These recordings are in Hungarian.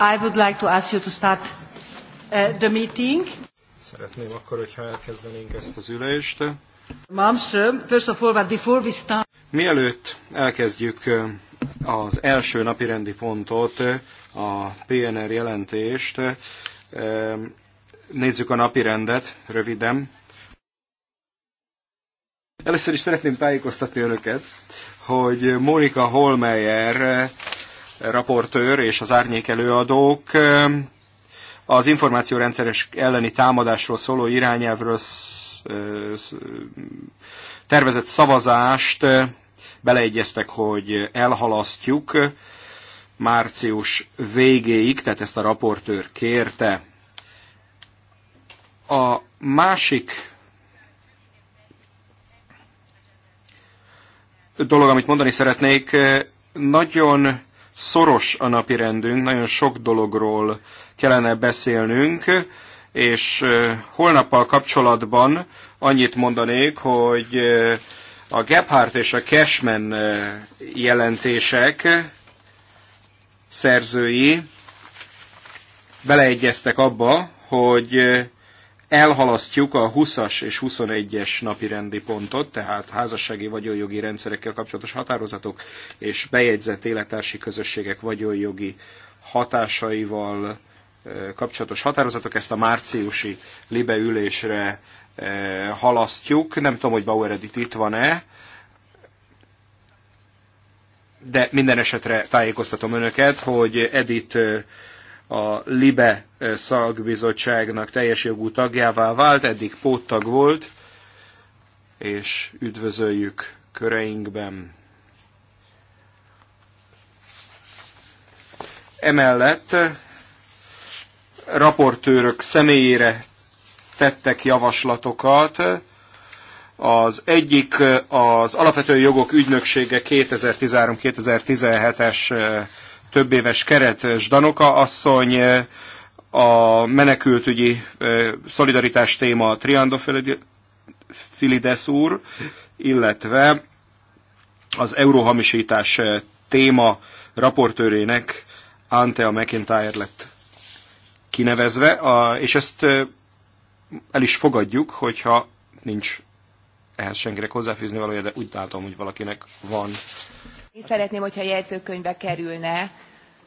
I would like to ask you to start uh, the meeting. Szeretném akkor, hogyha elkezdenénk ezt az ülést. Malmström, first of all, but before we start... Mielőtt elkezdjük az első napi rendi pontot, a PNR jelentést, nézzük a napi rendet röviden. Először is szeretném tájékoztatni önöket, hogy Mónika Holmeyer raportőr és az árnyék előadók az információrendszeres elleni támadásról szóló irányelvről tervezett szavazást beleegyeztek, hogy elhalasztjuk március végéig, tehát ezt a raportőr kérte. A másik dolog, amit mondani szeretnék, nagyon szoros a napi rendünk, nagyon sok dologról kellene beszélnünk, és holnappal kapcsolatban annyit mondanék, hogy a Gephardt és a Cashman jelentések szerzői beleegyeztek abba, hogy elhalasztjuk a 20-as és 21-es napi rendi pontot, tehát házassági vagyonjogi rendszerekkel kapcsolatos határozatok és bejegyzett élettársi közösségek vagyonjogi hatásaival eh, kapcsolatos határozatok, ezt a márciusi libe ülésre eh, halasztjuk. Nem tudom, hogy Bauer Edith itt van-e, de minden esetre tájékoztatom önöket, hogy Edith eh, a LIBE eh, szakbizottságnak teljes jogú tagjává vált, eddig póttag volt, és üdvözöljük köreinkben. Emellett eh, raportőrök személyére tettek javaslatokat. Az egyik eh, az Alapvető Jogok Ügynöksége 2013-2017-es több éves keret. Zdanoka asszony a menekültügyi szolidaritás téma Triando Filides úr, illetve az euróhamisítás téma raportőrének Antea McIntyre lett kinevezve, a, és ezt el is fogadjuk, hogyha nincs ehhez senkinek hozzáfűzni valója, de úgy látom, hogy valakinek van. Én szeretném, hogyha jegyzőkönyvbe kerülne,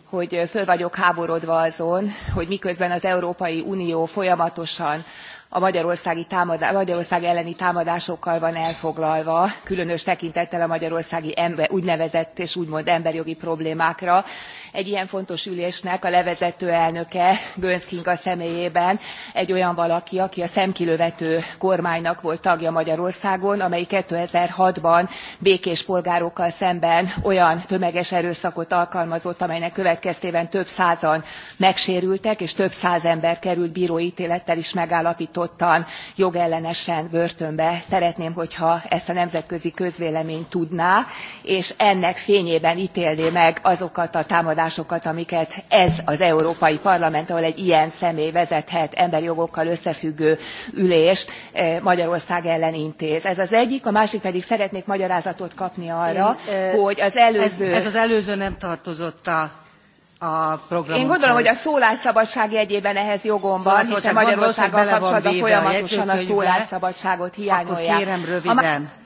hogy föl vagyok háborodva azon, hogy miközben az Európai Unió folyamatosan a magyarországi támadá- magyarország elleni támadásokkal van elfoglalva különös tekintettel a magyarországi ember, úgynevezett és úgymond emberjogi problémákra egy ilyen fontos ülésnek a levezető elnöke göncz kinga személyében egy olyan valaki aki a szemkilövető kormánynak volt tagja magyarországon amely two thousand and six ban békés polgárokkal szemben olyan tömeges erőszakot alkalmazott amelynek következtében több százan megsérültek és több száz ember került brói télettel is megállaptottan jogellenesen börtönbe. szeretném hogyha ezt a nemzetközi közvélemény tudná és ennek fényében télné meg azokat a támadásokat megoldásokat amiket ez az európai parlament ahol egy ilyen személy vezethet emberi jogokkal összefüggő ülést eh, magyarország ellen intéz. ez az egyik a másik pedig szeretnék magyarázatot kapni arra Én, eh, hogy az előző. Ez, ez az előző nem tartozott a én gondolom, hogy a szólásszabadság jegyében ehhez jogom van, hiszen Magyarországgal kapcsolatban folyamatosan a, a szólásszabadságot hiányolják. Akkor kérem röviden. A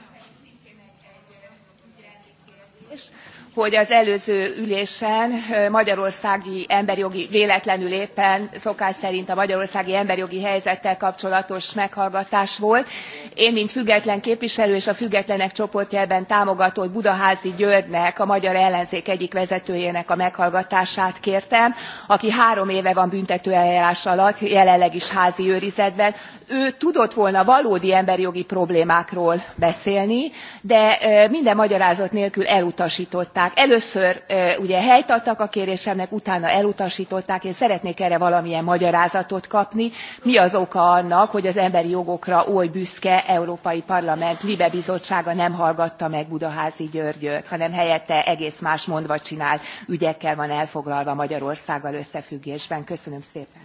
hogy az előző ülésen magyarországi emberi jogi véletlenül éppen szokás szerint a magyarországi emberi jogi helyzettel kapcsolatos meghallgatás volt. én mint független képviselő és a függetlenek csoportjában támogatott budaházi györgynek a magyar ellenzék egyik vezetőjének a meghallgatását kértem aki három éve van büntetőeljárás alatt jelenleg is házi őrizetben. ő tudott volna valódi emberi jogi problémákról beszélni de minden magyarázat nélkül elutastották problémák először ugye helyt adtak a kérésemnek utána elutastották én szeretnék erre valamilyen magyarázatot kapni mi az oka annak hogy az emberi jogokra oly büszke európai parlament libe bizottsága nem hallgatta meg budaházy györgyöt hanem helyette egész más mondva csinált ügyekkel van elfoglalva magyarországgal összefüggésben. köszönöm szépen!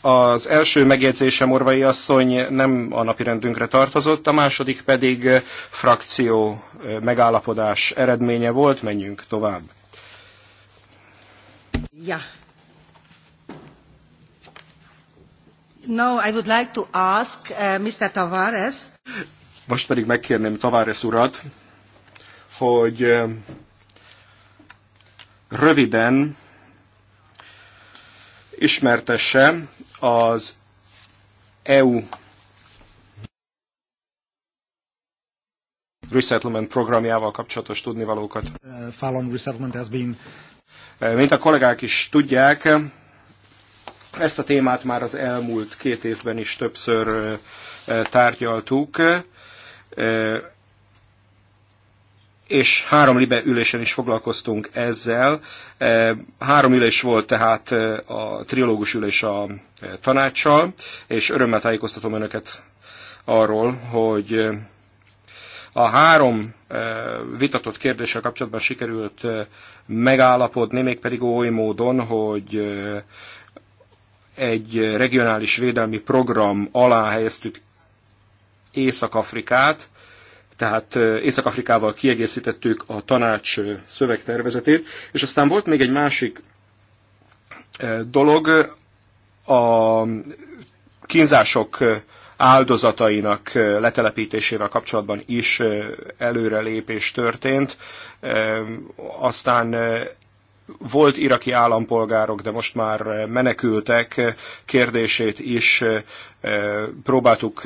Az első megjegyzésem Orvai asszony nem a rendünkre tartozott, a második pedig eh, frakció eh, megállapodás eredménye volt, menjünk tovább. Ja. Now I would like to ask uh, eh, Mr. Tavares. Most pedig megkérném Tavares urat, hogy röviden ismertesse az EU resettlement programjával kapcsolatos tudnivalókat. Uh, been... Uh, mint a kollégák is tudják, ezt a témát már az elmúlt két évben is többször uh, tárgyaltuk uh, és három libe ülésen is foglalkoztunk ezzel. E, három ülés volt tehát e, a triológus ülés a e, tanácssal, és örömmel tájékoztatom önöket arról, hogy a három vitatott kérdéssel kapcsolatban sikerült megállapodni, mégpedig oly módon, hogy egy regionális védelmi program alá helyeztük Észak-Afrikát, tehát Észak-Afrikával kiegészítettük a tanács szövegtervezetét, és aztán volt még egy másik dolog, a kínzások áldozatainak letelepítésével kapcsolatban is előrelépés történt. Aztán volt iraki állampolgárok, de most már menekültek kérdését is próbáltuk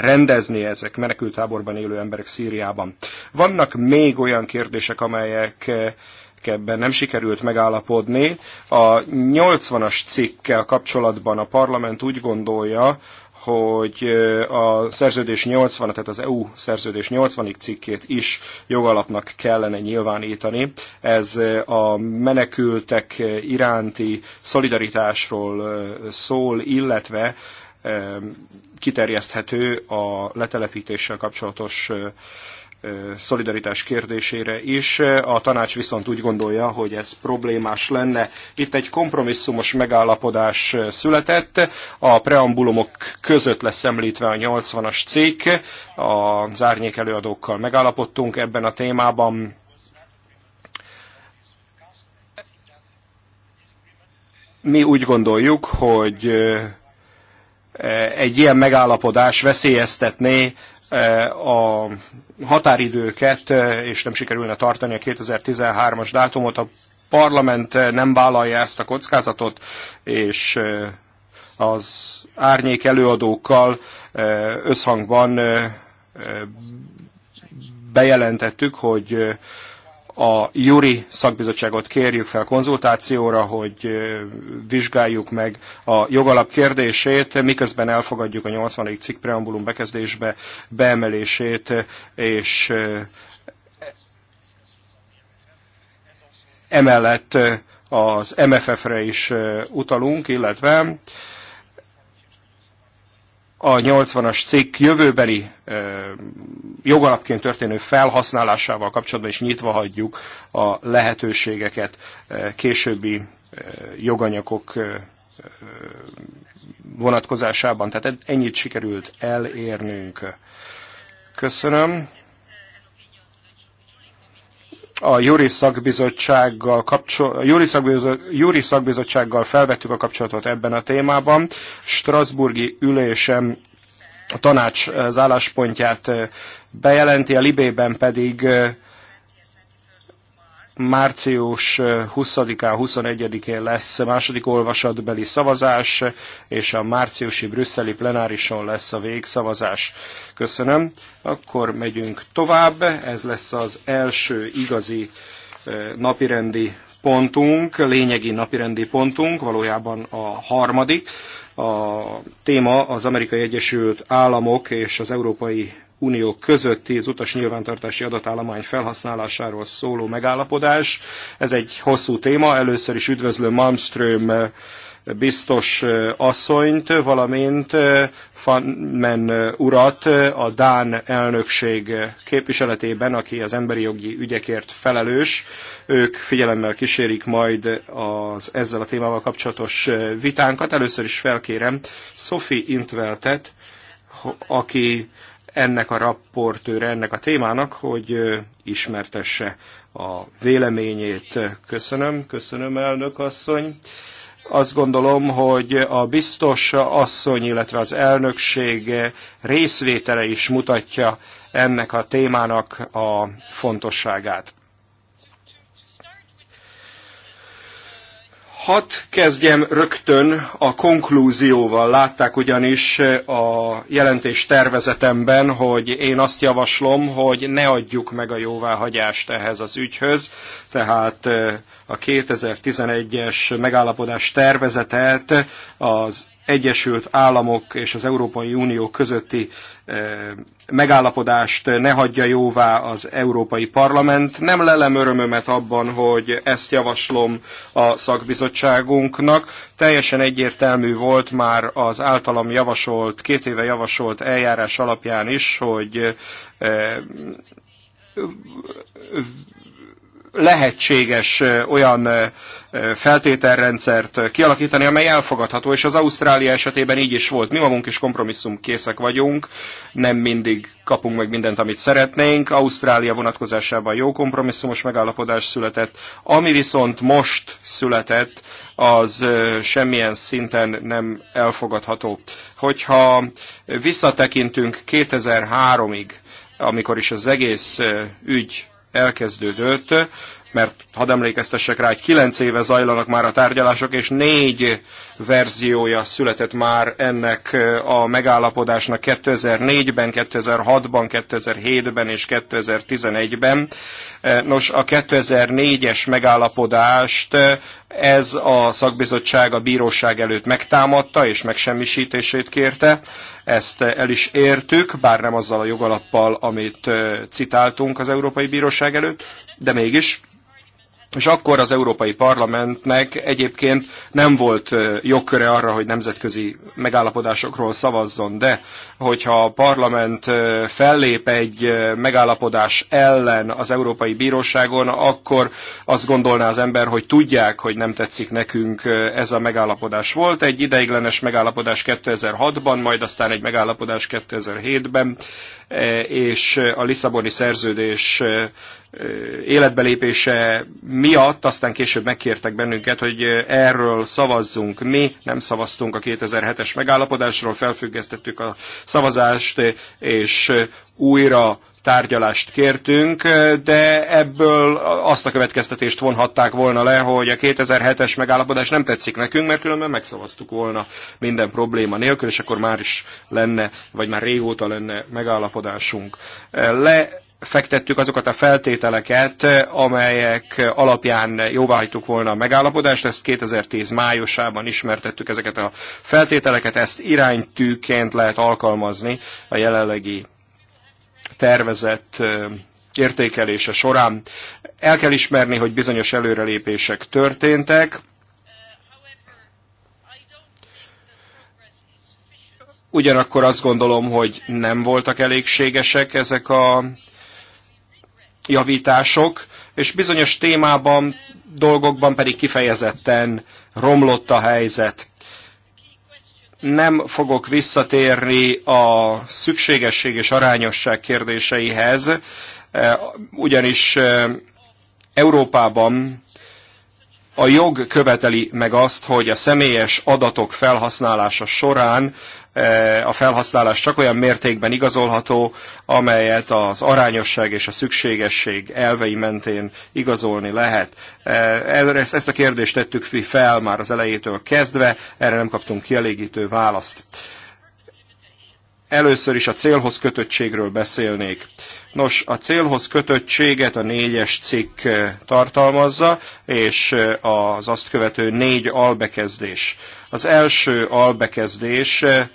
rendezni ezek menekültáborban élő emberek Szíriában. Vannak még olyan kérdések, amelyek eh, ebben nem sikerült megállapodni. A 80-as cikkkel kapcsolatban a parlament úgy gondolja, hogy eh, a szerződés 80, tehát az EU szerződés 80. cikkét is jogalapnak kellene nyilvánítani. Ez eh, a menekültek iránti szolidaritásról szól, illetve kiterjeszthető a letelepítéssel kapcsolatos szolidaritás kérdésére is. A tanács viszont úgy gondolja, hogy ez problémás lenne. Itt egy kompromisszumos megállapodás született, a preambulumok között lesz említve a 80-as cikk, az árnyék előadókkal megállapodtunk ebben a témában. Mi úgy gondoljuk, hogy Eh, egy ilyen megállapodás veszélyeztetné eh, a határidőket, eh, és nem sikerülne tartani a 2013-as dátumot, a parlament nem vállalja ezt a kockázatot, és az árnyék előadókkal összhangban bejelentettük, hogy a Juri szakbizottságot kérjük fel konzultációra, hogy vizsgáljuk meg a jogalap kérdését, miközben elfogadjuk a 80. cikk preambulum bekezdésbe beemelését, és emellett az MFF-re is utalunk, illetve a 80-as cikk jövőbeli jogalapként történő felhasználásával kapcsolatban is nyitva hagyjuk a lehetőségeket későbbi joganyagok vonatkozásában. Tehát ennyit sikerült elérnünk. Köszönöm a Juri Szakbizottsággal, kapcsol, Juri, Szakbizottsággal, Juri Szakbizottsággal felvettük a kapcsolatot ebben a témában. Strasburgi ülésem a tanács eh, az álláspontját eh, bejelenti, a Libében pedig eh, március 20-án, eh, 21-én lesz második olvasatbeli szavazás, és a márciusi brüsszeli plenárison lesz a végszavazás. Köszönöm. Akkor megyünk tovább. Ez lesz az első igazi eh, napirendi pontunk, lényegi napirendi pontunk, valójában a harmadik. A téma az Amerikai Egyesült Államok és az Európai Unió közötti az utas nyilvántartási adatállomány felhasználásáról szóló megállapodás. Ez egy hosszú téma, először is üdvözlöm Malmström eh, biztos eh, asszonyt, valamint Fanmen eh, urat a Dán elnökség képviseletében, aki az emberi jogi ügyekért felelős. Ők figyelemmel kísérik majd az ezzel a témával kapcsolatos vitánkat. Először is felkérem Sophie Intveltet, aki ennek a rapportőre, ennek a témának, hogy ismertesse a véleményét. Köszönöm, köszönöm elnök asszony. Azt gondolom, hogy a biztos asszony, illetve az elnökség részvétele is mutatja ennek a témának a fontosságát. Hat kezdjem rögtön a konklúzióval. Látták ugyanis eh, a jelentés tervezetemben, hogy én azt javaslom, hogy ne adjuk meg a jóváhagyást ehhez az ügyhöz, tehát eh, a 2011-es megállapodás tervezetet az Egyesült Államok és az Európai Unió közötti eh, megállapodást ne hagyja jóvá az Európai Parlament. Nem lelem örömömet abban, hogy ezt javaslom a szakbizottságunknak. Teljesen egyértelmű volt már az általam javasolt, két éve javasolt eljárás alapján is, hogy eh, lehetséges olyan feltételrendszert kialakítani, amely elfogadható, és az Ausztrália esetében így is volt. Mi magunk is kompromisszum készek vagyunk, nem mindig kapunk meg mindent, amit szeretnénk. Ausztrália vonatkozásában jó kompromisszumos megállapodás született. Ami viszont most született, az semmilyen szinten nem elfogadható. Hogyha visszatekintünk 2003-ig, amikor is az egész ügy elkezdődött mert hadd emlékeztessek rá, hogy kilenc éve zajlanak már a tárgyalások, és négy verziója született már ennek a megállapodásnak 2004-ben, 2006-ban, 2007-ben és 2011-ben. Nos, a 2004-es megállapodást ez a szakbizottság a bíróság előtt megtámadta és megsemmisítését kérte. Ezt el is értük, bár nem azzal a jogalappal, amit citáltunk az Európai Bíróság előtt, de mégis és akkor az Európai Parlamentnek egyébként nem volt jogköre arra, hogy nemzetközi megállapodásokról szavazzon, de hogyha a parlament fellép egy megállapodás ellen az Európai Bíróságon, akkor azt gondolná az ember, hogy tudják, hogy nem tetszik nekünk ez a megállapodás volt. Egy ideiglenes megállapodás 2006-ban, majd aztán egy megállapodás 2007-ben, Eh, és eh, a Lisszaboni szerződés eh, életbelépése miatt aztán később megkértek bennünket, hogy erről szavazzunk. Mi nem szavaztunk a 2007-es megállapodásról, felfüggesztettük a szavazást, és újra tárgyalást kértünk, de ebből azt a következtetést vonhatták volna le, hogy a 2007-es megállapodás nem tetszik nekünk, mert különben megszavaztuk volna minden probléma nélkül, és akkor már is lenne, vagy már régóta lenne megállapodásunk. Le fektettük azokat a feltételeket, amelyek alapján jóváhagytuk volna a megállapodást, ezt 2010 májusában ismertettük ezeket a feltételeket, ezt iránytűként lehet alkalmazni a jelenlegi tervezett értékelése során. El kell ismerni, hogy bizonyos előrelépések történtek, Ugyanakkor azt gondolom, hogy nem voltak elégségesek ezek a javítások, és bizonyos témában, dolgokban pedig kifejezetten romlott a helyzet nem fogok visszatérni a szükségesség és arányosság kérdéseihez, eh, ugyanis eh, Európában a jog követeli meg azt, hogy a személyes adatok felhasználása során Eh, a felhasználás csak olyan mértékben igazolható, amelyet az arányosság és a szükségesség elvei mentén igazolni lehet. Eh, ezt, a kérdést tettük fel már az elejétől kezdve, erre nem kaptunk kielégítő választ. Először is a célhoz kötöttségről beszélnék. Nos, a célhoz kötöttséget a négyes cikk eh, tartalmazza, és eh, az azt követő négy albekezdés. Az első albekezdés eh,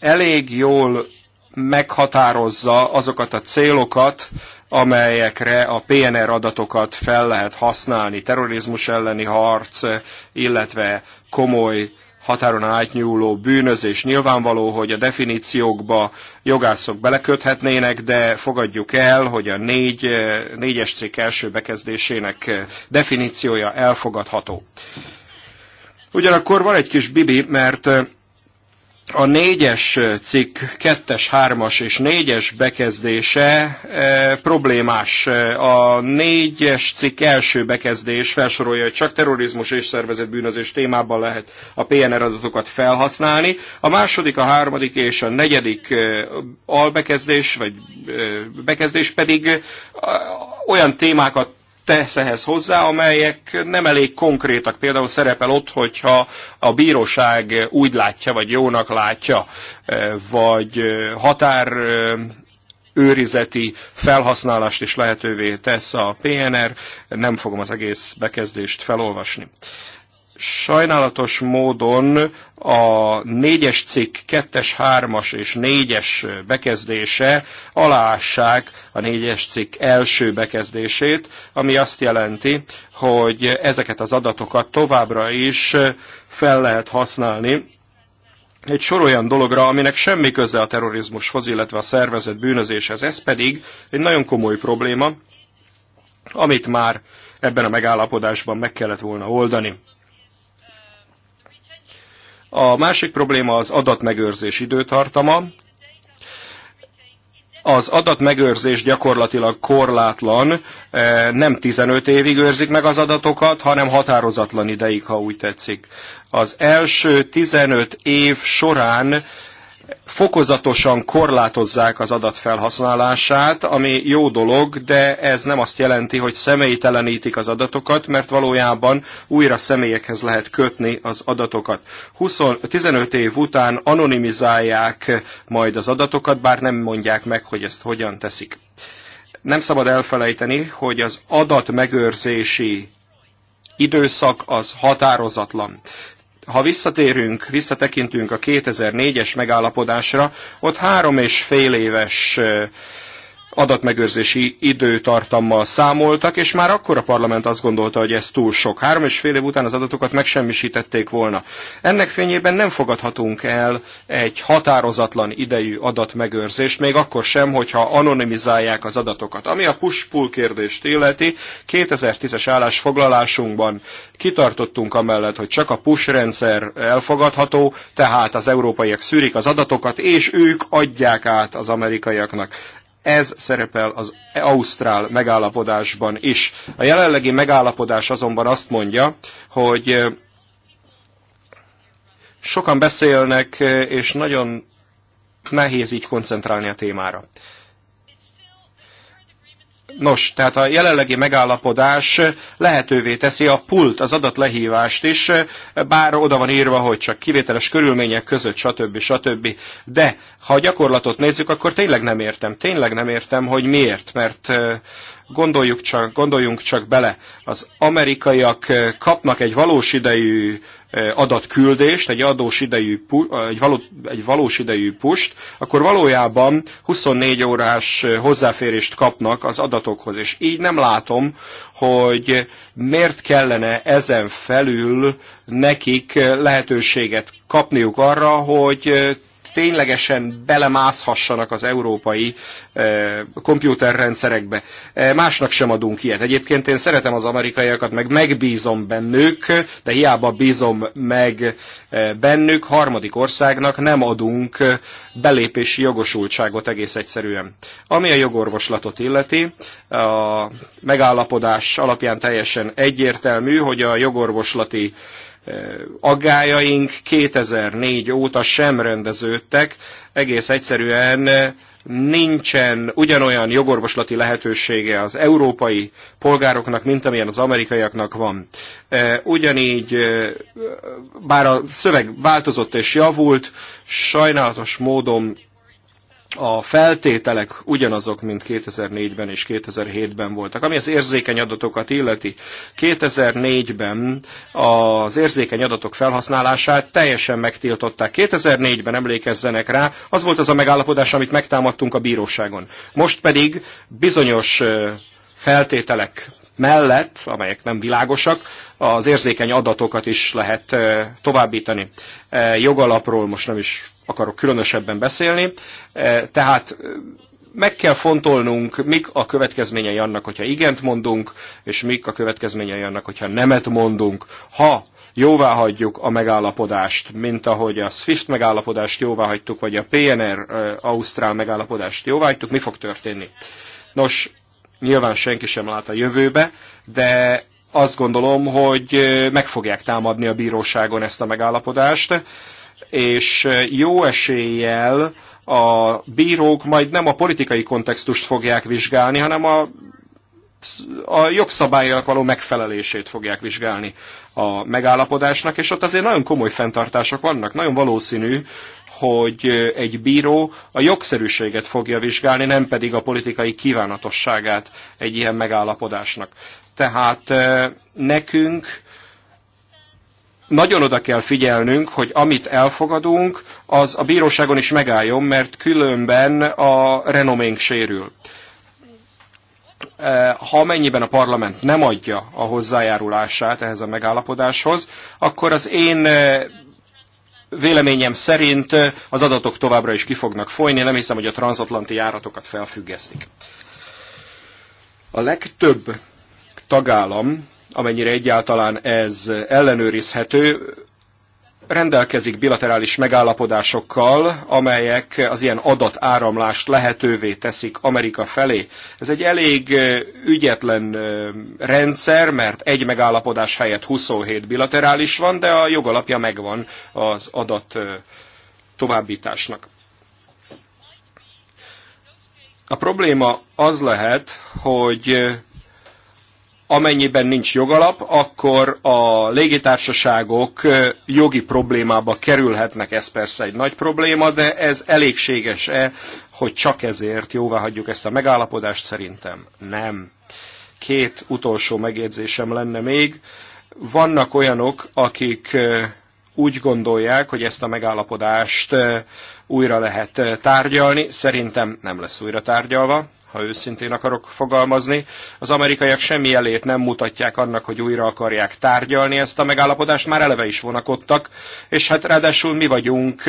elég jól meghatározza azokat a célokat, amelyekre a PNR adatokat fel lehet használni. Terrorizmus elleni harc, illetve komoly határon átnyúló bűnözés. Nyilvánvaló, hogy a definíciókba jogászok beleköthetnének, de fogadjuk el, hogy a négy, eh, négyes cikk első bekezdésének eh, definíciója elfogadható. Ugyanakkor van egy kis bibi, mert eh, a négyes cikk, kettes, hármas és négyes bekezdése e, problémás. A négyes cikk első bekezdés felsorolja, hogy csak terrorizmus és szervezetbűnözés témában lehet a PNR adatokat felhasználni. A második, a harmadik és a negyedik e, albekezdés, vagy e, bekezdés pedig e, olyan témákat tesz ehhez hozzá, amelyek nem elég konkrétak. Például szerepel ott, hogyha a bíróság úgy látja, vagy jónak látja, e, vagy e, határ e, őrizeti felhasználást is lehetővé tesz a PNR. Nem fogom az egész bekezdést felolvasni sajnálatos módon a négyes cikk, 3 hármas és négyes bekezdése aláássák a négyes cikk első bekezdését, ami azt jelenti, hogy ezeket az adatokat továbbra is fel lehet használni egy sor olyan dologra, aminek semmi köze a terrorizmushoz, illetve a szervezet bűnözéshez. Ez pedig egy nagyon komoly probléma, amit már ebben a megállapodásban meg kellett volna oldani a másik probléma az adatmegőrzés időtartama. Az adatmegőrzés gyakorlatilag korlátlan, eh, nem 15 évig őrzik meg az adatokat, hanem határozatlan ideig, ha úgy tetszik. Az első 15 év során fokozatosan korlátozzák az adat felhasználását, ami jó dolog, de ez nem azt jelenti, hogy személytelenítik az adatokat, mert valójában újra személyekhez lehet kötni az adatokat. 20, 15 év után anonimizálják majd az adatokat, bár nem mondják meg, hogy ezt hogyan teszik. Nem szabad elfelejteni, hogy az adatmegőrzési időszak az határozatlan. Ha visszatérünk, visszatekintünk a 2004-es megállapodásra, ott három és fél éves adatmegőrzési időtartammal számoltak, és már akkor a parlament azt gondolta, hogy ez túl sok. Három és fél év után az adatokat megsemmisítették volna. Ennek fényében nem fogadhatunk el egy határozatlan idejű adatmegőrzést, még akkor sem, hogyha anonimizálják az adatokat. Ami a push-pull kérdést illeti, 2010-es állásfoglalásunkban kitartottunk amellett, hogy csak a push rendszer elfogadható, tehát az európaiak szűrik az adatokat, és ők adják át az amerikaiaknak. Ez szerepel az Ausztrál megállapodásban is. A jelenlegi megállapodás azonban azt mondja, hogy sokan beszélnek, és nagyon nehéz így koncentrálni a témára. Nos, tehát a jelenlegi megállapodás lehetővé teszi a pult, az adatlehívást is, bár oda van írva, hogy csak kivételes körülmények között, stb. stb. De ha a gyakorlatot nézzük, akkor tényleg nem értem. Tényleg nem értem, hogy miért, mert Gondoljuk csak, gondoljunk csak bele, az amerikaiak eh, kapnak egy valós idejű eh, adatküldést, egy, adós idejű, eh, egy, való, egy valós idejű pust, akkor valójában 24 órás hozzáférést kapnak az adatokhoz, és így nem látom, hogy miért kellene ezen felül nekik lehetőséget kapniuk arra, hogy ténylegesen belemászhassanak az európai eh, kompjúterrendszerekbe. E, másnak sem adunk ilyet. Egyébként én szeretem az amerikaiakat, meg megbízom bennük, de hiába bízom meg eh, bennük, harmadik országnak nem adunk belépési jogosultságot egész egyszerűen. Ami a jogorvoslatot illeti, a megállapodás alapján teljesen egyértelmű, hogy a jogorvoslati aggájaink 2004 óta sem rendeződtek, egész egyszerűen eh, nincsen ugyanolyan jogorvoslati lehetősége az európai polgároknak, mint amilyen az amerikaiaknak van. Eh, ugyanígy, eh, bár a szöveg változott és javult, sajnálatos módon a feltételek ugyanazok, mint 2004-ben és 2007-ben voltak. Ami az érzékeny adatokat illeti, 2004-ben az érzékeny adatok felhasználását teljesen megtiltották. 2004-ben emlékezzenek rá, az volt az a megállapodás, amit megtámadtunk a bíróságon. Most pedig bizonyos feltételek mellett, amelyek nem világosak, az érzékeny adatokat is lehet továbbítani. Jogalapról most nem is akarok különösebben beszélni, tehát meg kell fontolnunk, mik a következményei annak, hogyha igent mondunk, és mik a következményei annak, hogyha nemet mondunk. Ha jóvá hagyjuk a megállapodást, mint ahogy a SWIFT megállapodást jóvá hagytuk, vagy a PNR Ausztrál megállapodást jóvá hagytuk, mi fog történni? Nos, Nyilván senki sem lát a jövőbe, de azt gondolom, hogy meg fogják támadni a bíróságon ezt a megállapodást, és jó eséllyel a bírók majd nem a politikai kontextust fogják vizsgálni, hanem a, a jogszabályok való megfelelését fogják vizsgálni a megállapodásnak, és ott azért nagyon komoly fenntartások vannak. Nagyon valószínű, hogy egy bíró a jogszerűséget fogja vizsgálni, nem pedig a politikai kívánatosságát egy ilyen megállapodásnak. Tehát nekünk nagyon oda kell figyelnünk, hogy amit elfogadunk, az a bíróságon is megálljon, mert különben a renoménk sérül. Ha amennyiben a parlament nem adja a hozzájárulását ehhez a megállapodáshoz, akkor az én Véleményem szerint az adatok továbbra is ki fognak folyni, nem hiszem, hogy a transatlanti járatokat felfüggesztik. A legtöbb tagállam, amennyire egyáltalán ez ellenőrizhető, rendelkezik bilaterális megállapodásokkal, amelyek az ilyen adatáramlást lehetővé teszik Amerika felé. Ez egy elég ügyetlen rendszer, mert egy megállapodás helyett 27 bilaterális van, de a jogalapja megvan az adat továbbításnak. A probléma az lehet, hogy Amennyiben nincs jogalap, akkor a légitársaságok jogi problémába kerülhetnek, ez persze egy nagy probléma, de ez elégséges-e, hogy csak ezért jóvá hagyjuk ezt a megállapodást? Szerintem nem. Két utolsó megjegyzésem lenne még. Vannak olyanok, akik úgy gondolják, hogy ezt a megállapodást újra lehet tárgyalni. Szerintem nem lesz újra tárgyalva ha őszintén akarok fogalmazni. Az amerikaiak semmi elét nem mutatják annak, hogy újra akarják tárgyalni ezt a megállapodást, már eleve is vonakodtak, és hát ráadásul mi vagyunk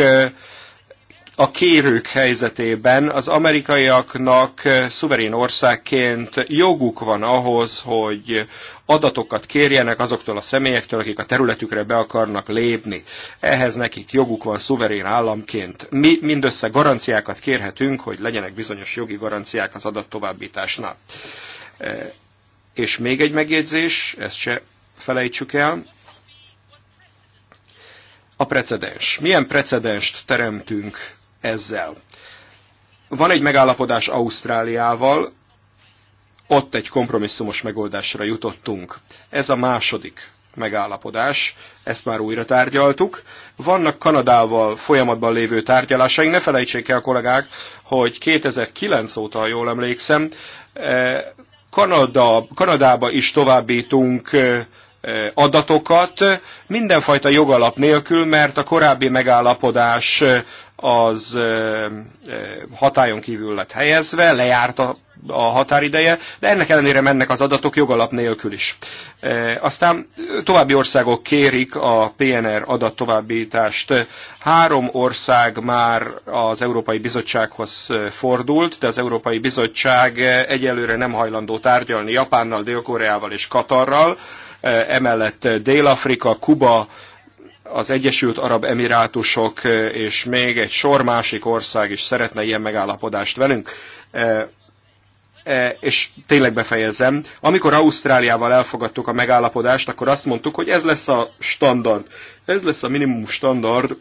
a kérők helyzetében az amerikaiaknak eh, szuverén országként joguk van ahhoz, hogy adatokat kérjenek azoktól a személyektől, akik a területükre be akarnak lépni. Ehhez nekik joguk van szuverén államként. Mi mindössze garanciákat kérhetünk, hogy legyenek bizonyos jogi garanciák az adat továbbításnál. Eh, és még egy megjegyzés, ezt se felejtsük el, a precedens. Milyen precedenst teremtünk ezzel. Van egy megállapodás Ausztráliával, ott egy kompromisszumos megoldásra jutottunk. Ez a második megállapodás, ezt már újra tárgyaltuk. Vannak Kanadával folyamatban lévő tárgyalásaink, ne felejtsék el kollégák, hogy 2009 óta, jól emlékszem, eh, Kanada, Kanadába is továbbítunk eh, eh, adatokat mindenfajta jogalap nélkül, mert a korábbi megállapodás az hatájon kívül lett helyezve, lejárt a, a határideje, de ennek ellenére mennek az adatok jogalap nélkül is. Aztán további országok kérik a PNR adattovábbítást. Három ország már az Európai Bizottsághoz fordult, de az Európai Bizottság egyelőre nem hajlandó tárgyalni Japánnal, Dél-Koreával és Katarral. Emellett Dél-Afrika, Kuba, az Egyesült Arab Emirátusok eh, és még egy sor másik ország is szeretne ilyen megállapodást velünk. Eh, eh, és tényleg befejezem, amikor Ausztráliával elfogadtuk a megállapodást, akkor azt mondtuk, hogy ez lesz a standard. Ez lesz a minimum standard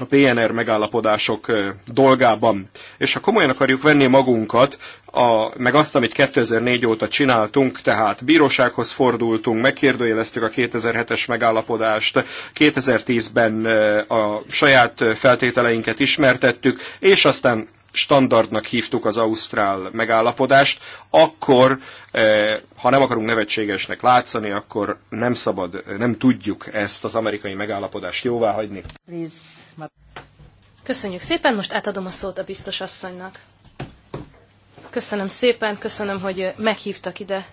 a PNR megállapodások dolgában. És ha komolyan akarjuk venni magunkat, a, meg azt, amit 2004 óta csináltunk, tehát bírósághoz fordultunk, megkérdőjeleztük a 2007-es megállapodást, 2010-ben a saját feltételeinket ismertettük, és aztán standardnak hívtuk az Ausztrál megállapodást, akkor, ha nem akarunk nevetségesnek látszani, akkor nem szabad, nem tudjuk ezt az amerikai megállapodást jóvá hagyni. Please Köszönjük szépen, most átadom a szót a biztos asszonynak. Köszönöm szépen, köszönöm, hogy meghívtak ide,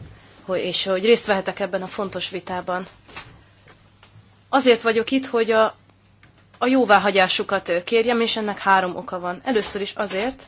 és hogy részt vehetek ebben a fontos vitában. Azért vagyok itt, hogy a, a jóváhagyásukat kérjem, és ennek három oka van. Először is azért,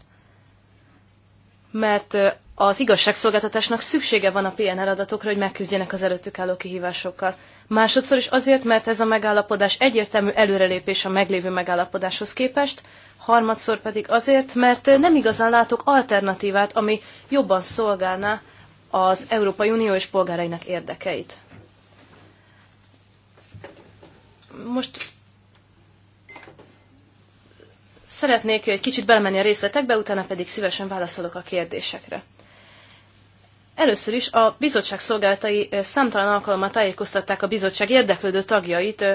mert az igazságszolgáltatásnak szüksége van a PNR adatokra, hogy megküzdjenek az előttük álló kihívásokkal. Másodszor is azért, mert ez a megállapodás egyértelmű előrelépés a meglévő megállapodáshoz képest, harmadszor pedig azért, mert nem igazán látok alternatívát, ami jobban szolgálná az Európai Unió és polgárainak érdekeit. Most szeretnék egy kicsit belemenni a részletekbe, utána pedig szívesen válaszolok a kérdésekre. Először is a bizottság szolgálatai számtalan alkalommal tájékoztatták a bizottság érdeklődő tagjait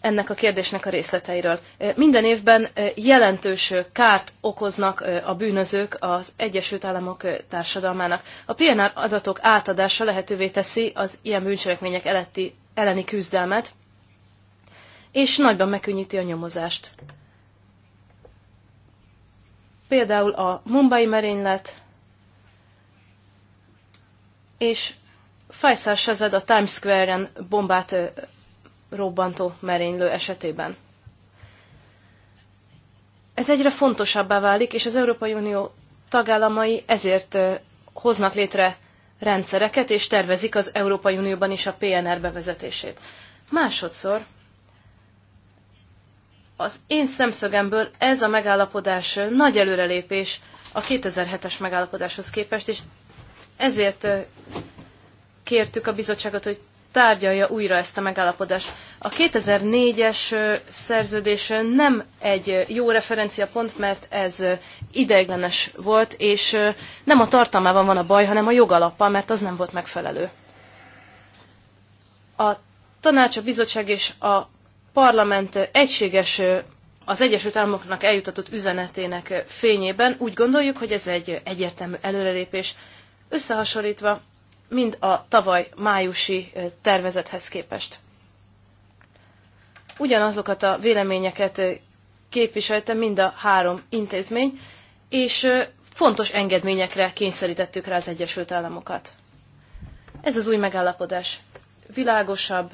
ennek a kérdésnek a részleteiről. Minden évben jelentős kárt okoznak a bűnözők az Egyesült Államok társadalmának. A PNR adatok átadása lehetővé teszi az ilyen bűncselekmények eletti, elleni küzdelmet, és nagyban megkönnyíti a nyomozást. Például a Mumbai merénylet, és Faisal Shazad a Times Square-en bombát robbantó merénylő esetében. Ez egyre fontosabbá válik, és az Európai Unió tagállamai ezért hoznak létre rendszereket, és tervezik az Európai Unióban is a PNR bevezetését. Másodszor, az én szemszögemből ez a megállapodás nagy előrelépés a 2007-es megállapodáshoz képest, és ezért kértük a bizottságot, hogy tárgyalja újra ezt a megállapodást. A 2004-es szerződés nem egy jó referenciapont, mert ez ideiglenes volt, és nem a tartalmában van a baj, hanem a jogalappal, mert az nem volt megfelelő. A tanács, a bizottság és a parlament egységes az Egyesült Államoknak eljutatott üzenetének fényében úgy gondoljuk, hogy ez egy egyértelmű előrelépés, összehasonlítva mind a tavaly májusi tervezethez képest. Ugyanazokat a véleményeket képviselte mind a három intézmény, és fontos engedményekre kényszerítettük rá az Egyesült Államokat. Ez az új megállapodás. Világosabb,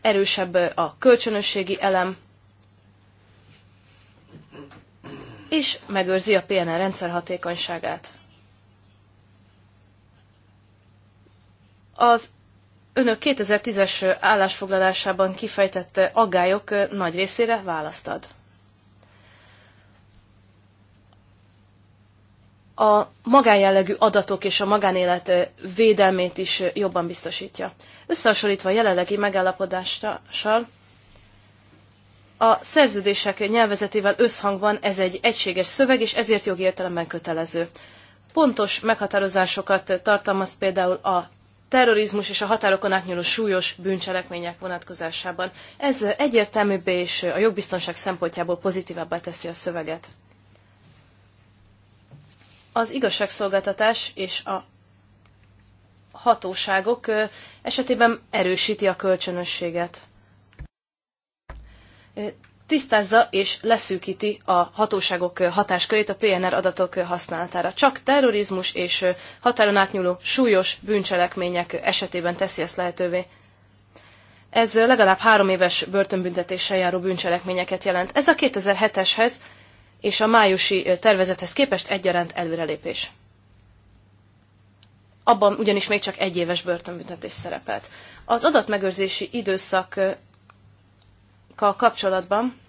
erősebb a kölcsönösségi elem, és megőrzi a PNR rendszer hatékonyságát. Az önök 2010-es állásfoglalásában kifejtett aggályok nagy részére választ ad. a magánjellegű adatok és a magánélet védelmét is jobban biztosítja. Összehasonlítva a jelenlegi megállapodással, a szerződések nyelvezetével összhangban ez egy egységes szöveg, és ezért jogi értelemben kötelező. Pontos meghatározásokat tartalmaz például a terrorizmus és a határokon átnyúló súlyos bűncselekmények vonatkozásában. Ez egyértelműbbé és a jogbiztonság szempontjából pozitívabbá teszi a szöveget. Az igazságszolgáltatás és a hatóságok esetében erősíti a kölcsönösséget tisztázza és leszűkíti a hatóságok hatáskörét a PNR adatok használatára. Csak terrorizmus és határon átnyúló súlyos bűncselekmények esetében teszi ezt lehetővé. Ez legalább három éves börtönbüntetéssel járó bűncselekményeket jelent. Ez a 2007-eshez és a májusi tervezethez képest egyaránt előrelépés. Abban ugyanis még csak egy éves börtönbüntetés szerepelt. Az adatmegőrzési időszak kapcsolatban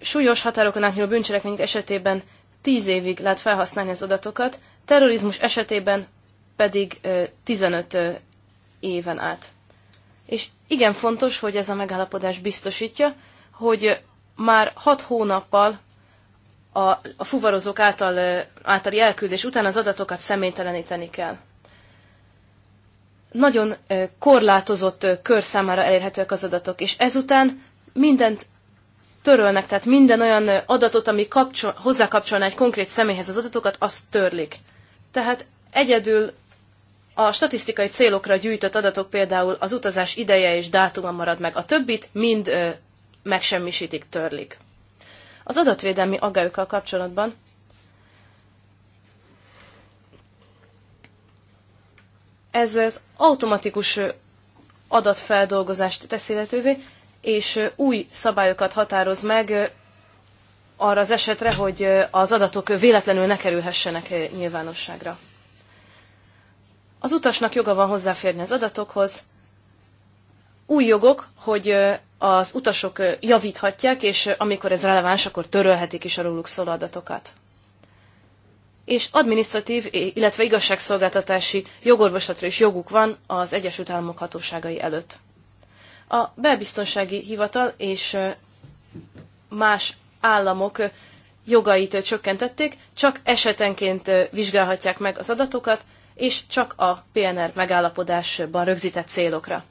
súlyos határokon átnyúló bűncselekmények esetében 10 évig lehet felhasználni az adatokat, terrorizmus esetében pedig 15 éven át. És igen fontos, hogy ez a megállapodás biztosítja, hogy már 6 hónappal a, a fuvarozók által, általi elküldés után az adatokat személyteleníteni kell nagyon korlátozott kör számára elérhetőek az adatok, és ezután mindent törölnek, tehát minden olyan adatot, ami kapcsol, hozzákapcsolná egy konkrét személyhez az adatokat, azt törlik. Tehát egyedül a statisztikai célokra gyűjtött adatok például az utazás ideje és dátuma marad meg, a többit mind megsemmisítik, törlik. Az adatvédelmi agályokkal kapcsolatban ez az automatikus adatfeldolgozást teszi lehetővé, és új szabályokat határoz meg arra az esetre, hogy az adatok véletlenül ne kerülhessenek nyilvánosságra. Az utasnak joga van hozzáférni az adatokhoz. Új jogok, hogy az utasok javíthatják, és amikor ez releváns, akkor törölhetik is a róluk szóló adatokat és adminisztratív, illetve igazságszolgáltatási jogorvoslatra is joguk van az Egyesült Államok hatóságai előtt. A belbiztonsági hivatal és más államok jogait csökkentették, csak esetenként vizsgálhatják meg az adatokat, és csak a PNR megállapodásban rögzített célokra.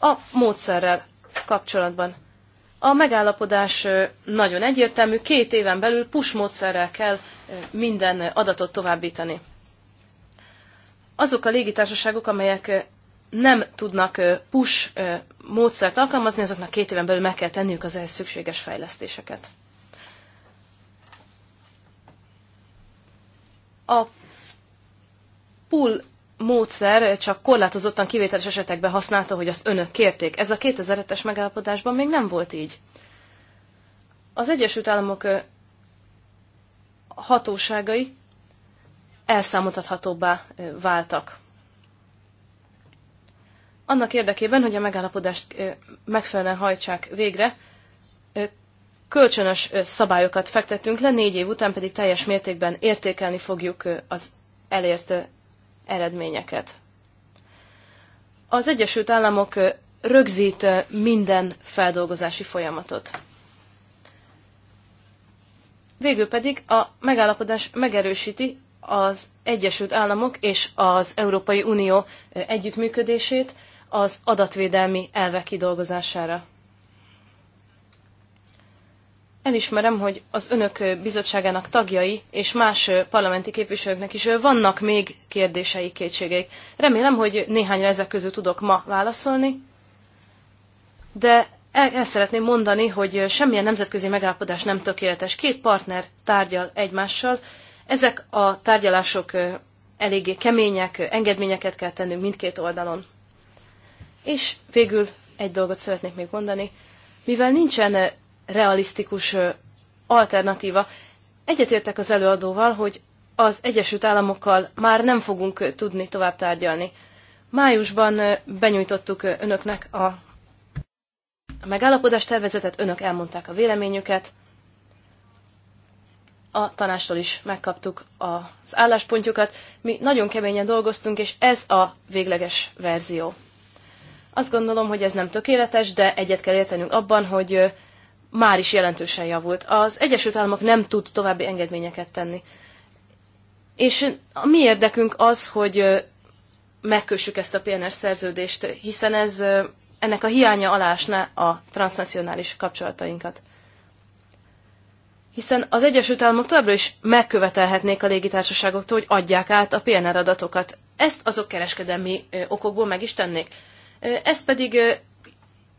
A módszerrel kapcsolatban a megállapodás nagyon egyértelmű, két éven belül push módszerrel kell minden adatot továbbítani. Azok a légitársaságok, amelyek nem tudnak push módszert alkalmazni, azoknak két éven belül meg kell tenniük az ehhez szükséges fejlesztéseket. A pull módszer csak korlátozottan kivételes esetekben használta, hogy azt önök kérték. Ez a 2005-es megállapodásban még nem volt így. Az Egyesült Államok hatóságai elszámoltathatóbbá váltak. Annak érdekében, hogy a megállapodást megfelelően hajtsák végre, kölcsönös szabályokat fektettünk le, négy év után pedig teljes mértékben értékelni fogjuk az elért eredményeket. Az Egyesült Államok rögzít minden feldolgozási folyamatot. Végül pedig a megállapodás megerősíti az Egyesült Államok és az Európai Unió együttműködését az adatvédelmi elvek kidolgozására elismerem, hogy az önök bizottságának tagjai és más parlamenti képviselőknek is vannak még kérdései, kétségeik. Remélem, hogy néhányra ezek közül tudok ma válaszolni, de el, el szeretném mondani, hogy semmilyen nemzetközi megállapodás nem tökéletes. Két partner tárgyal egymással. Ezek a tárgyalások eléggé kemények, engedményeket kell tennünk mindkét oldalon. És végül egy dolgot szeretnék még mondani. Mivel nincsen realisztikus alternatíva. Egyetértek az előadóval, hogy az Egyesült Államokkal már nem fogunk tudni tovább tárgyalni. Májusban benyújtottuk önöknek a megállapodás tervezetet, önök elmondták a véleményüket, a tanástól is megkaptuk az álláspontjukat. Mi nagyon keményen dolgoztunk, és ez a végleges verzió. Azt gondolom, hogy ez nem tökéletes, de egyet kell értenünk abban, hogy már is jelentősen javult. Az Egyesült Államok nem tud további engedményeket tenni. És a mi érdekünk az, hogy megkössük ezt a PNR szerződést, hiszen ez ennek a hiánya alásná a transnacionális kapcsolatainkat. Hiszen az Egyesült Államok továbbra is megkövetelhetnék a légitársaságoktól, hogy adják át a PNR adatokat. Ezt azok kereskedelmi okokból meg is tennék. Ez pedig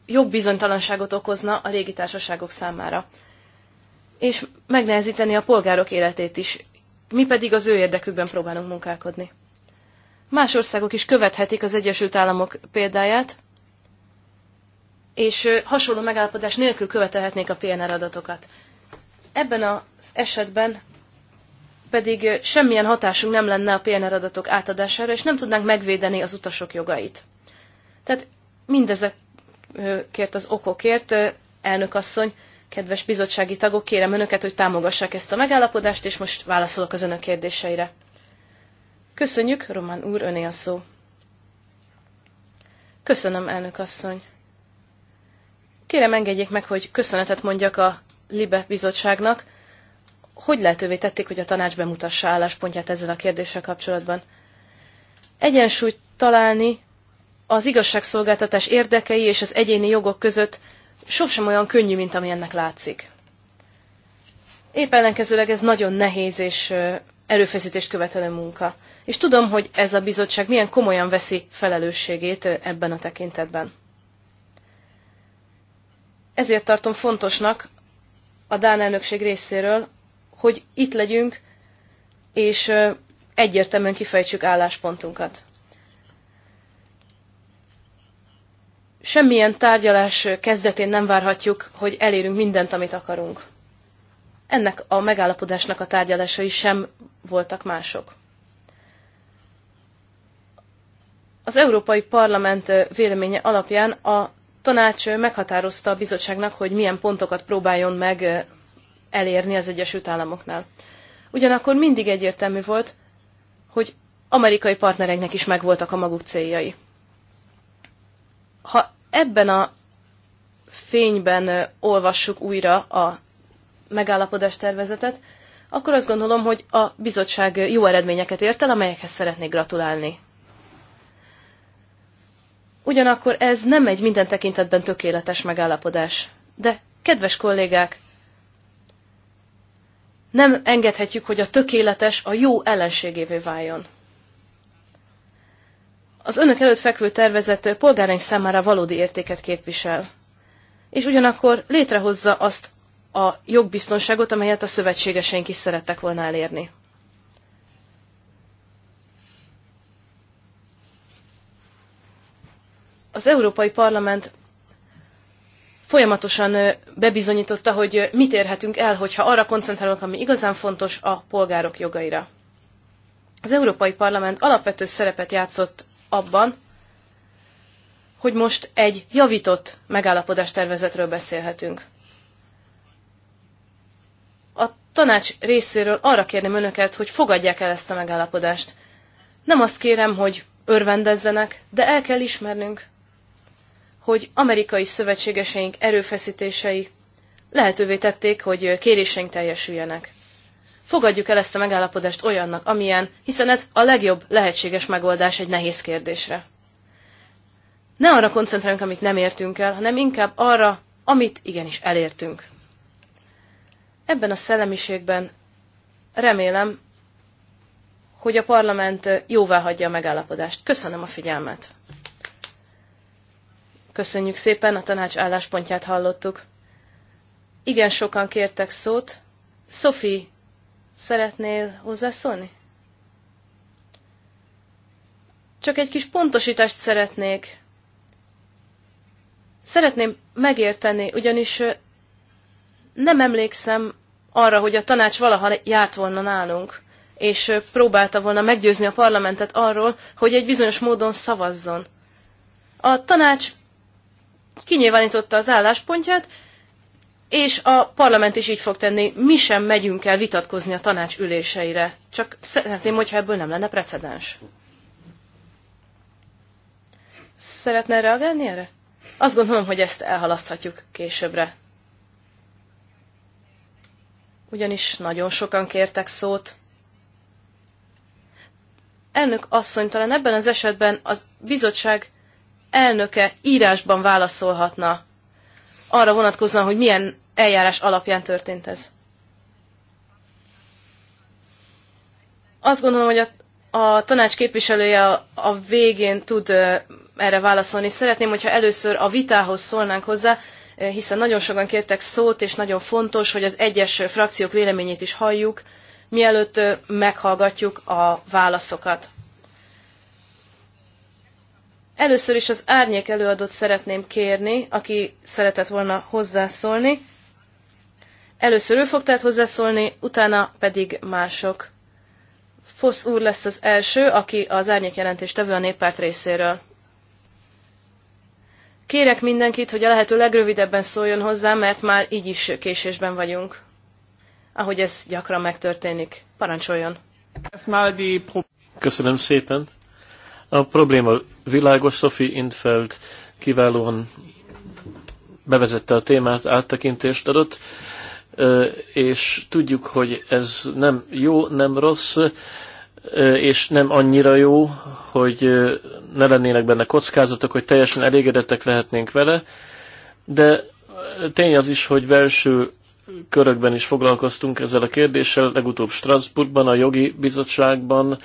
jogbizonytalanságot okozna a légitársaságok számára. És megnehezíteni a polgárok életét is, mi pedig az ő érdekükben próbálunk munkálkodni. Más országok is követhetik az Egyesült Államok példáját, és hasonló megállapodás nélkül követelhetnék a PNR adatokat. Ebben az esetben pedig semmilyen hatásunk nem lenne a PNR adatok átadására, és nem tudnánk megvédeni az utasok jogait. Tehát mindezek kért az okokért. Elnök asszony, kedves bizottsági tagok, kérem önöket, hogy támogassák ezt a megállapodást, és most válaszolok az önök kérdéseire. Köszönjük, Román úr, öné a szó. Köszönöm, elnök asszony. Kérem, engedjék meg, hogy köszönetet mondjak a Libe bizottságnak. Hogy lehetővé tették, hogy a tanács bemutassa álláspontját ezzel a kérdéssel kapcsolatban? Egyensúlyt találni az igazságszolgáltatás érdekei és az egyéni jogok között sosem olyan könnyű, mint amilyennek látszik. Épp ellenkezőleg ez nagyon nehéz és erőfeszítést követelő munka. És tudom, hogy ez a bizottság milyen komolyan veszi felelősségét ebben a tekintetben. Ezért tartom fontosnak a Dán elnökség részéről, hogy itt legyünk, és egyértelműen kifejtsük álláspontunkat. semmilyen tárgyalás kezdetén nem várhatjuk, hogy elérünk mindent, amit akarunk. Ennek a megállapodásnak a tárgyalásai sem voltak mások. Az Európai Parlament véleménye alapján a tanács meghatározta a bizottságnak, hogy milyen pontokat próbáljon meg elérni az Egyesült Államoknál. Ugyanakkor mindig egyértelmű volt, hogy amerikai partnereknek is megvoltak a maguk céljai. Ha ebben a fényben olvassuk újra a megállapodás tervezetet, akkor azt gondolom, hogy a bizottság jó eredményeket ért el, amelyekhez szeretnék gratulálni. Ugyanakkor ez nem egy minden tekintetben tökéletes megállapodás. De, kedves kollégák, nem engedhetjük, hogy a tökéletes a jó ellenségévé váljon az önök előtt fekvő tervezet polgáraink számára valódi értéket képvisel. És ugyanakkor létrehozza azt a jogbiztonságot, amelyet a szövetségeseink is szerettek volna elérni. Az Európai Parlament folyamatosan bebizonyította, hogy mit érhetünk el, hogyha arra koncentrálunk, ami igazán fontos a polgárok jogaira. Az Európai Parlament alapvető szerepet játszott abban, hogy most egy javított megállapodás tervezetről beszélhetünk. A tanács részéről arra kérném önöket, hogy fogadják el ezt a megállapodást. Nem azt kérem, hogy örvendezzenek, de el kell ismernünk, hogy amerikai szövetségeseink erőfeszítései lehetővé tették, hogy kéréseink teljesüljenek. Fogadjuk el ezt a megállapodást olyannak, amilyen, hiszen ez a legjobb lehetséges megoldás egy nehéz kérdésre. Ne arra koncentráljunk, amit nem értünk el, hanem inkább arra, amit igenis elértünk. Ebben a szellemiségben remélem, hogy a parlament jóvá hagyja a megállapodást. Köszönöm a figyelmet. Köszönjük szépen, a tanács álláspontját hallottuk. Igen sokan kértek szót. Sophie Szeretnél hozzászólni? Csak egy kis pontosítást szeretnék. Szeretném megérteni, ugyanis nem emlékszem arra, hogy a tanács valaha járt volna nálunk, és próbálta volna meggyőzni a parlamentet arról, hogy egy bizonyos módon szavazzon. A tanács kinyilvánította az álláspontját, és a parlament is így fog tenni, mi sem megyünk el vitatkozni a tanács üléseire. Csak szeretném, hogyha ebből nem lenne precedens. Szeretne reagálni erre? Azt gondolom, hogy ezt elhalaszthatjuk későbbre. Ugyanis nagyon sokan kértek szót. Elnök asszony, talán ebben az esetben az bizottság elnöke írásban válaszolhatna arra vonatkozóan, hogy milyen eljárás alapján történt ez. Azt gondolom, hogy a, a tanács képviselője a, a végén tud erre válaszolni. Szeretném, hogyha először a vitához szólnánk hozzá, hiszen nagyon sokan kértek szót, és nagyon fontos, hogy az egyes frakciók véleményét is halljuk, mielőtt meghallgatjuk a válaszokat. Először is az árnyék előadót szeretném kérni, aki szeretett volna hozzászólni. Először ő fog tehát hozzászólni, utána pedig mások. Fosz úr lesz az első, aki az árnyék jelentést tevő a néppárt részéről. Kérek mindenkit, hogy a lehető legrövidebben szóljon hozzá, mert már így is késésben vagyunk. Ahogy ez gyakran megtörténik. Parancsoljon! Köszönöm szépen! A probléma világos, Sophie Intfeld kiválóan bevezette a témát, áttekintést adott és tudjuk, hogy ez nem jó, nem rossz, és nem annyira jó, hogy ne lennének benne kockázatok, hogy teljesen elégedettek lehetnénk vele, de tény az is, hogy belső körökben is foglalkoztunk ezzel a kérdéssel, legutóbb Strasbourgban, a jogi bizottságban,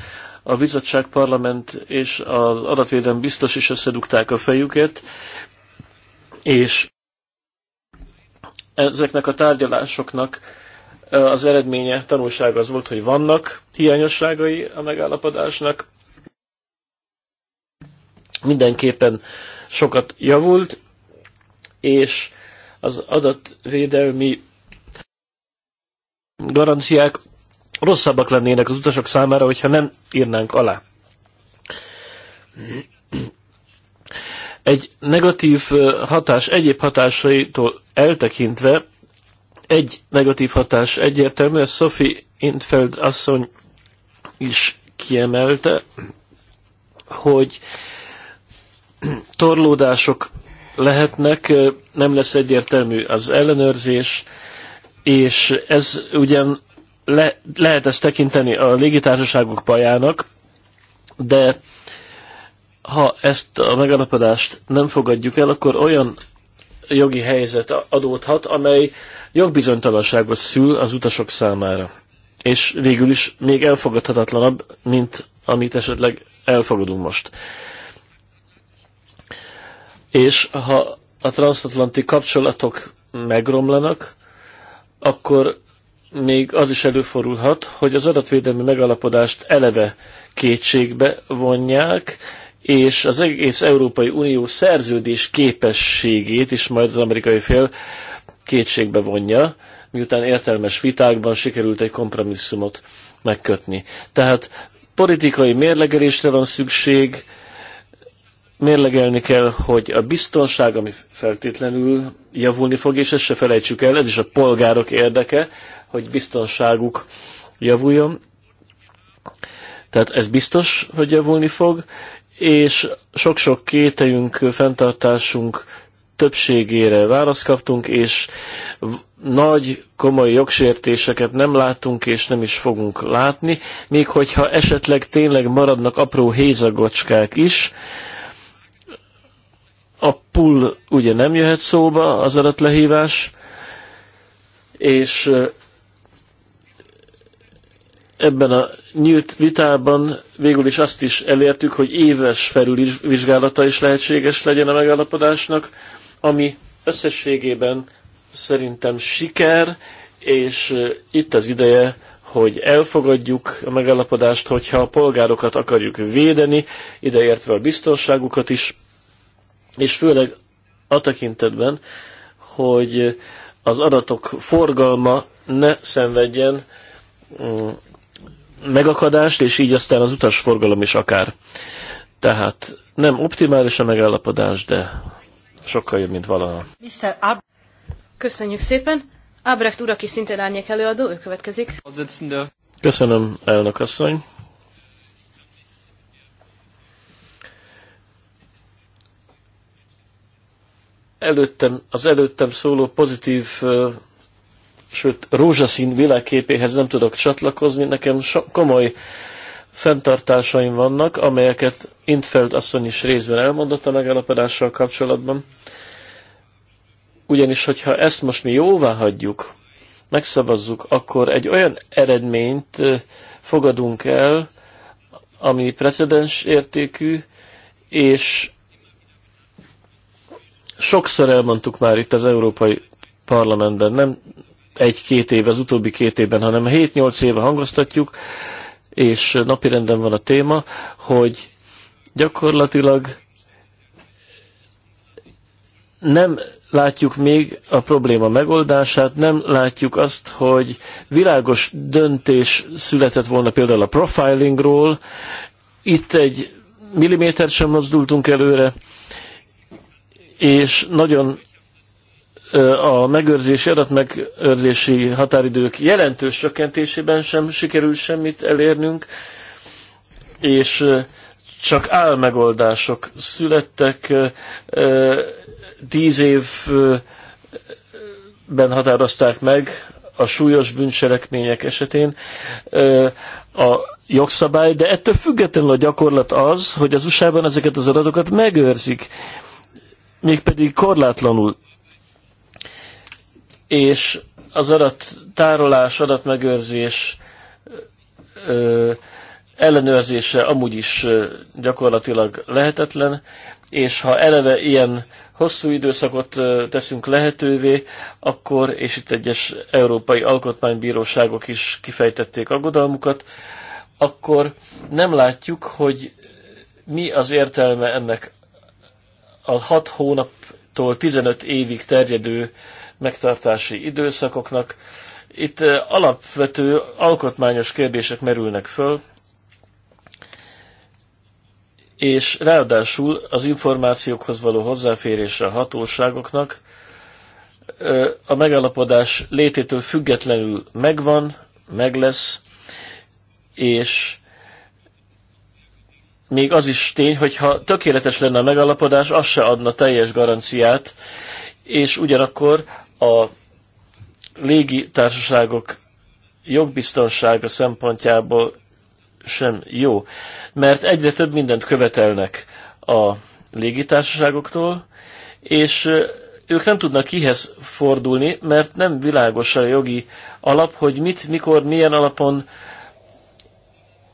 a bizottság, parlament és az adatvédelem biztos is összedugták a fejüket, és ezeknek a tárgyalásoknak az eredménye, tanulság az volt, hogy vannak hiányosságai a megállapodásnak. Mindenképpen sokat javult, és az adatvédelmi garanciák rosszabbak lennének az utasok számára, hogyha nem írnánk alá. Egy negatív hatás egyéb hatásaitól eltekintve egy negatív hatás egyértelmű, a Sophie Intfeld asszony is kiemelte, hogy torlódások lehetnek, nem lesz egyértelmű az ellenőrzés, és ez ugyan le, lehet ezt tekinteni a légitársaságok bajának, de ha ezt a megalapodást nem fogadjuk el, akkor olyan jogi helyzet adódhat, amely jogbizonytalanságot szül az utasok számára. És végül is még elfogadhatatlanabb, mint amit esetleg elfogadunk most. És ha a transatlanti kapcsolatok megromlanak, akkor még az is előfordulhat, hogy az adatvédelmi megalapodást eleve kétségbe vonják, és az egész Európai Unió szerződés képességét is majd az amerikai fél kétségbe vonja, miután értelmes vitákban sikerült egy kompromisszumot megkötni. Tehát politikai mérlegelésre van szükség, mérlegelni kell, hogy a biztonság, ami feltétlenül javulni fog, és ezt se felejtsük el, ez is a polgárok érdeke, hogy biztonságuk javuljon. Tehát ez biztos, hogy javulni fog, és sok-sok kételjünk, fenntartásunk többségére választ kaptunk, és nagy, komoly jogsértéseket nem látunk, és nem is fogunk látni, még hogyha esetleg tényleg maradnak apró hézagocskák is, a pull ugye nem jöhet szóba, az adatlehívás, és ebben a nyílt vitában végül is azt is elértük, hogy éves felülvizsgálata is lehetséges legyen a megállapodásnak, ami összességében szerintem siker, és itt az ideje, hogy elfogadjuk a megállapodást, hogyha a polgárokat akarjuk védeni, ideértve a biztonságukat is, és főleg a tekintetben, hogy az adatok forgalma ne szenvedjen mm, megakadást, és így aztán az utasforgalom is akár. Tehát nem optimális a megállapodás, de sokkal jobb, mint valaha. Mr. Ab- Köszönjük szépen! Ábrecht úr, aki szintén árnyék előadó, ő következik. Köszönöm, elnök asszony. Előttem, az előttem szóló pozitív sőt rózsaszín világképéhez nem tudok csatlakozni, nekem so komoly fenntartásaim vannak, amelyeket Intfeld asszony is részben elmondott a megállapodással kapcsolatban. Ugyanis, hogyha ezt most mi jóvá hagyjuk, megszavazzuk, akkor egy olyan eredményt fogadunk el, ami precedens értékű, és sokszor elmondtuk már itt az Európai Parlamentben, nem egy-két év az utóbbi két évben, hanem 7-8 éve hangoztatjuk, és napirenden van a téma, hogy gyakorlatilag nem látjuk még a probléma megoldását, nem látjuk azt, hogy világos döntés született volna például a profilingról, itt egy milliméter sem mozdultunk előre, és nagyon a megőrzési adatmegőrzési határidők jelentős csökkentésében sem sikerült semmit elérnünk, és csak álmegoldások születtek, tíz évben határozták meg a súlyos bűncselekmények esetén a jogszabály, de ettől függetlenül a gyakorlat az, hogy az USA-ban ezeket az adatokat megőrzik, mégpedig korlátlanul és az adat tárolás, adatmegőrzés ö, ellenőrzése amúgy is gyakorlatilag lehetetlen, és ha eleve ilyen hosszú időszakot teszünk lehetővé, akkor, és itt egyes európai alkotmánybíróságok is kifejtették aggodalmukat, akkor nem látjuk, hogy mi az értelme ennek a 6 hónaptól 15 évig terjedő megtartási időszakoknak. Itt alapvető alkotmányos kérdések merülnek föl, és ráadásul az információkhoz való hozzáférésre a hatóságoknak a megállapodás lététől függetlenül megvan, meg lesz, és még az is tény, hogy ha tökéletes lenne a megalapodás, az se adna teljes garanciát, és ugyanakkor a társaságok jogbiztonsága szempontjából sem jó, mert egyre több mindent követelnek a légitársaságoktól, és ők nem tudnak kihez fordulni, mert nem világos a jogi alap, hogy mit, mikor, milyen alapon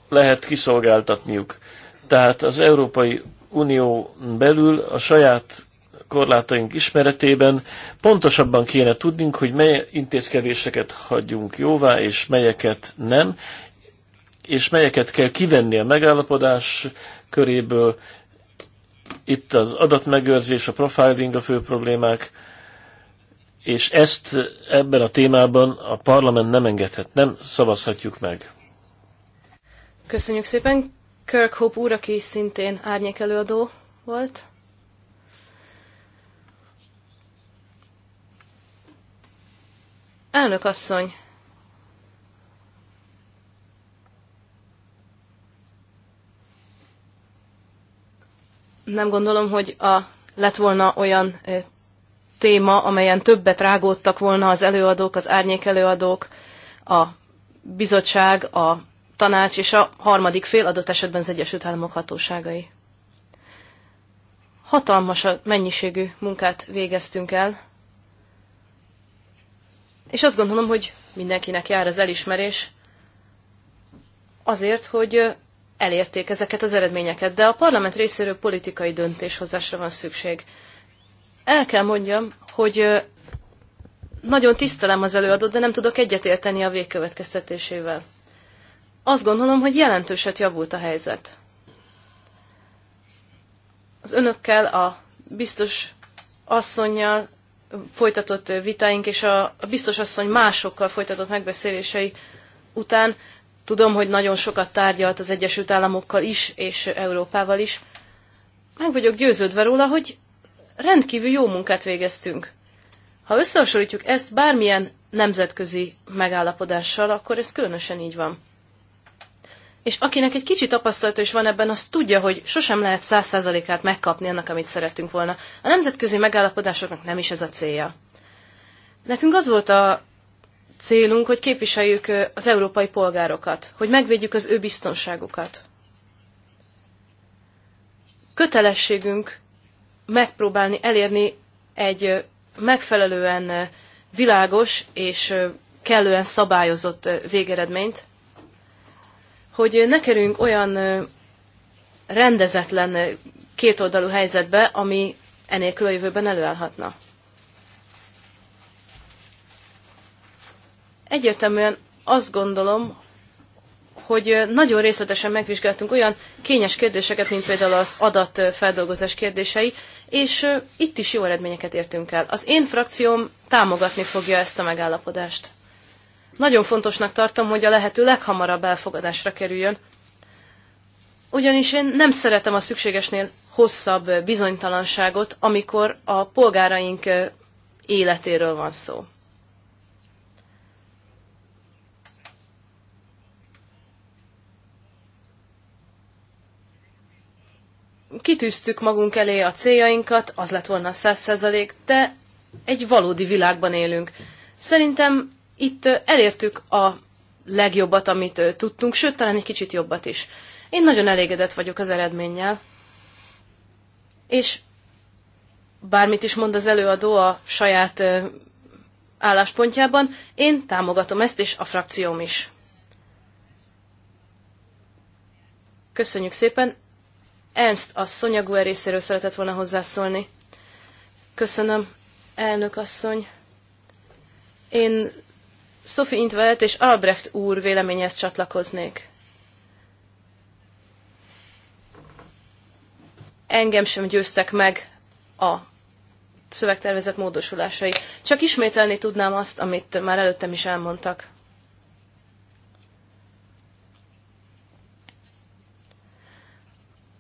lehet kiszolgáltatniuk. Tehát az Európai Unión belül a saját korlátaink ismeretében pontosabban kéne tudnunk, hogy mely intézkedéseket hagyjunk jóvá, és melyeket nem, és melyeket kell kivenni a megállapodás köréből. Itt az adatmegőrzés, a profiling a fő problémák, és ezt ebben a témában a parlament nem engedhet, nem szavazhatjuk meg. Köszönjük szépen. Kirkhope úr, aki szintén árnyék előadó volt. Elnök asszony, nem gondolom, hogy a, lett volna olyan téma, amelyen többet rágódtak volna az előadók, az árnyék előadók, a bizottság, a tanács és a harmadik fél adott esetben az Egyesült Államok hatóságai. Hatalmas a mennyiségű munkát végeztünk el, és azt gondolom, hogy mindenkinek jár az elismerés azért, hogy elérték ezeket az eredményeket, de a parlament részéről politikai döntéshozásra van szükség. El kell mondjam, hogy nagyon tisztelem az előadót, de nem tudok egyetérteni a végkövetkeztetésével. Azt gondolom, hogy jelentőset javult a helyzet. Az önökkel, a biztos asszonynal folytatott vitáink és a biztos asszony másokkal folytatott megbeszélései után tudom, hogy nagyon sokat tárgyalt az Egyesült Államokkal is, és Európával is. Meg vagyok győződve róla, hogy rendkívül jó munkát végeztünk. Ha összehasonlítjuk ezt bármilyen nemzetközi megállapodással, akkor ez különösen így van és akinek egy kicsi tapasztalata is van ebben, az tudja, hogy sosem lehet száz százalékát megkapni annak, amit szerettünk volna. A nemzetközi megállapodásoknak nem is ez a célja. Nekünk az volt a célunk, hogy képviseljük az európai polgárokat, hogy megvédjük az ő biztonságukat. Kötelességünk megpróbálni elérni egy megfelelően világos és kellően szabályozott végeredményt, hogy ne kerüljünk olyan rendezetlen kétoldalú helyzetbe, ami enélkül a jövőben előállhatna. Egyértelműen azt gondolom, hogy nagyon részletesen megvizsgáltunk olyan kényes kérdéseket, mint például az adatfeldolgozás kérdései, és itt is jó eredményeket értünk el. Az én frakcióm támogatni fogja ezt a megállapodást. Nagyon fontosnak tartom, hogy a lehető leghamarabb elfogadásra kerüljön, ugyanis én nem szeretem a szükségesnél hosszabb bizonytalanságot, amikor a polgáraink életéről van szó. kitűztük magunk elé a céljainkat, az lett volna száz százalék, de egy valódi világban élünk. Szerintem itt elértük a legjobbat, amit tudtunk, sőt, talán egy kicsit jobbat is. Én nagyon elégedett vagyok az eredménnyel. És bármit is mond az előadó a saját álláspontjában, én támogatom ezt, és a frakcióm is. Köszönjük szépen. Ernst asszony a Guer részéről szeretett volna hozzászólni. Köszönöm, elnök asszony. Én Sophie Intvelt és Albrecht úr véleményhez csatlakoznék. Engem sem győztek meg a szövegtervezet módosulásai. Csak ismételni tudnám azt, amit már előttem is elmondtak.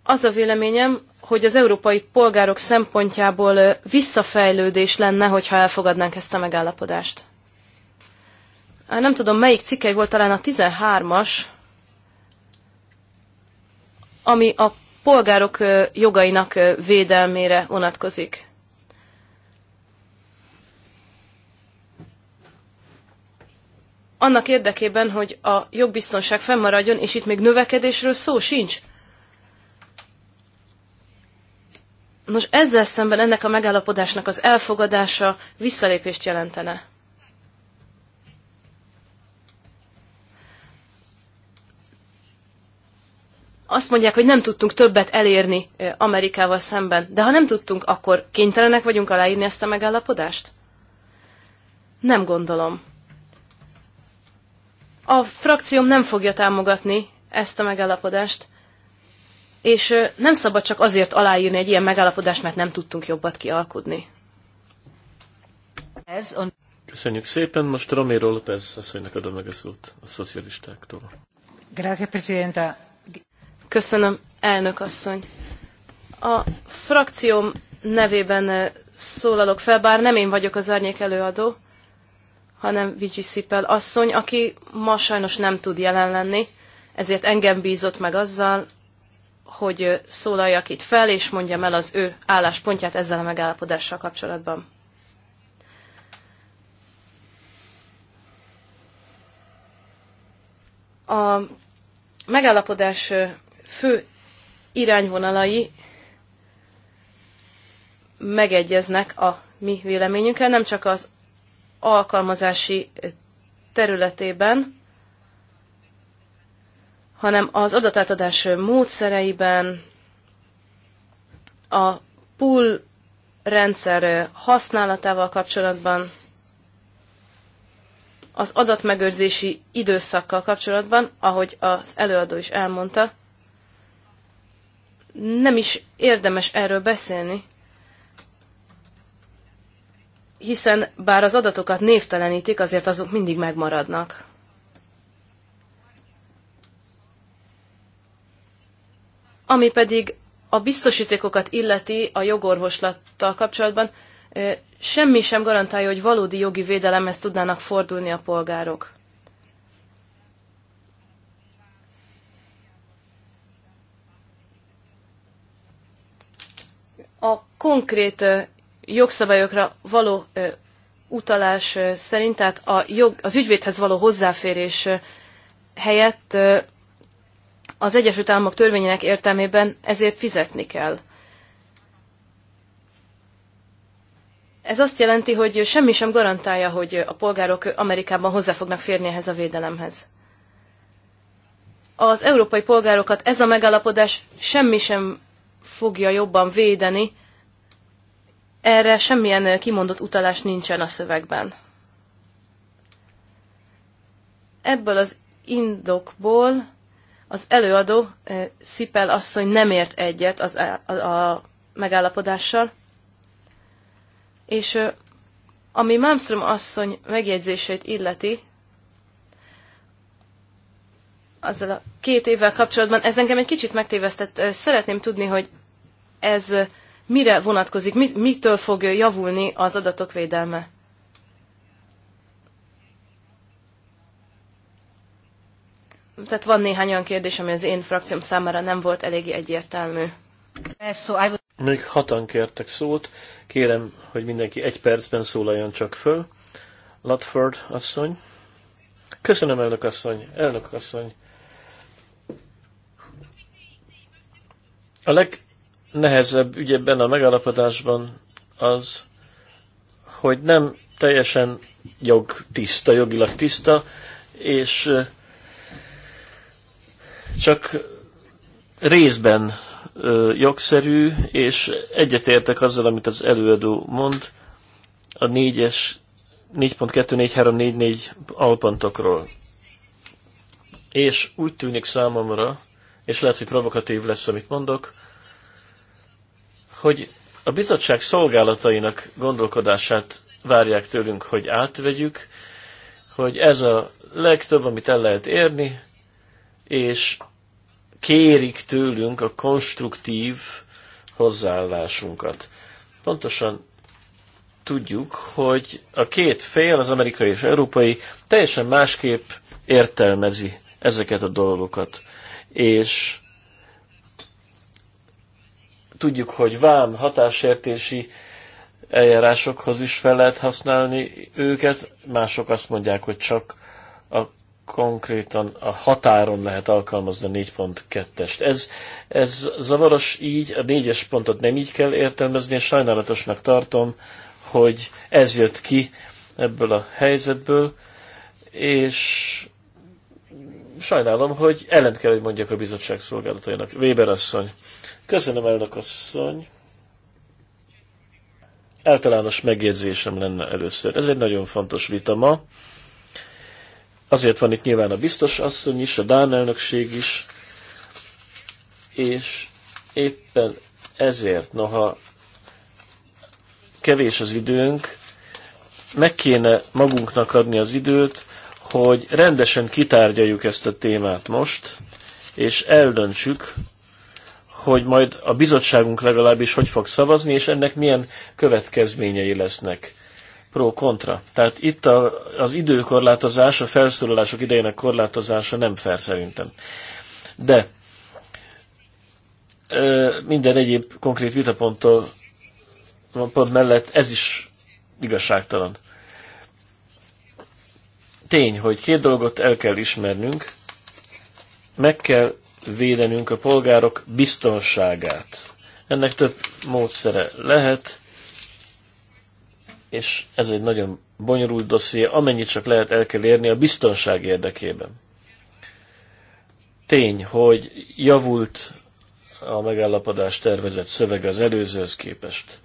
Az a véleményem, hogy az európai polgárok szempontjából visszafejlődés lenne, hogyha elfogadnánk ezt a megállapodást nem tudom melyik cikkely volt, talán a 13-as, ami a polgárok jogainak védelmére vonatkozik. Annak érdekében, hogy a jogbiztonság fennmaradjon, és itt még növekedésről szó sincs. Nos, ezzel szemben ennek a megállapodásnak az elfogadása visszalépést jelentene. azt mondják, hogy nem tudtunk többet elérni Amerikával szemben. De ha nem tudtunk, akkor kénytelenek vagyunk aláírni ezt a megállapodást? Nem gondolom. A frakcióm nem fogja támogatni ezt a megállapodást, és nem szabad csak azért aláírni egy ilyen megállapodást, mert nem tudtunk jobbat kialkudni. Köszönjük szépen, most Romero López asszonynak adom meg a szót a szocialistáktól. Gracias, Presidenta. Köszönöm, elnök asszony. A frakcióm nevében eh, szólalok fel, bár nem én vagyok az árnyék előadó, hanem Vigyi Szipel asszony, aki ma sajnos nem tud jelen lenni, ezért engem bízott meg azzal, hogy eh, szólaljak itt fel, és mondjam el az ő álláspontját ezzel a megállapodással kapcsolatban. A megállapodás eh, fő irányvonalai megegyeznek a mi véleményünkkel, nem csak az alkalmazási területében, hanem az adatátadás módszereiben, a pool rendszer használatával kapcsolatban, az adatmegőrzési időszakkal kapcsolatban, ahogy az előadó is elmondta, nem is érdemes erről beszélni, hiszen bár az adatokat névtelenítik, azért azok mindig megmaradnak. Ami pedig a biztosítékokat illeti a jogorvoslattal kapcsolatban, semmi sem garantálja, hogy valódi jogi védelemhez tudnának fordulni a polgárok. konkrét jogszabályokra való utalás szerint, tehát a jog, az ügyvédhez való hozzáférés helyett az Egyesült Államok törvényének értelmében ezért fizetni kell. Ez azt jelenti, hogy semmi sem garantálja, hogy a polgárok Amerikában hozzá fognak férni ehhez a védelemhez. Az európai polgárokat ez a megállapodás semmi sem fogja jobban védeni, erre semmilyen kimondott utalás nincsen a szövegben. Ebből az indokból az előadó Szipel asszony nem ért egyet az, a, a megállapodással, és ami Malmström asszony megjegyzését illeti, azzal a két évvel kapcsolatban, ez engem egy kicsit megtévesztett. Szeretném tudni, hogy ez mire vonatkozik, mit, mitől fog javulni az adatok védelme? Tehát van néhány olyan kérdés, ami az én frakcióm számára nem volt eléggé egyértelmű. Még hatan kértek szót. Kérem, hogy mindenki egy percben szólaljon csak föl. Latford asszony. Köszönöm, elnök asszony. Elnök asszony. A leg nehezebb ügyebben a megalapodásban az, hogy nem teljesen jog tiszta, jogilag tiszta, és csak részben jogszerű, és egyetértek azzal, amit az előadó mond, a 4-es 4.24344 alpantokról. És úgy tűnik számomra, és lehet, hogy provokatív lesz, amit mondok, hogy a bizottság szolgálatainak gondolkodását várják tőlünk, hogy átvegyük, hogy ez a legtöbb, amit el lehet érni, és kérik tőlünk a konstruktív hozzáállásunkat. Pontosan tudjuk, hogy a két fél, az amerikai és európai, teljesen másképp értelmezi ezeket a dolgokat. És Tudjuk, hogy vám hatásértési eljárásokhoz is fel lehet használni őket, mások azt mondják, hogy csak a konkrétan a határon lehet alkalmazni a 4.2-est. Ez, ez zavaros így, a 4-es pontot nem így kell értelmezni, és sajnálatosnak tartom, hogy ez jött ki ebből a helyzetből, és sajnálom, hogy ellent kell, hogy mondjak a bizottság szolgálatainak. Weber asszony. Köszönöm, elnök asszony. Általános megjegyzésem lenne először. Ez egy nagyon fontos vita ma. Azért van itt nyilván a biztos asszony is, a Dán elnökség is, és éppen ezért, noha kevés az időnk, meg kéne magunknak adni az időt, hogy rendesen kitárgyaljuk ezt a témát most, és eldöntsük, hogy majd a bizottságunk legalábbis hogy fog szavazni, és ennek milyen következményei lesznek. Pro-kontra. Tehát itt a, az időkorlátozás, a felszólalások idejének korlátozása nem fel szerintem. De minden egyéb konkrét vitaponttól pont mellett ez is igazságtalan. Tény, hogy két dolgot el kell ismernünk, meg kell védenünk a polgárok biztonságát. Ennek több módszere lehet, és ez egy nagyon bonyolult dosszié, amennyit csak lehet el kell érni a biztonság érdekében. Tény, hogy javult a megállapodás tervezett szövege az előzőhöz képest.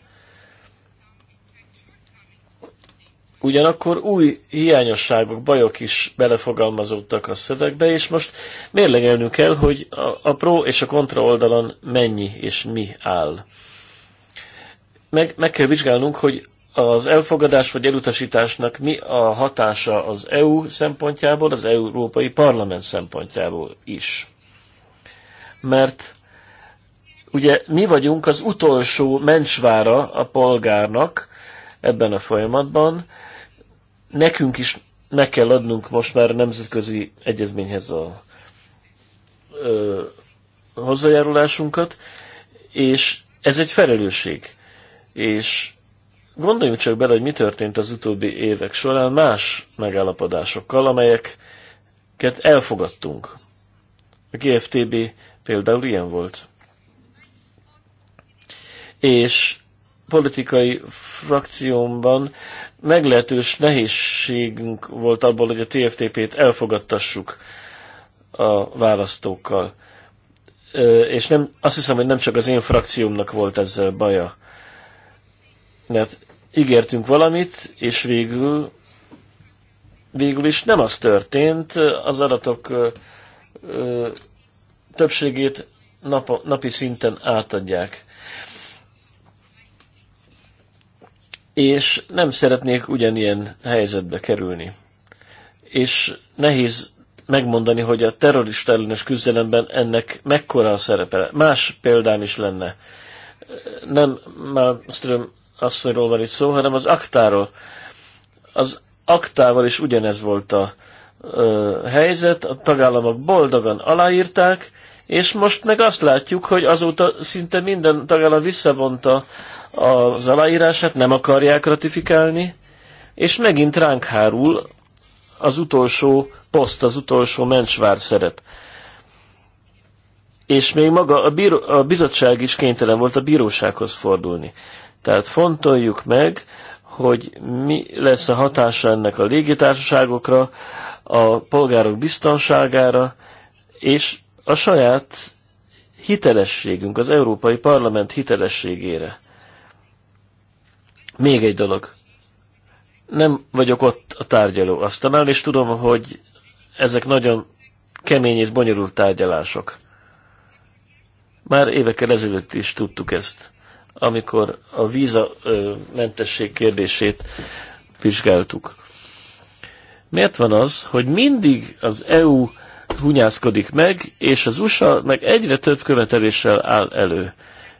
Ugyanakkor új hiányosságok, bajok is belefogalmazódtak a szövegbe, és most mérlegelnünk kell, hogy a, a pro és a kontra oldalon mennyi és mi áll. Meg, meg kell vizsgálnunk, hogy az elfogadás vagy elutasításnak mi a hatása az EU szempontjából, az Európai Parlament szempontjából is. Mert ugye mi vagyunk az utolsó mencsvára a polgárnak ebben a folyamatban, nekünk is meg kell adnunk most már a nemzetközi egyezményhez a ö, hozzájárulásunkat, és ez egy felelősség. És gondoljunk csak bele, hogy mi történt az utóbbi évek során más megállapodásokkal, amelyeket elfogadtunk. A GFTB például ilyen volt. És politikai frakciómban meglehetős nehézségünk volt abból, hogy a TFTP-t elfogadtassuk a választókkal. És nem, azt hiszem, hogy nem csak az én frakciómnak volt ezzel baja. Mert ígértünk valamit, és végül, végül is nem az történt. Az adatok többségét nap, napi szinten átadják. és nem szeretnék ugyanilyen helyzetbe kerülni. És nehéz megmondani, hogy a terrorista ellenes küzdelemben ennek mekkora a szerepe. Más példám is lenne. Nem Malmström asszonyról van itt szó, hanem az aktáról. Az aktával is ugyanez volt a ö, helyzet, a tagállamok boldogan aláírták, és most meg azt látjuk, hogy azóta szinte minden tagállam visszavonta az aláírását, nem akarják ratifikálni, és megint ránk hárul az utolsó poszt, az utolsó mencsvár szerep. És még maga a, bíró, a bizottság is kénytelen volt a bírósághoz fordulni. Tehát fontoljuk meg, hogy mi lesz a hatása ennek a légitársaságokra, a polgárok biztonságára, és a saját hitelességünk, az Európai Parlament hitelességére. Még egy dolog. Nem vagyok ott a tárgyaló asztalnál, és tudom, hogy ezek nagyon kemény és bonyolult tárgyalások. Már évekkel ezelőtt is tudtuk ezt, amikor a víza ö, mentesség kérdését vizsgáltuk. Miért van az, hogy mindig az EU hunyászkodik meg, és az USA meg egyre több követeléssel áll elő,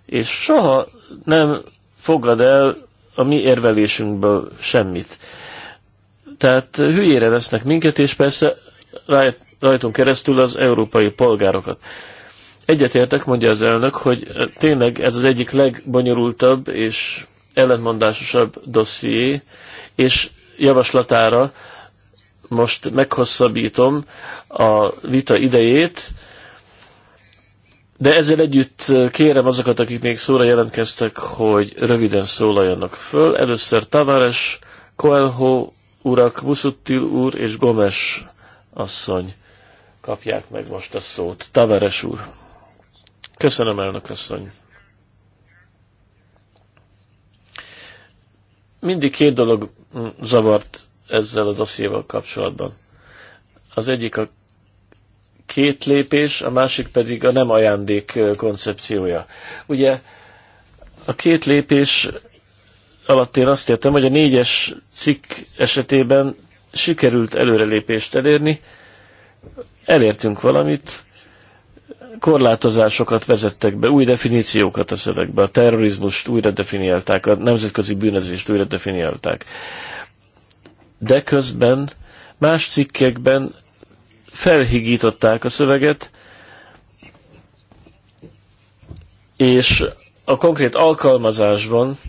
és soha nem fogad el a mi érvelésünkből semmit. Tehát hülyére vesznek minket, és persze rajtunk keresztül az európai polgárokat. Egyetértek, mondja az elnök, hogy tényleg ez az egyik legbonyolultabb és ellentmondásosabb dosszié, és javaslatára most meghosszabbítom a vita idejét, de ezzel együtt kérem azokat, akik még szóra jelentkeztek, hogy röviden szólaljanak föl. Először Tavares, Coelho urak, Busuttil, úr és Gomes asszony kapják meg most a szót. Tavares úr. Köszönöm, elnök asszony. Mindig két dolog mm, zavart ezzel a dossziéval kapcsolatban. Az egyik a két lépés, a másik pedig a nem ajándék koncepciója. Ugye a két lépés alatt én azt értem, hogy a négyes cikk esetében sikerült előrelépést elérni, elértünk valamit, korlátozásokat vezettek be, új definíciókat a szövegbe, a terrorizmust újra definiálták, a nemzetközi bűnözést újra definiálták. De közben más cikkekben felhigították a szöveget, és a konkrét alkalmazásban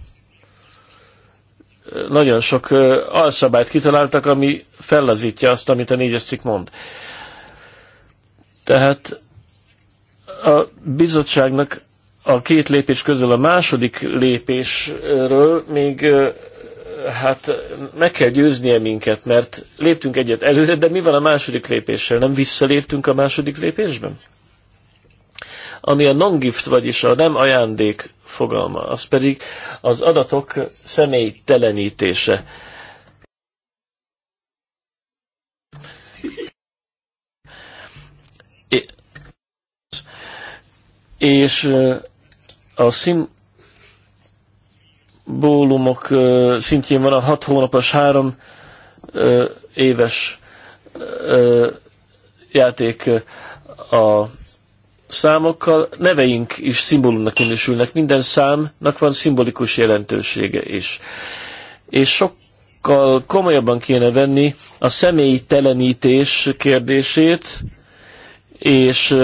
nagyon sok alszabályt kitaláltak, ami fellazítja azt, amit a négyes cikk mond. Tehát a bizottságnak a két lépés közül a második lépésről még hát meg kell győznie minket, mert léptünk egyet előre, de mi van a második lépéssel? Nem visszaléptünk a második lépésben? Ami a non-gift, vagyis a nem ajándék fogalma, az pedig az adatok személytelenítése. És a SIM bólumok szintjén van a hat hónapos, három éves játék a számokkal. Neveink is szimbólumnak minősülnek. Minden számnak van szimbolikus jelentősége is. És sokkal komolyabban kéne venni a személytelenítés kérdését, és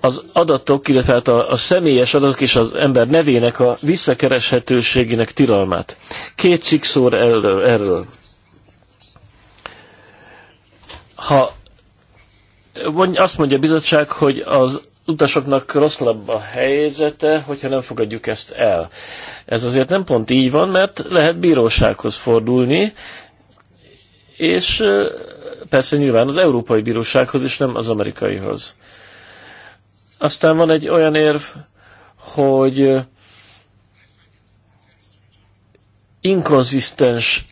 az adatok, illetve hát a, a személyes adatok és az ember nevének a visszakereshetőségének tilalmát. Két cikk szór erről. erről. Ha azt mondja a bizottság, hogy az utasoknak rosszabb a helyzete, hogyha nem fogadjuk ezt el. Ez azért nem pont így van, mert lehet bírósághoz fordulni, és Persze nyilván az Európai Bírósághoz, és nem az amerikaihoz. Aztán van egy olyan érv, hogy inkonzisztens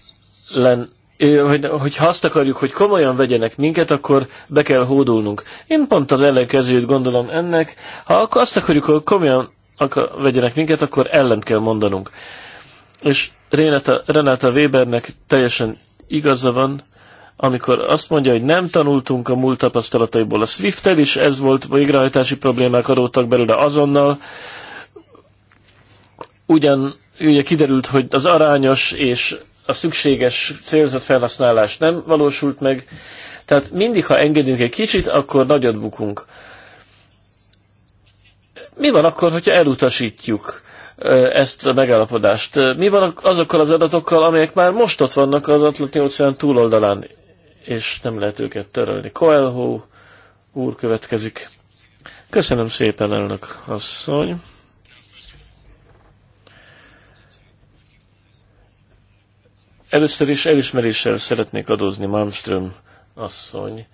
len, hogy, hogyha azt akarjuk, hogy komolyan vegyenek minket, akkor be kell hódulnunk. Én pont az ellenkezőjét gondolom ennek. Ha akkor azt akarjuk, hogy komolyan akar, vegyenek minket, akkor ellent kell mondanunk. És Renata, Renata Webernek teljesen igaza van, amikor azt mondja, hogy nem tanultunk a múlt tapasztalataiból a Swift-tel is, ez volt, végrehajtási problémák adódtak belőle azonnal, ugyan ugye kiderült, hogy az arányos és a szükséges célzott felhasználás nem valósult meg, tehát mindig, ha engedünk egy kicsit, akkor nagyot bukunk. Mi van akkor, hogyha elutasítjuk ezt a megállapodást? Mi van azokkal az adatokkal, amelyek már most ott vannak az Atlanti óceán túloldalán? és nem lehet őket törölni. Coelho úr következik. Köszönöm szépen, elnök asszony. Először is elismeréssel szeretnék adózni Malmström asszony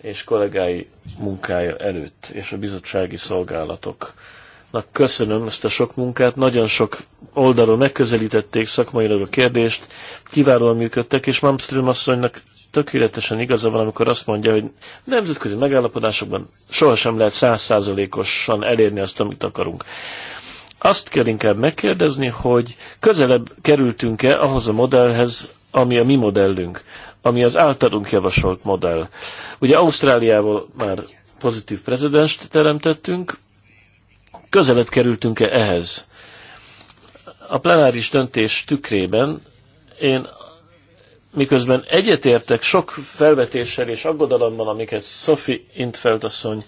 és kollégái munkája előtt, és a bizottsági szolgálatoknak köszönöm ezt a sok munkát. Nagyon sok oldalról megközelítették szakmailag a kérdést, kiválóan működtek, és Malmström asszonynak tökéletesen igaza van, amikor azt mondja, hogy nemzetközi megállapodásokban sohasem lehet százszázalékosan elérni azt, amit akarunk. Azt kell inkább megkérdezni, hogy közelebb kerültünk-e ahhoz a modellhez, ami a mi modellünk, ami az általunk javasolt modell. Ugye Ausztráliával már pozitív prezedenst teremtettünk, közelebb kerültünk-e ehhez? A plenáris döntés tükrében én miközben egyetértek sok felvetéssel és aggodalommal, amiket Sophie Intfeld asszony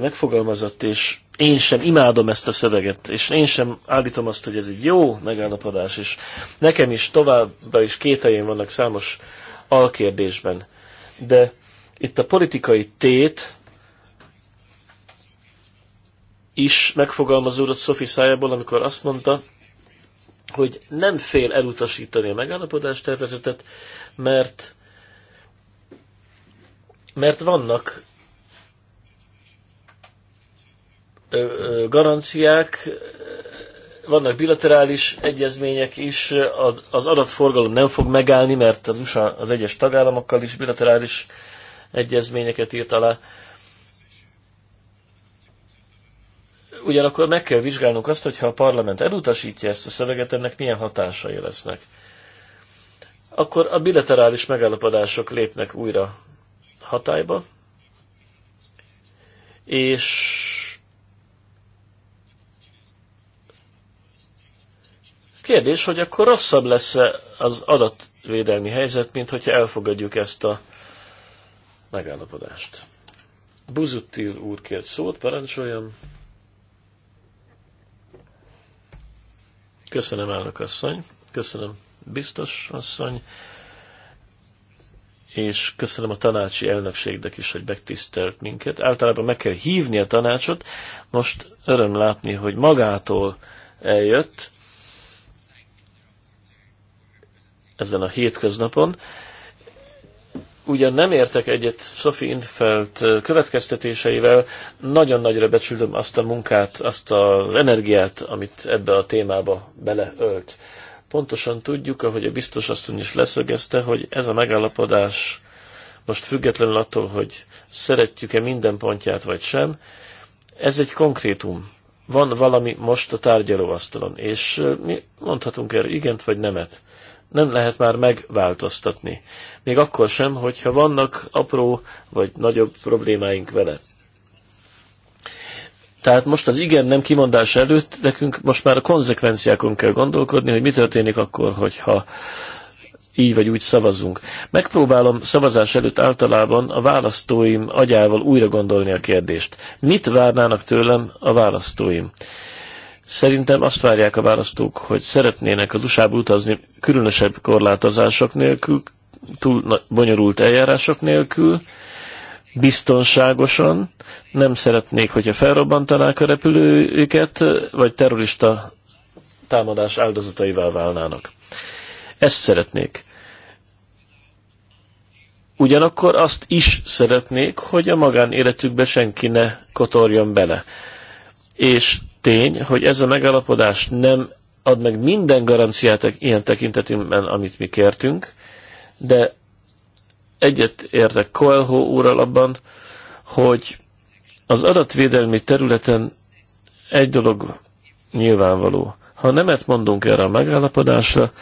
megfogalmazott, és én sem imádom ezt a szöveget, és én sem állítom azt, hogy ez egy jó megállapodás, és nekem is továbbra is kételjén vannak számos alkérdésben. De itt a politikai tét is megfogalmazódott Sophie szájából, amikor azt mondta, hogy nem fél elutasítani a megállapodás tervezetet, mert, mert vannak garanciák, vannak bilaterális egyezmények is, az adatforgalom nem fog megállni, mert az USA az egyes tagállamokkal is bilaterális egyezményeket írt alá. ugyanakkor meg kell vizsgálnunk azt, hogyha a parlament elutasítja ezt a szöveget, ennek milyen hatásai lesznek. Akkor a bilaterális megállapodások lépnek újra hatályba, és kérdés, hogy akkor rosszabb lesz -e az adatvédelmi helyzet, mint hogyha elfogadjuk ezt a megállapodást. Buzuttil úr kért szót, parancsoljam. Köszönöm, elnök asszony. Köszönöm, biztos asszony. És köszönöm a tanácsi elnökségnek is, hogy megtisztelt minket. Általában meg kell hívni a tanácsot. Most öröm látni, hogy magától eljött ezen a hétköznapon ugyan nem értek egyet Sophie Infeld következtetéseivel, nagyon nagyra becsülöm azt a munkát, azt az energiát, amit ebbe a témába beleölt. Pontosan tudjuk, ahogy a biztos asszony is leszögezte, hogy ez a megállapodás most függetlenül attól, hogy szeretjük-e minden pontját vagy sem, ez egy konkrétum. Van valami most a tárgyalóasztalon, és mi mondhatunk erre igent vagy nemet nem lehet már megváltoztatni. Még akkor sem, hogyha vannak apró vagy nagyobb problémáink vele. Tehát most az igen nem kimondás előtt nekünk most már a konzekvenciákon kell gondolkodni, hogy mi történik akkor, hogyha így vagy úgy szavazunk. Megpróbálom szavazás előtt általában a választóim agyával újra gondolni a kérdést. Mit várnának tőlem a választóim? Szerintem azt várják a választók, hogy szeretnének az usa utazni különösebb korlátozások nélkül, túl bonyolult eljárások nélkül, biztonságosan, nem szeretnék, hogyha felrobbantanák a repülőjüket, vagy terrorista támadás áldozataival válnának. Ezt szeretnék. Ugyanakkor azt is szeretnék, hogy a magánéletükbe senki ne kotorjon bele. És tény, hogy ez a megalapodás nem ad meg minden garanciát ilyen tekintetünkben amit mi kértünk, de egyet értek Coelho úrral abban, hogy az adatvédelmi területen egy dolog nyilvánvaló. Ha nemet mondunk erre a megállapodásra,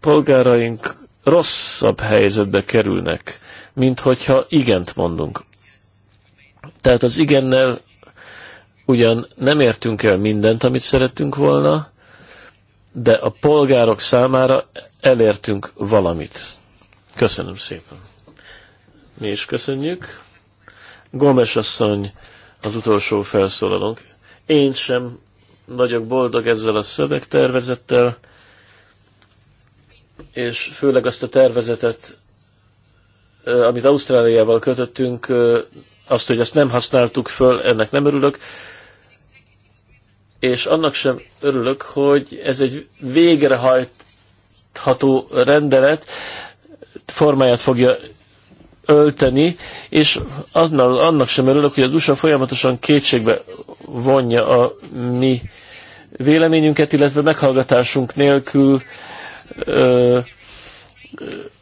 polgáraink rosszabb helyzetbe kerülnek, mint hogyha igent mondunk. Tehát az igennel Ugyan nem értünk el mindent, amit szerettünk volna, de a polgárok számára elértünk valamit. Köszönöm szépen. Mi is köszönjük. Gomes asszony az utolsó felszólalónk. Én sem vagyok boldog ezzel a szövegtervezettel, és főleg azt a tervezetet, amit Ausztráliával kötöttünk, azt, hogy ezt nem használtuk föl, ennek nem örülök és annak sem örülök, hogy ez egy végrehajtható rendelet formáját fogja ölteni, és annal, annak sem örülök, hogy az USA folyamatosan kétségbe vonja a mi véleményünket, illetve meghallgatásunk nélkül ö, ö,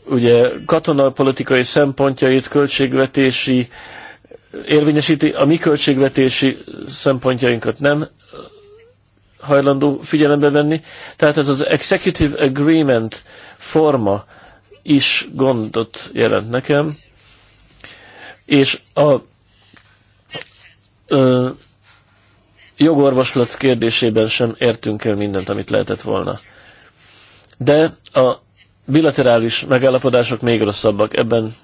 ugye katonapolitikai szempontjait, költségvetési érvényesíti, a mi költségvetési szempontjainkat nem hajlandó figyelembe venni. Tehát ez az executive agreement forma is gondot jelent nekem, és a ö, jogorvoslat kérdésében sem értünk el mindent, amit lehetett volna. De a bilaterális megállapodások még rosszabbak, ebben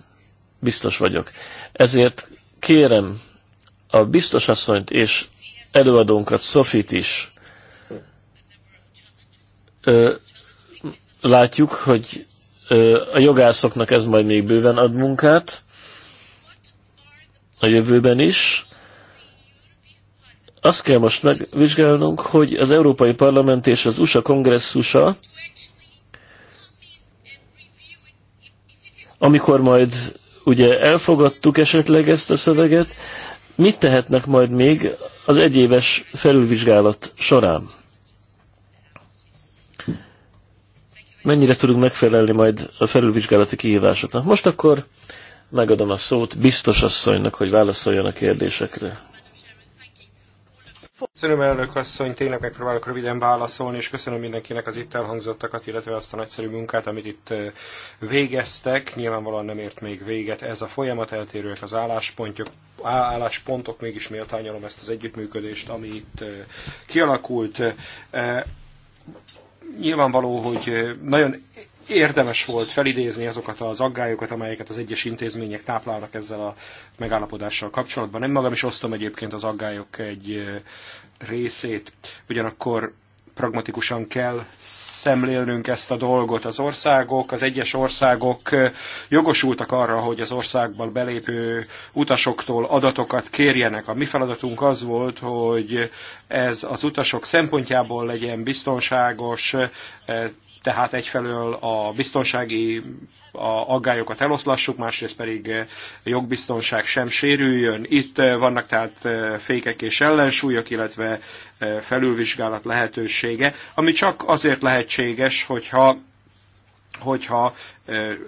biztos vagyok. Ezért kérem a biztosasszonyt és előadónkat, Sofit is, ö, látjuk, hogy ö, a jogászoknak ez majd még bőven ad munkát, a jövőben is. Azt kell most megvizsgálnunk, hogy az Európai Parlament és az USA kongresszusa, amikor majd ugye elfogadtuk esetleg ezt a szöveget, mit tehetnek majd még az egyéves felülvizsgálat során? mennyire tudunk megfelelni majd a felülvizsgálati kihívásoknak. Most akkor megadom a szót biztos asszonynak, hogy válaszoljon a kérdésekre. Köszönöm, elnök asszony, tényleg megpróbálok röviden válaszolni, és köszönöm mindenkinek az itt elhangzottakat, illetve azt a nagyszerű munkát, amit itt végeztek. Nyilvánvalóan nem ért még véget ez a folyamat, eltérőek az álláspontok, álláspontok mégis méltányolom ezt az együttműködést, ami itt kialakult nyilvánvaló, hogy nagyon érdemes volt felidézni azokat az aggályokat, amelyeket az egyes intézmények táplálnak ezzel a megállapodással kapcsolatban. Nem magam is osztom egyébként az aggályok egy részét. Ugyanakkor pragmatikusan kell szemlélnünk ezt a dolgot. Az országok, az egyes országok jogosultak arra, hogy az országban belépő utasoktól adatokat kérjenek. A mi feladatunk az volt, hogy ez az utasok szempontjából legyen biztonságos, tehát egyfelől a biztonsági a aggályokat eloszlassuk, másrészt pedig eh, jogbiztonság sem sérüljön. Itt eh, vannak tehát eh, fékek és ellensúlyok, illetve felülvizsgálat lehetősége, ami csak azért lehetséges, hogyha hogyha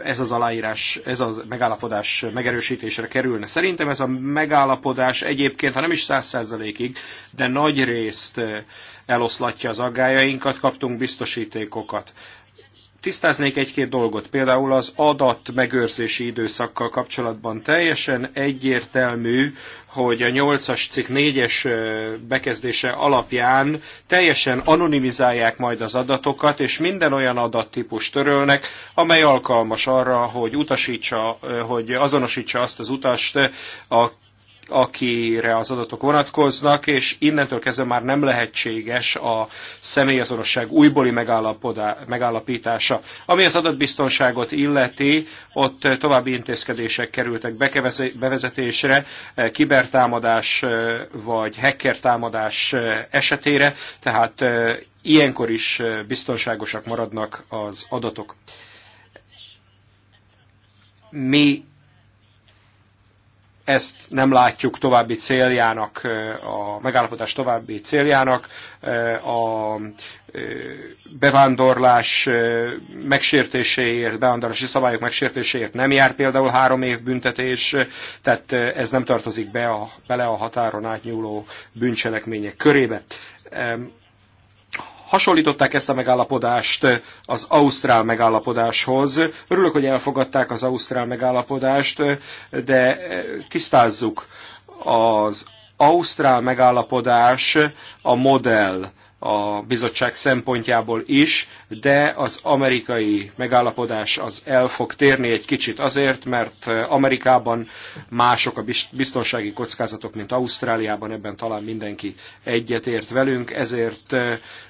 ez az aláírás, ez a megállapodás megerősítésre kerülne. Szerintem ez a megállapodás egyébként, ha nem is száz százalékig, de nagy részt eloszlatja az aggájainkat, kaptunk biztosítékokat Tisztáznék egy-két dolgot, például az adat megőrzési időszakkal kapcsolatban teljesen egyértelmű, hogy a 8-as cikk 4-es bekezdése alapján teljesen anonimizálják majd az adatokat, és minden olyan adattípus törölnek, amely alkalmas arra, hogy utasítsa, hogy azonosítsa azt az utast, akire az adatok vonatkoznak, és innentől kezdve már nem lehetséges a személyazonosság újbóli megállapítása. Ami az adatbiztonságot illeti, ott további intézkedések kerültek bevezetésre, eh, kibertámadás eh, vagy hackertámadás eh, esetére, tehát ilyenkor is biztonságosak maradnak az adatok. Mi ezt nem látjuk további céljának, a megállapodás további céljának. A bevándorlás megsértéséért, bevándorlási szabályok megsértéséért nem jár például három év büntetés, tehát ez nem tartozik be a, bele a határon átnyúló bűncselekmények körébe hasonlították ezt a megállapodást az Ausztrál megállapodáshoz. Örülök, hogy elfogadták az Ausztrál megállapodást, de tisztázzuk, az Ausztrál megállapodás a modell a bizottság szempontjából is, de az amerikai megállapodás az el fog térni egy kicsit azért, mert Amerikában mások a biztonsági kockázatok, mint Ausztráliában, ebben talán mindenki egyetért velünk, ezért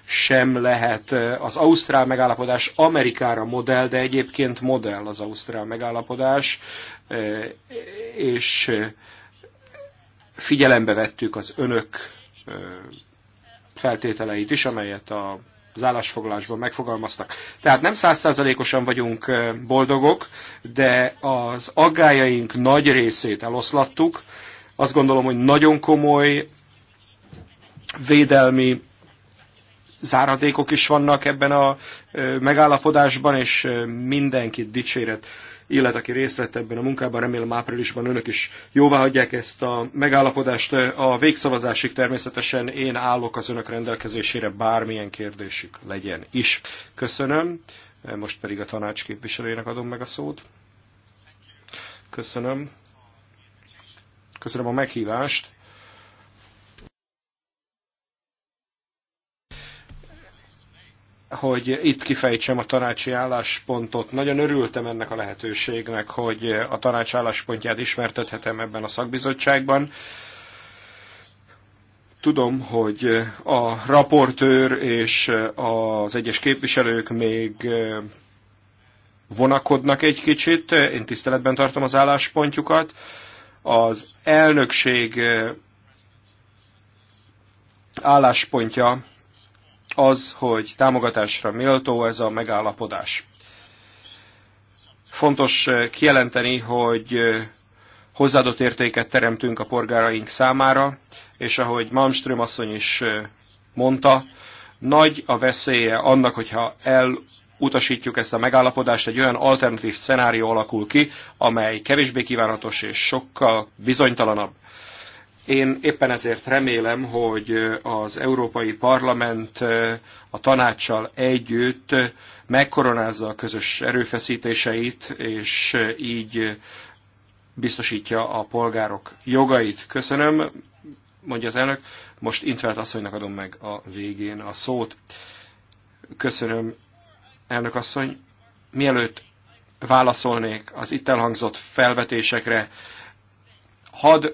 sem lehet az Ausztrál megállapodás Amerikára modell, de egyébként modell az Ausztrál megállapodás, és figyelembe vettük az önök feltételeit is, amelyet a az állásfoglalásban megfogalmaztak. Tehát nem százszázalékosan vagyunk boldogok, de az aggájaink nagy részét eloszlattuk. Azt gondolom, hogy nagyon komoly védelmi záradékok is vannak ebben a megállapodásban, és mindenkit dicséret illet, aki részt vett ebben a munkában. Remélem áprilisban önök is jóvá hagyják ezt a megállapodást. A végszavazásig természetesen én állok az önök rendelkezésére, bármilyen kérdésük legyen is. Köszönöm. Most pedig a tanács képviselőjének adom meg a szót. Köszönöm. Köszönöm a meghívást. hogy itt kifejtsem a tanácsi álláspontot. Nagyon örültem ennek a lehetőségnek, hogy a tanács álláspontját ismertethetem ebben a szakbizottságban. Tudom, hogy a raportőr és az egyes képviselők még vonakodnak egy kicsit, én tiszteletben tartom az álláspontjukat. Az elnökség álláspontja az, hogy támogatásra méltó ez a megállapodás. Fontos eh, kijelenteni, hogy eh, hozzáadott értéket teremtünk a polgáraink számára, és ahogy Malmström asszony is eh, mondta, nagy a veszélye annak, hogyha elutasítjuk ezt a megállapodást, egy olyan alternatív szenárió alakul ki, amely kevésbé kívánatos és sokkal bizonytalanabb. Én éppen ezért remélem, hogy az Európai Parlament a tanácssal együtt megkoronázza a közös erőfeszítéseit, és így biztosítja a polgárok jogait. Köszönöm, mondja az elnök. Most Intvelt asszonynak adom meg a végén a szót. Köszönöm, elnök asszony. Mielőtt válaszolnék az itt elhangzott felvetésekre, hadd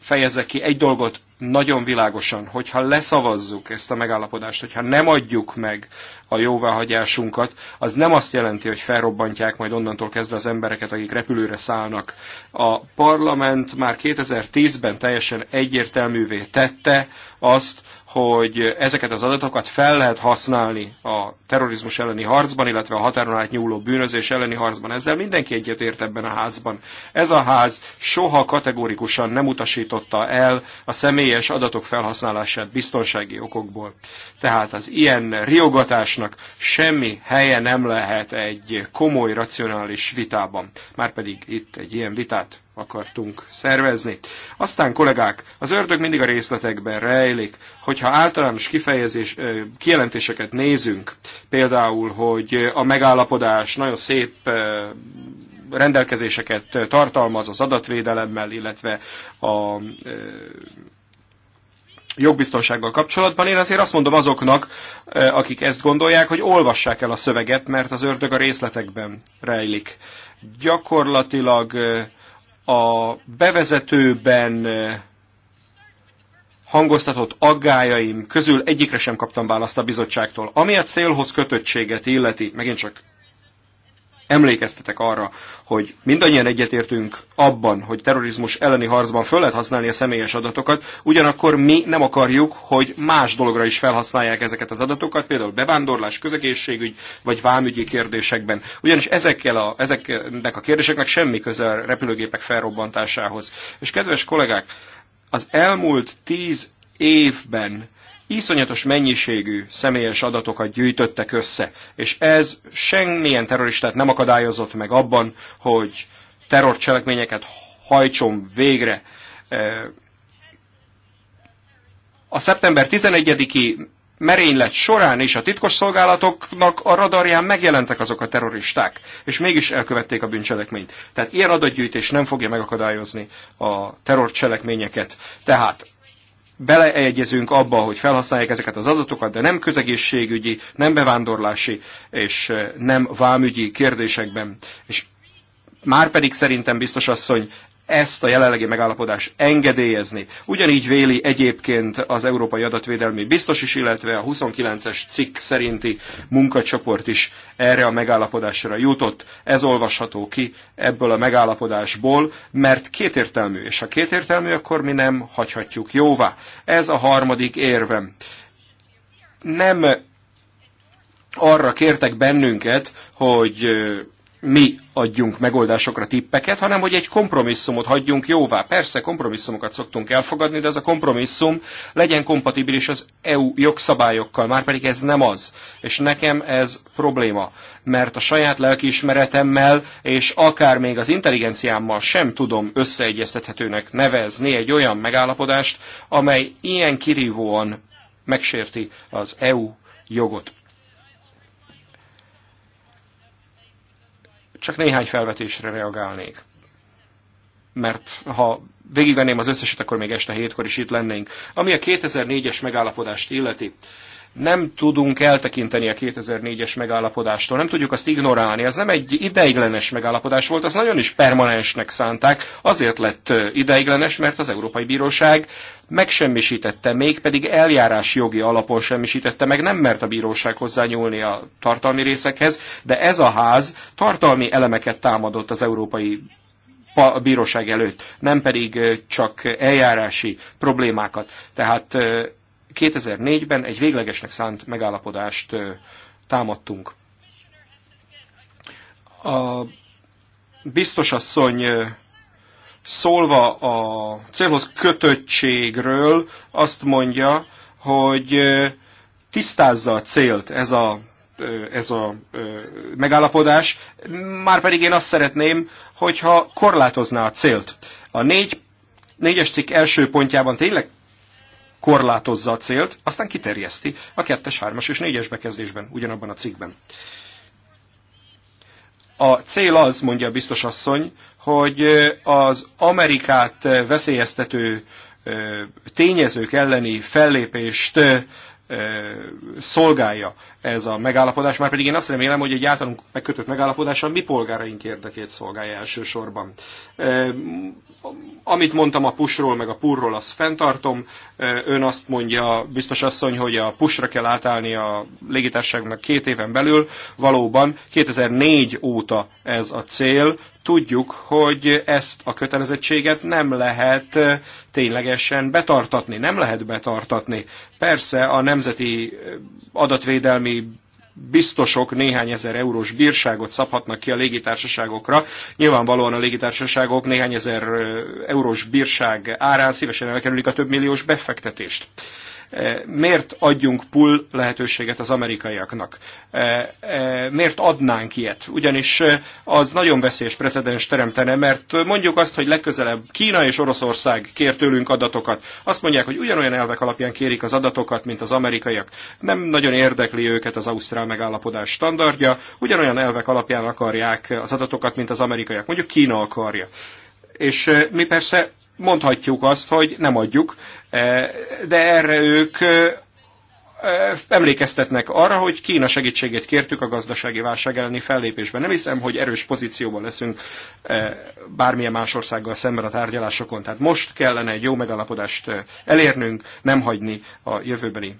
fejezze ki egy dolgot nagyon világosan, hogyha leszavazzuk ezt a megállapodást, hogyha nem adjuk meg a jóváhagyásunkat, az nem azt jelenti, hogy felrobbantják majd onnantól kezdve az embereket, akik repülőre szállnak. A parlament már 2010-ben teljesen egyértelművé tette azt, hogy ezeket az adatokat fel lehet használni a terrorizmus elleni harcban, illetve a határon átnyúló bűnözés elleni harcban. Ezzel mindenki egyetért ebben a házban. Ez a ház soha kategórikusan nem utasította el a személyes adatok felhasználását biztonsági okokból. Tehát az ilyen riogatásnak semmi helye nem lehet egy komoly, racionális vitában. Márpedig itt egy ilyen vitát akartunk szervezni. Aztán, kollégák, az ördög mindig a részletekben rejlik. Hogyha általános kifejezés, kijelentéseket nézünk, például, hogy a megállapodás nagyon szép rendelkezéseket tartalmaz az adatvédelemmel, illetve a jogbiztonsággal kapcsolatban. Én azért azt mondom azoknak, akik ezt gondolják, hogy olvassák el a szöveget, mert az ördög a részletekben rejlik. Gyakorlatilag a bevezetőben eh, hangoztatott aggájaim közül egyikre sem kaptam választ a bizottságtól. Ami a célhoz kötöttséget illeti, megint csak Emlékeztetek arra, hogy mindannyian egyetértünk abban, hogy terrorizmus elleni harcban föl lehet használni a személyes adatokat, ugyanakkor mi nem akarjuk, hogy más dologra is felhasználják ezeket az adatokat, például bevándorlás, közegészségügy vagy vámügyi kérdésekben. Ugyanis ezekkel a, ezeknek a kérdéseknek semmi köze a repülőgépek felrobbantásához. És kedves kollégák, az elmúlt tíz évben iszonyatos mennyiségű személyes adatokat gyűjtöttek össze, és ez semmilyen terroristát nem akadályozott meg abban, hogy terrorcselekményeket hajtson végre. A szeptember 11-i merénylet során is a titkos szolgálatoknak a radarján megjelentek azok a terroristák, és mégis elkövették a bűncselekményt. Tehát ilyen adatgyűjtés nem fogja megakadályozni a terrorcselekményeket. Tehát beleegyezünk abba, hogy felhasználják ezeket az adatokat, de nem közegészségügyi, nem bevándorlási és eh, nem vámügyi kérdésekben. És már pedig szerintem biztos asszony ezt a jelenlegi megállapodás engedélyezni. Ugyanígy véli egyébként az Európai Adatvédelmi Biztos is, illetve a 29-es cikk szerinti munkacsoport is erre a megállapodásra jutott. Ez olvasható ki ebből a megállapodásból, mert kétértelmű, és ha kétértelmű, akkor mi nem hagyhatjuk jóvá. Ez a harmadik érvem. Nem arra kértek bennünket, hogy mi adjunk megoldásokra tippeket, hanem hogy egy kompromisszumot hagyjunk jóvá. Persze kompromisszumokat szoktunk elfogadni, de ez a kompromisszum legyen kompatibilis az EU jogszabályokkal, már pedig ez nem az. És nekem ez probléma, mert a saját lelkiismeretemmel és akár még az intelligenciámmal sem tudom összeegyeztethetőnek nevezni egy olyan megállapodást, amely ilyen kirívóan megsérti az EU jogot. Csak néhány felvetésre reagálnék. Mert ha végigvenném az összeset, akkor még este hétkor is itt lennénk. Ami a 2004-es megállapodást illeti, nem tudunk eltekinteni a 2004-es megállapodástól, nem tudjuk azt ignorálni. Ez nem egy ideiglenes megállapodás volt, az nagyon is permanensnek szánták. Azért lett ideiglenes, mert az Európai Bíróság megsemmisítette, mégpedig eljárás jogi alapon semmisítette meg, nem mert a bíróság hozzányúlni a tartalmi részekhez, de ez a ház tartalmi elemeket támadott az Európai a bíróság előtt, nem pedig csak eljárási problémákat. Tehát 2004-ben egy véglegesnek szánt megállapodást támadtunk. A biztosasszony szólva a célhoz kötöttségről azt mondja, hogy tisztázza a célt ez a, ez a megállapodás, pedig én azt szeretném, hogyha korlátozná a célt. A négy, négyes cikk első pontjában tényleg korlátozza a célt, aztán kiterjeszti a 2-es, 3-as és 4-es bekezdésben, ugyanabban a cikkben. A cél az, mondja a biztos asszony, hogy az Amerikát veszélyeztető tényezők elleni fellépést szolgálja ez a megállapodás, már pedig én azt remélem, hogy egy általunk megkötött megállapodás a mi polgáraink érdekét szolgálja elsősorban amit mondtam a pushról, meg a purról, azt fenntartom. Ön azt mondja, biztos asszony, hogy a pusra kell átállni a légitárságnak két éven belül. Valóban 2004 óta ez a cél. Tudjuk, hogy ezt a kötelezettséget nem lehet ténylegesen betartatni. Nem lehet betartatni. Persze a nemzeti adatvédelmi biztosok néhány ezer eurós bírságot szabhatnak ki a légitársaságokra. Nyilvánvalóan a légitársaságok néhány ezer eurós bírság árán szívesen elkerülik a több milliós befektetést. Eh, miért adjunk pull lehetőséget az amerikaiaknak? Eh, eh, miért adnánk ilyet? Ugyanis az nagyon veszélyes precedens teremtene, mert mondjuk azt, hogy legközelebb Kína és Oroszország kér tőlünk adatokat. Azt mondják, hogy ugyanolyan elvek alapján kérik az adatokat, mint az amerikaiak. Nem nagyon érdekli őket az ausztrál megállapodás standardja, ugyanolyan elvek alapján akarják az adatokat, mint az amerikaiak. Mondjuk Kína akarja. És mi persze mondhatjuk azt, hogy nem adjuk, eh, de erre ők eh, eh, emlékeztetnek arra, hogy Kína segítségét kértük a gazdasági válság elleni fellépésben. Nem hiszem, hogy erős pozícióban leszünk bármilyen más országgal szemben a tárgyalásokon. Tehát most kellene egy jó megalapodást elérnünk, nem hagyni a jövőbeni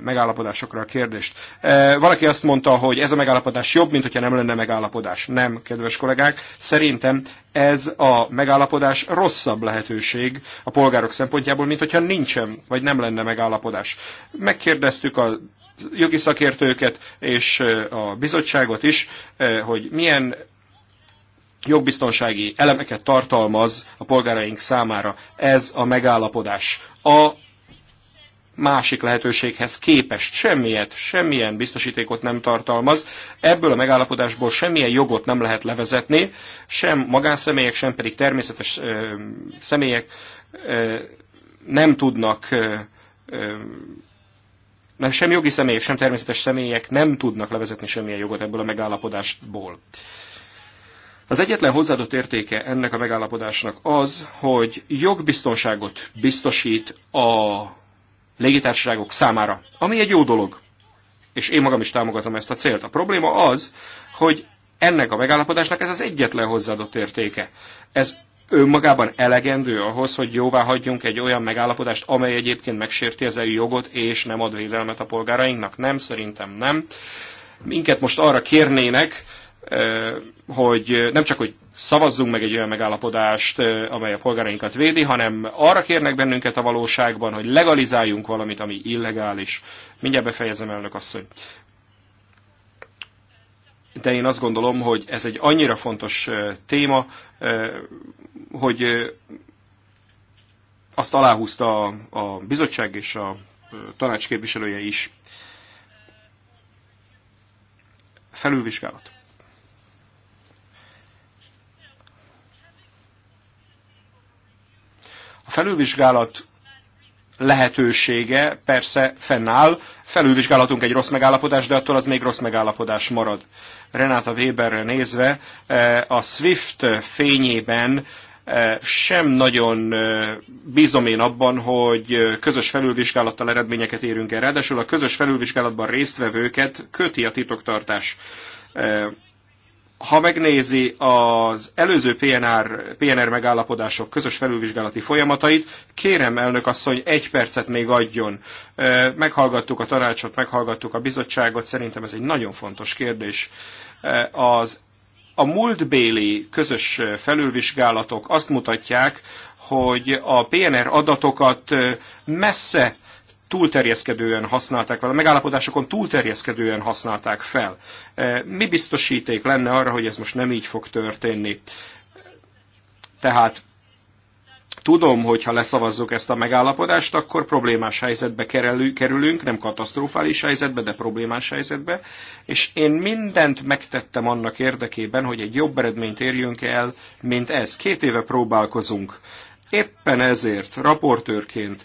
megállapodásokra a kérdést. E, valaki azt mondta, hogy ez a megállapodás jobb, mint hogyha nem lenne megállapodás. Nem, kedves kollégák, szerintem ez a megállapodás rosszabb lehetőség a polgárok szempontjából, mint hogyha nincsen, vagy nem lenne megállapodás. Megkérdeztük a jogi szakértőket és e, a bizottságot is, e, hogy milyen jogbiztonsági elemeket tartalmaz a polgáraink számára ez a megállapodás. A másik lehetőséghez képest. Semmilyet, semmilyen biztosítékot nem tartalmaz. Ebből a megállapodásból semmilyen jogot nem lehet levezetni, sem magánszemélyek, sem pedig természetes ö, személyek ö, nem tudnak ö, ö, nem sem jogi személyek, sem természetes személyek nem tudnak levezetni semmilyen jogot ebből a megállapodásból. Az egyetlen hozzáadott értéke ennek a megállapodásnak az, hogy jogbiztonságot biztosít a légitársaságok számára, ami egy jó dolog. És én magam is támogatom ezt a célt. A probléma az, hogy ennek a megállapodásnak ez az egyetlen hozzáadott értéke. Ez önmagában elegendő ahhoz, hogy jóvá hagyjunk egy olyan megállapodást, amely egyébként megsérti az EU jogot, és nem ad védelmet a polgárainknak? Nem, szerintem nem. Minket most arra kérnének, hogy nem csak, hogy szavazzunk meg egy olyan megállapodást, amely a polgárainkat védi, hanem arra kérnek bennünket a valóságban, hogy legalizáljunk valamit, ami illegális. Mindjárt befejezem, elnök asszony. De én azt gondolom, hogy ez egy annyira fontos téma, hogy azt aláhúzta a, a bizottság és a tanács képviselője is. Felülvizsgálat. felülvizsgálat lehetősége persze fennáll. Felülvizsgálatunk egy rossz megállapodás, de attól az még rossz megállapodás marad. Renáta Weberre nézve, eh, a SWIFT fényében eh, sem nagyon eh, bízom én abban, hogy közös felülvizsgálattal eredményeket érünk el. Ráadásul a közös felülvizsgálatban résztvevőket köti a titoktartás ha megnézi az előző PNR, PNR megállapodások közös felülvizsgálati folyamatait, kérem elnök asszony, egy percet még adjon. Meghallgattuk a tanácsot, meghallgattuk a bizottságot, szerintem ez egy nagyon fontos kérdés. Az a múltbéli közös felülvizsgálatok azt mutatják, hogy a PNR adatokat messze túlterjeszkedően használták fel, a megállapodásokon túlterjeszkedően használták fel. E, mi biztosíték lenne arra, hogy ez most nem így fog történni? Tehát tudom, hogy ha leszavazzuk ezt a megállapodást, akkor problémás helyzetbe kerülünk, nem katasztrofális helyzetbe, de problémás helyzetbe, és én mindent megtettem annak érdekében, hogy egy jobb eredményt érjünk el, mint ez. Két éve próbálkozunk. Éppen ezért raportőrként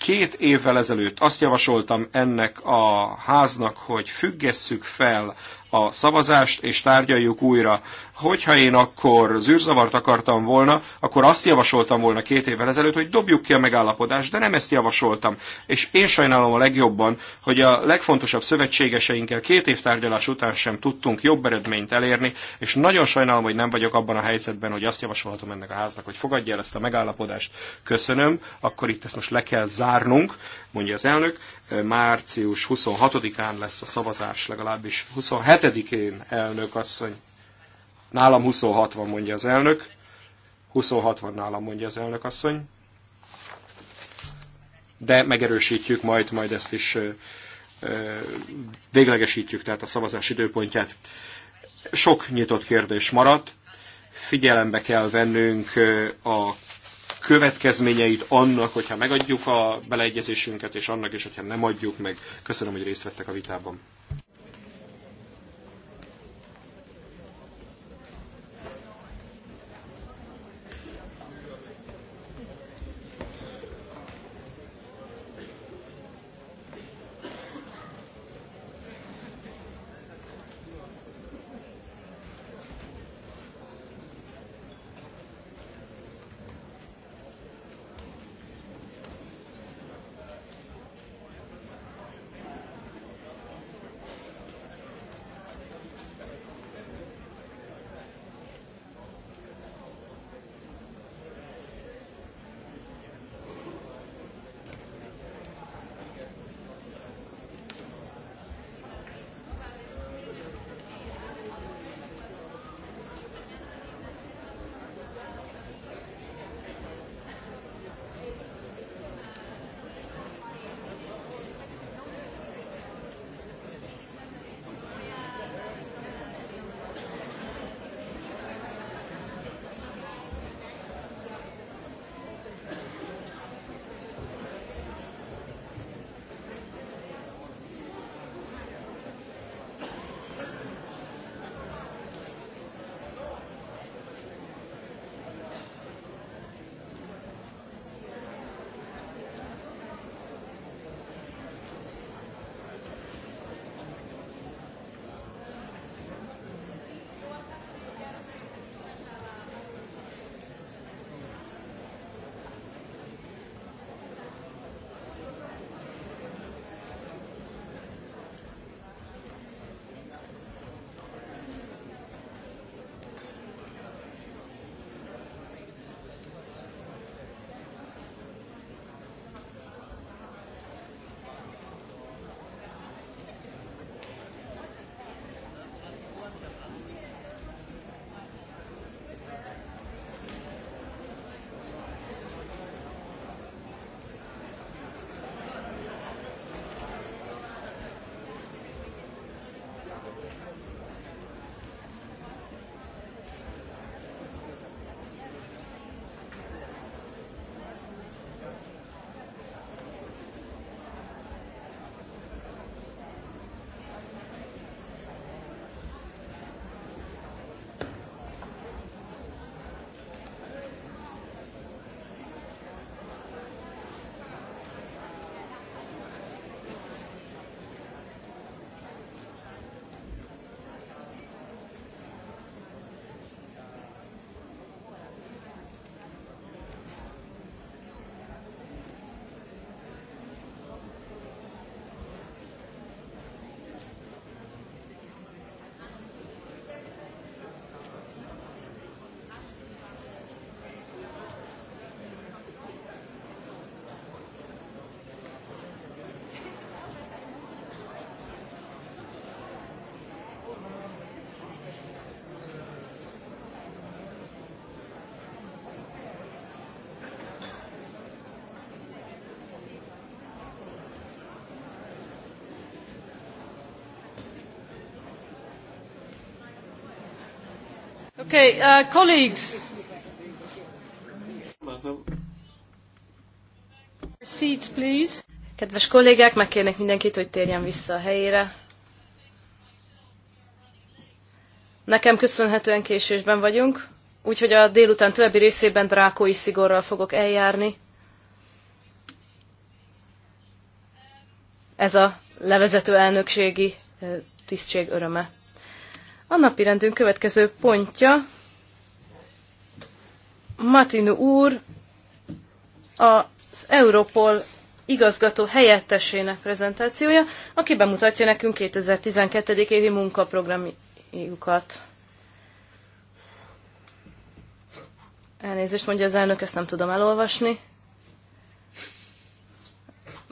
Két évvel ezelőtt azt javasoltam ennek a háznak, hogy függesszük fel a szavazást, és tárgyaljuk újra. Hogyha én akkor zűrzavart akartam volna, akkor azt javasoltam volna két évvel ezelőtt, hogy dobjuk ki a megállapodást, de nem ezt javasoltam. És én sajnálom a legjobban, hogy a legfontosabb szövetségeseinkkel két év tárgyalás után sem tudtunk jobb eredményt elérni, és nagyon sajnálom, hogy nem vagyok abban a helyzetben, hogy azt javasolhatom ennek a háznak, hogy fogadja el ezt a megállapodást. Köszönöm, akkor itt ezt most le kell zárnunk, mondja az elnök. Március 26-án lesz a szavazás, legalábbis 27-én elnök asszony. Nálam 26 van, mondja az elnök. 26 van nálam, mondja az elnök asszony. De megerősítjük majd, majd ezt is véglegesítjük, tehát a szavazás időpontját. Sok nyitott kérdés maradt, figyelembe kell vennünk a következményeit annak, hogyha megadjuk a beleegyezésünket, és annak is, hogyha nem adjuk meg. Köszönöm, hogy részt vettek a vitában. Okay, uh, colleagues. Seats, please. Kedves kollégák, megkérnek mindenkit, hogy térjen vissza a helyére. Nekem köszönhetően késésben vagyunk, úgyhogy a délután többi részében drákói szigorral fogok eljárni. Ez a levezető elnökségi eh, tisztség öröme. A rendünk következő pontja Matinu úr az Europol igazgató helyettesének prezentációja, aki bemutatja nekünk 2012. évi munkaprogramjukat. Elnézést mondja az elnök, ezt nem tudom elolvasni.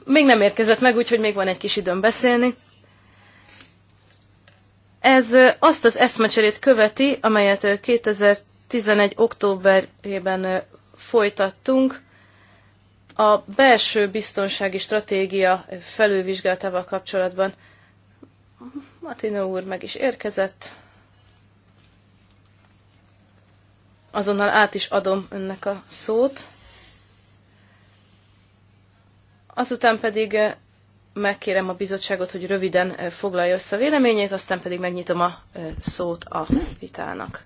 Még nem érkezett meg, úgyhogy még van egy kis időm beszélni. Ez azt az eszmecserét követi, amelyet 2011. októberében folytattunk, a belső biztonsági stratégia felülvizsgálatával kapcsolatban. Matino úr meg is érkezett. Azonnal át is adom önnek a szót. Azután pedig megkérem a bizottságot, hogy röviden foglalja össze a véleményét, aztán pedig megnyitom a szót a vitának.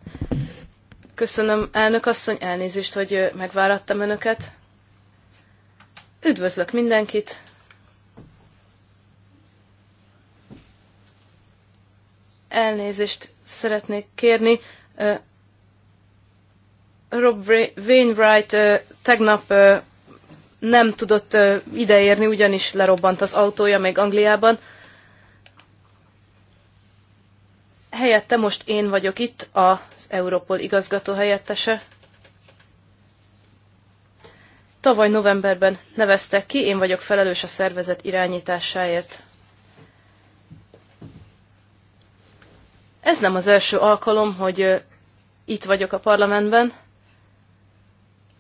Köszönöm, elnök asszony, elnézést, hogy megvárattam önöket. Üdvözlök mindenkit! Elnézést szeretnék kérni. Rob Wainwright tegnap nem tudott ideérni, ugyanis lerobbant az autója még Angliában. Helyette most én vagyok itt, az Europol igazgató helyettese. Tavaly novemberben neveztek ki, én vagyok felelős a szervezet irányításáért. Ez nem az első alkalom, hogy itt vagyok a parlamentben,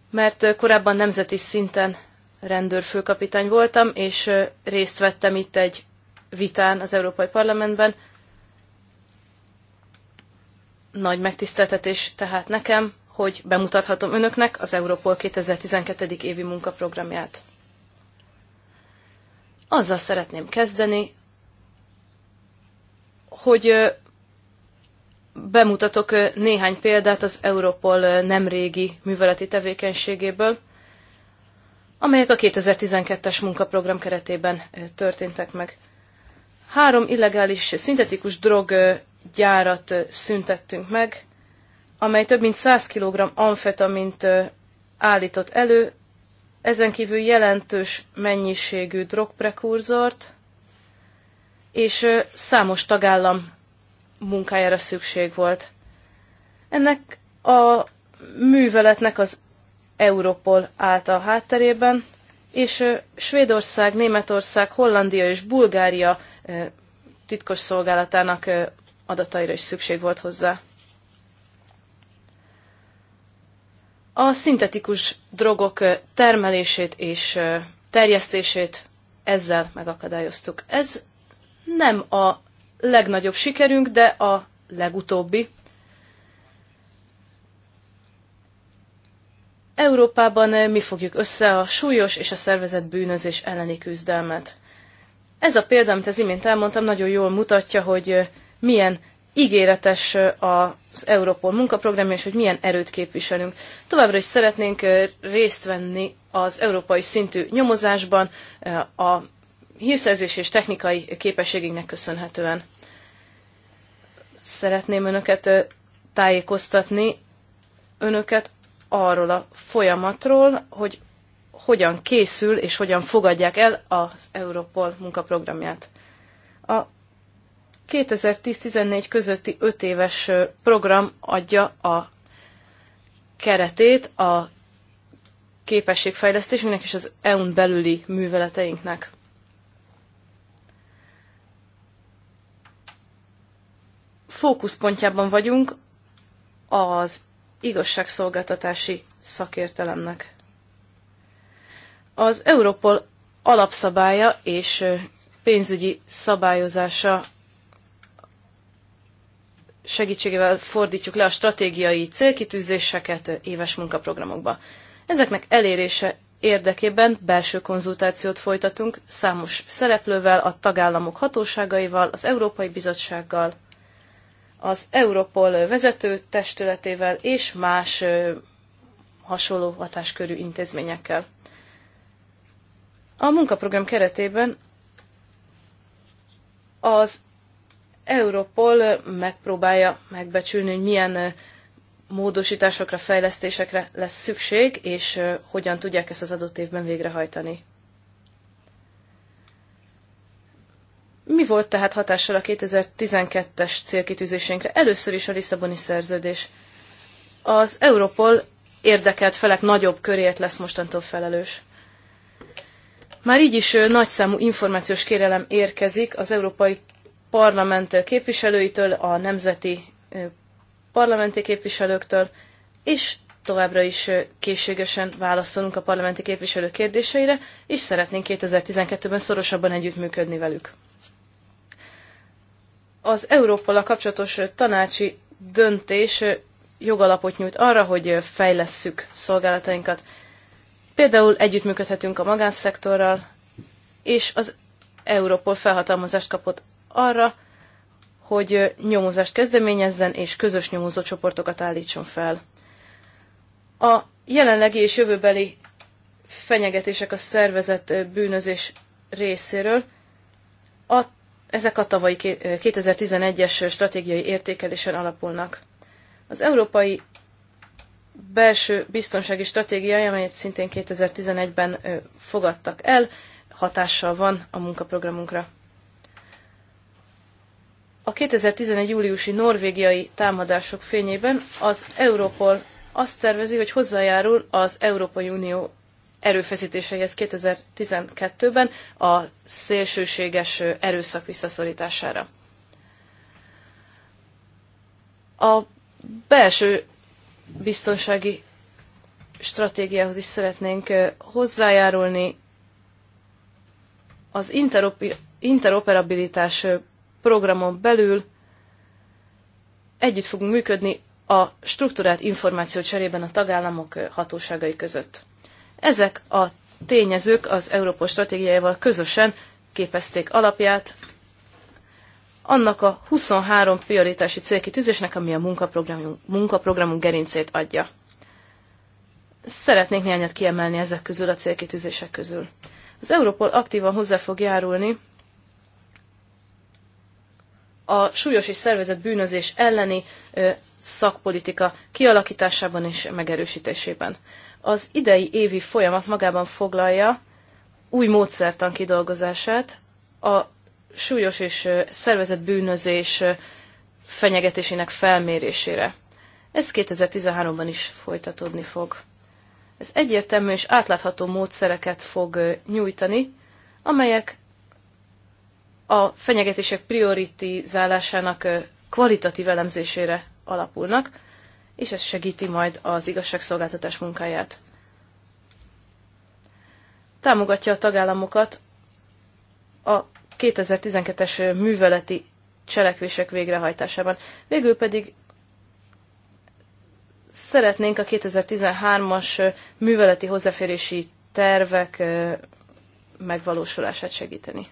mert korábban nemzeti szinten rendőrfőkapitány voltam, és részt vettem itt egy vitán az Európai Parlamentben. Nagy megtiszteltetés tehát nekem, hogy bemutathatom önöknek az Európol 2012. évi munkaprogramját. Azzal szeretném kezdeni, hogy bemutatok néhány példát az Európol nemrégi műveleti tevékenységéből – amelyek a 2012-es munkaprogram keretében történtek meg. Három illegális szintetikus droggyárat szüntettünk meg, amely több mint 100 kg amfetamint állított elő, ezen kívül jelentős mennyiségű drogprekurzort, és számos tagállam munkájára szükség volt. Ennek a műveletnek az Europol állt a hátterében, és Svédország, Németország, Hollandia és Bulgária titkos szolgálatának adataira is szükség volt hozzá. A szintetikus drogok termelését és terjesztését ezzel megakadályoztuk. Ez nem a legnagyobb sikerünk, de a legutóbbi. Európában eh, mi fogjuk össze a súlyos és a szervezett bűnözés elleni küzdelmet. Ez a példa, amit az imént elmondtam, nagyon jól mutatja, hogy eh, milyen ígéretes eh, az Europol munkaprogramja, és hogy milyen erőt képviselünk. Továbbra is szeretnénk részt venni az európai szintű nyomozásban a hírszerzés és technikai képességünknek köszönhetően. Szeretném önöket tájékoztatni önöket arról a folyamatról, hogy hogyan készül és hogyan fogadják el az Europol munkaprogramját. A 2010-14 közötti 5 éves program adja a keretét a képességfejlesztésünknek és az EU-n belüli műveleteinknek. Fókuszpontjában vagyunk az igazságszolgáltatási szakértelemnek. Az Európol alapszabálya és pénzügyi szabályozása segítségével fordítjuk le a stratégiai célkitűzéseket éves munkaprogramokba. Ezeknek elérése érdekében belső konzultációt folytatunk számos szereplővel, a tagállamok hatóságaival, az Európai Bizottsággal, az Europol vezető testületével és más hasonló hatáskörű intézményekkel. A munkaprogram keretében az Europol megpróbálja megbecsülni, hogy milyen módosításokra, fejlesztésekre lesz szükség, és hogyan tudják ezt az adott évben végrehajtani. Mi volt tehát hatással a 2012-es célkitűzésénkre? Először is a Lisszaboni szerződés. Az Europol érdekelt felek nagyobb köréért lesz mostantól felelős. Már így is nagyszámú információs kérelem érkezik az Európai Parlament képviselőitől, a nemzeti parlamenti képviselőktől, és továbbra is készségesen válaszolunk a parlamenti képviselők kérdéseire, és szeretnénk 2012-ben szorosabban együttműködni velük. Az Európol kapcsolatos tanácsi döntés jogalapot nyújt arra, hogy fejlesszük szolgálatainkat. Például együttműködhetünk a magánszektorral, és az Európol felhatalmazást kapott arra, hogy nyomozást kezdeményezzen és közös nyomozó csoportokat állítson fel. A jelenlegi és jövőbeli fenyegetések a szervezett bűnözés részéről a ezek a tavalyi 2011-es stratégiai értékelésen alapulnak. Az Európai Belső Biztonsági Stratégia, amelyet szintén 2011-ben fogadtak el, hatással van a munkaprogramunkra. A 2011. júliusi norvégiai támadások fényében az Europol azt tervezi, hogy hozzájárul az Európai Unió erőfeszítéseihez 2012-ben a szélsőséges erőszak visszaszorítására. A belső biztonsági stratégiához is szeretnénk hozzájárulni. Az interoperabilitás programon belül együtt fogunk működni a strukturált információ cserében a tagállamok hatóságai között. Ezek a tényezők az Európa stratégiájával közösen képezték alapját annak a 23 prioritási célkitűzésnek, ami a munkaprogramunk, munkaprogramunk gerincét adja. Szeretnék néhányat kiemelni ezek közül a célkitűzések közül. Az Europol aktívan hozzá fog járulni a súlyos és szervezett bűnözés elleni szakpolitika kialakításában és megerősítésében. Az idei évi folyamat magában foglalja új módszertan kidolgozását, a súlyos és szervezett bűnözés fenyegetésének felmérésére. Ez 2013-ban is folytatódni fog. Ez egyértelmű és átlátható módszereket fog nyújtani, amelyek a fenyegetések prioritizálásának kvalitatív elemzésére alapulnak, és ez segíti majd az igazságszolgáltatás munkáját. Támogatja a tagállamokat a 2012-es műveleti cselekvések végrehajtásában. Végül pedig szeretnénk a 2013-as műveleti hozzáférési tervek megvalósulását segíteni.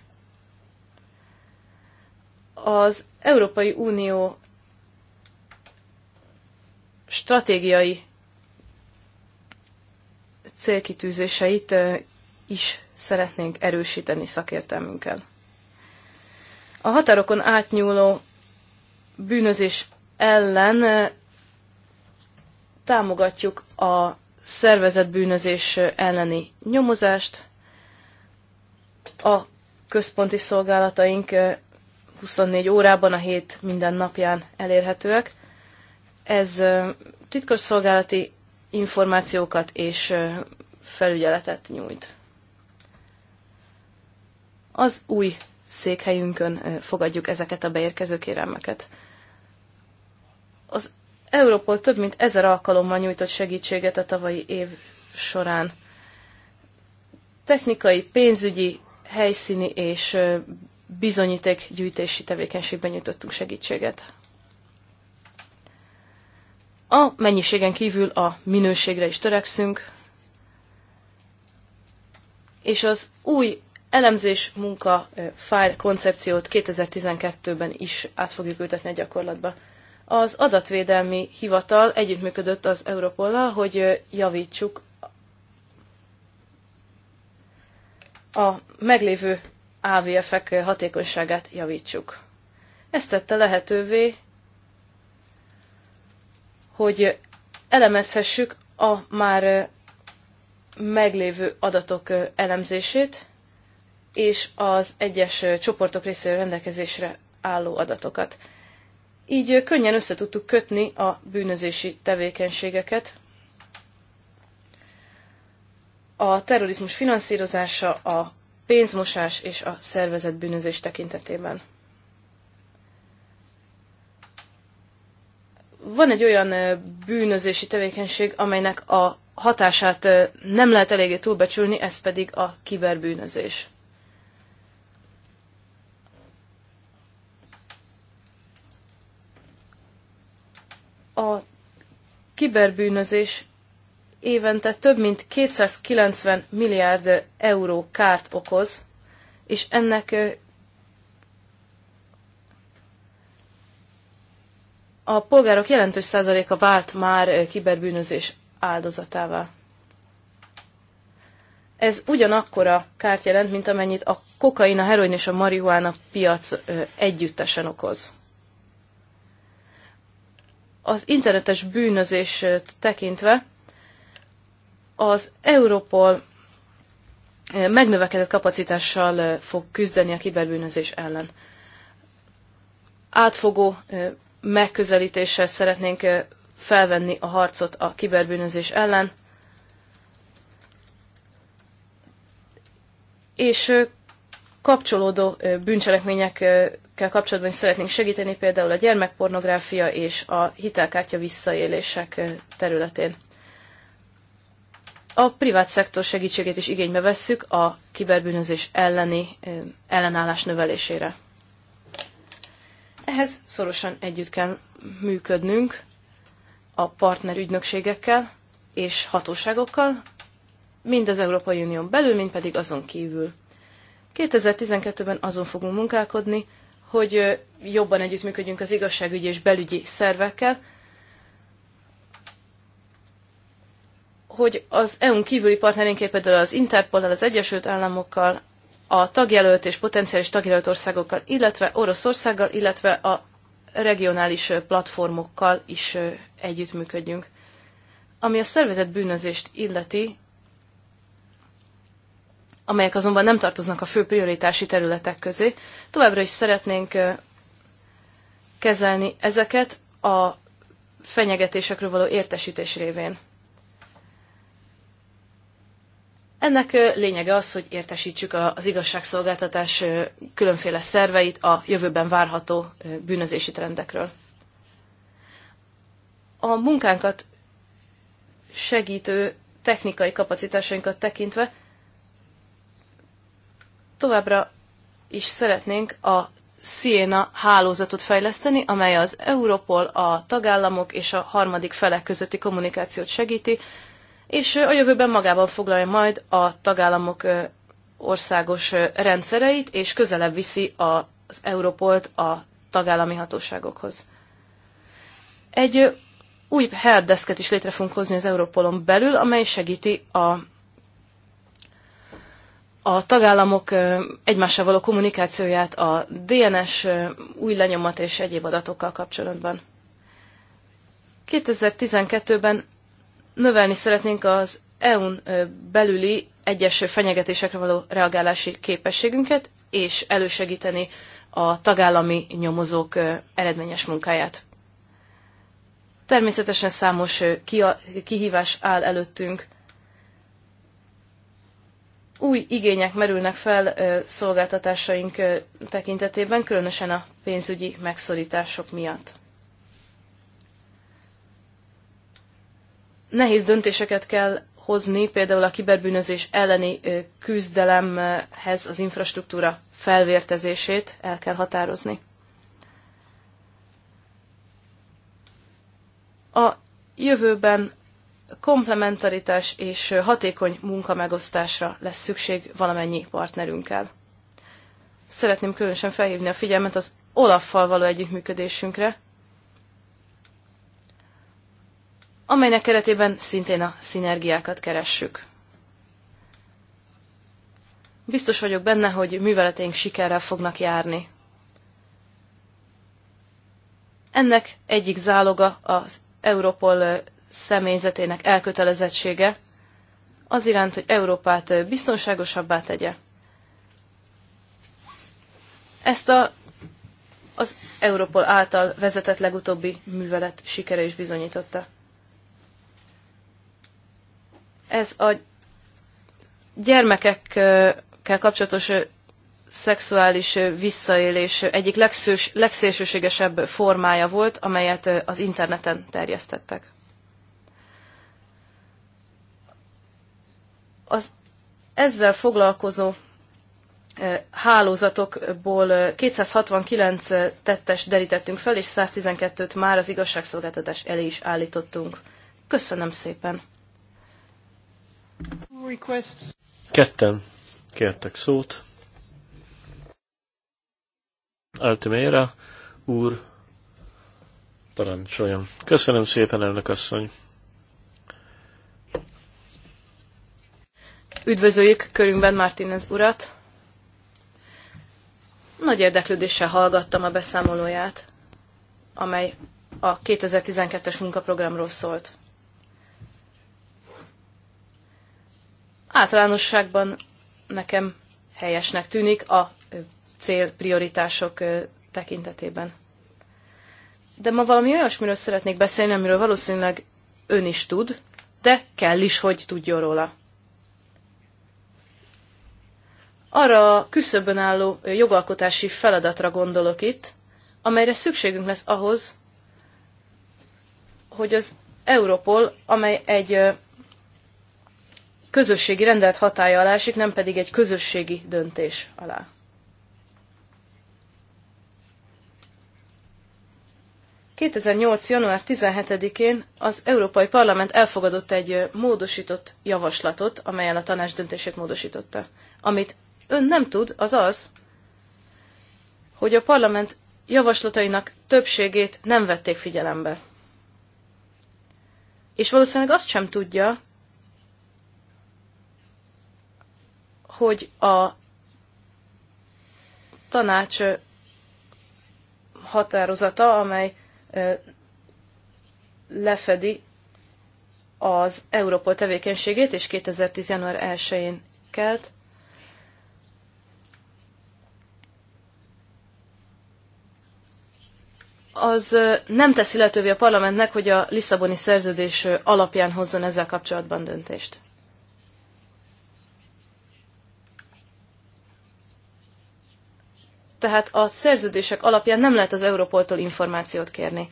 Az Európai Unió stratégiai célkitűzéseit is szeretnénk erősíteni szakértelmünkkel. A határokon átnyúló bűnözés ellen támogatjuk a szervezett bűnözés elleni nyomozást. A központi szolgálataink 24 órában a hét minden napján elérhetőek, ez titkosszolgálati információkat és felügyeletet nyújt. Az új székhelyünkön fogadjuk ezeket a beérkező kérelmeket. Az Európol több mint ezer alkalommal nyújtott segítséget a tavalyi év során. Technikai, pénzügyi, helyszíni és bizonyíték gyűjtési tevékenységben nyújtottunk segítséget. A mennyiségen kívül a minőségre is törekszünk, és az új elemzés munka file koncepciót 2012-ben is át fogjuk ültetni a gyakorlatba. Az adatvédelmi hivatal együttműködött az Europollal, hogy javítsuk a meglévő AVF-ek hatékonyságát javítsuk. Ezt tette lehetővé hogy elemezhessük a már meglévő adatok elemzését és az egyes csoportok részéről rendelkezésre álló adatokat. Így könnyen össze tudtuk kötni a bűnözési tevékenységeket, a terrorizmus finanszírozása, a pénzmosás és a szervezett bűnözés tekintetében. van egy olyan bűnözési tevékenység, amelynek a hatását nem lehet eléggé túlbecsülni, ez pedig a kiberbűnözés. A kiberbűnözés évente több mint 290 milliárd euró kárt okoz, és ennek A polgárok jelentős százaléka vált már kiberbűnözés áldozatává. Ez ugyanakkora kárt jelent, mint amennyit a kokain, a heroin és a marihuána piac együttesen okoz. Az internetes bűnözést tekintve az Europol megnövekedett kapacitással fog küzdeni a kiberbűnözés ellen. Átfogó megközelítéssel szeretnénk felvenni a harcot a kiberbűnözés ellen. És kapcsolódó bűncselekményekkel kapcsolatban is szeretnénk segíteni, például a gyermekpornográfia és a hitelkártya visszaélések területén. A privát szektor segítségét is igénybe vesszük a kiberbűnözés elleni ellenállás növelésére. Ehhez szorosan együtt kell működnünk a partner ügynökségekkel és hatóságokkal, mind az Európai Unión belül, mind pedig azon kívül. 2012-ben azon fogunk munkálkodni, hogy jobban együttműködjünk az igazságügyi és belügyi szervekkel, hogy az EU-n kívüli partnerénké például az Interpol-el, az Egyesült Államokkal, a tagjelölt és potenciális tagjelölt országokkal, illetve Oroszországgal, illetve a regionális platformokkal is együttműködjünk. Ami a szervezet bűnözést illeti, amelyek azonban nem tartoznak a fő prioritási területek közé, továbbra is szeretnénk kezelni ezeket a fenyegetésekről való értesítés révén. Ennek lényege az, hogy értesítsük az igazságszolgáltatás különféle szerveit a jövőben várható bűnözési trendekről. A munkánkat segítő technikai kapacitásainkat tekintve továbbra is szeretnénk a Siena hálózatot fejleszteni, amely az Europol, a tagállamok és a harmadik felek közötti kommunikációt segíti, és a jövőben magában foglalja majd a tagállamok országos rendszereit, és közelebb viszi az Európolt a tagállami hatóságokhoz. Egy új helpdesket is létre fogunk hozni az Európolon belül, amely segíti a, a tagállamok egymással való kommunikációját a DNS új lenyomat és egyéb adatokkal kapcsolatban. 2012-ben növelni szeretnénk az EU-n belüli egyes fenyegetésekre való reagálási képességünket, és elősegíteni a tagállami nyomozók eredményes munkáját. Természetesen számos kihívás áll előttünk. Új igények merülnek fel szolgáltatásaink tekintetében, különösen a pénzügyi megszorítások miatt. Nehéz döntéseket kell hozni, például a kiberbűnözés elleni küzdelemhez az infrastruktúra felvértezését el kell határozni. A jövőben komplementaritás és hatékony munkamegosztásra lesz szükség valamennyi partnerünkkel. Szeretném különösen felhívni a figyelmet az Olaffal való együttműködésünkre, amelynek keretében szintén a szinergiákat keressük. Biztos vagyok benne, hogy műveleteink sikerrel fognak járni. Ennek egyik záloga az Europol személyzetének elkötelezettsége, az iránt, hogy Európát biztonságosabbá tegye. Ezt a, az Europol által vezetett legutóbbi művelet sikere is bizonyította. Ez a gyermekekkel kapcsolatos szexuális visszaélés egyik legszős, legszélsőségesebb formája volt, amelyet az interneten terjesztettek. Az ezzel foglalkozó hálózatokból 269 tettes derítettünk fel, és 112-t már az igazságszolgáltatás elé is állítottunk. Köszönöm szépen! Ketten kértek szót. Altimera úr, parancsoljon. Köszönöm szépen, elnök asszony. Üdvözöljük körünkben Martínez urat. Nagy érdeklődéssel hallgattam a beszámolóját, amely a 2012-es munkaprogramról szólt. általánosságban nekem helyesnek tűnik a cél prioritások tekintetében. De ma valami olyasmiről szeretnék beszélni, amiről valószínűleg ön is tud, de kell is, hogy tudjon róla. Arra a küszöbön álló jogalkotási feladatra gondolok itt, amelyre szükségünk lesz ahhoz, hogy az Europol, amely egy közösségi rendelet hatája alá esik, nem pedig egy közösségi döntés alá. ...2008. január 17-én az Európai Parlament elfogadott egy módosított javaslatot, amelyen a tanács döntését módosította. Amit ön nem tud, az az, hogy a parlament javaslatainak többségét nem vették figyelembe. És valószínűleg azt sem tudja, hogy a tanács határozata, amely lefedi az Európol tevékenységét, és 2010. január 1-én kelt. Az nem teszi lehetővé a parlamentnek, hogy a Lisszaboni szerződés alapján hozzon ezzel kapcsolatban döntést. tehát a szerződések alapján nem lehet az Europoltól információt kérni.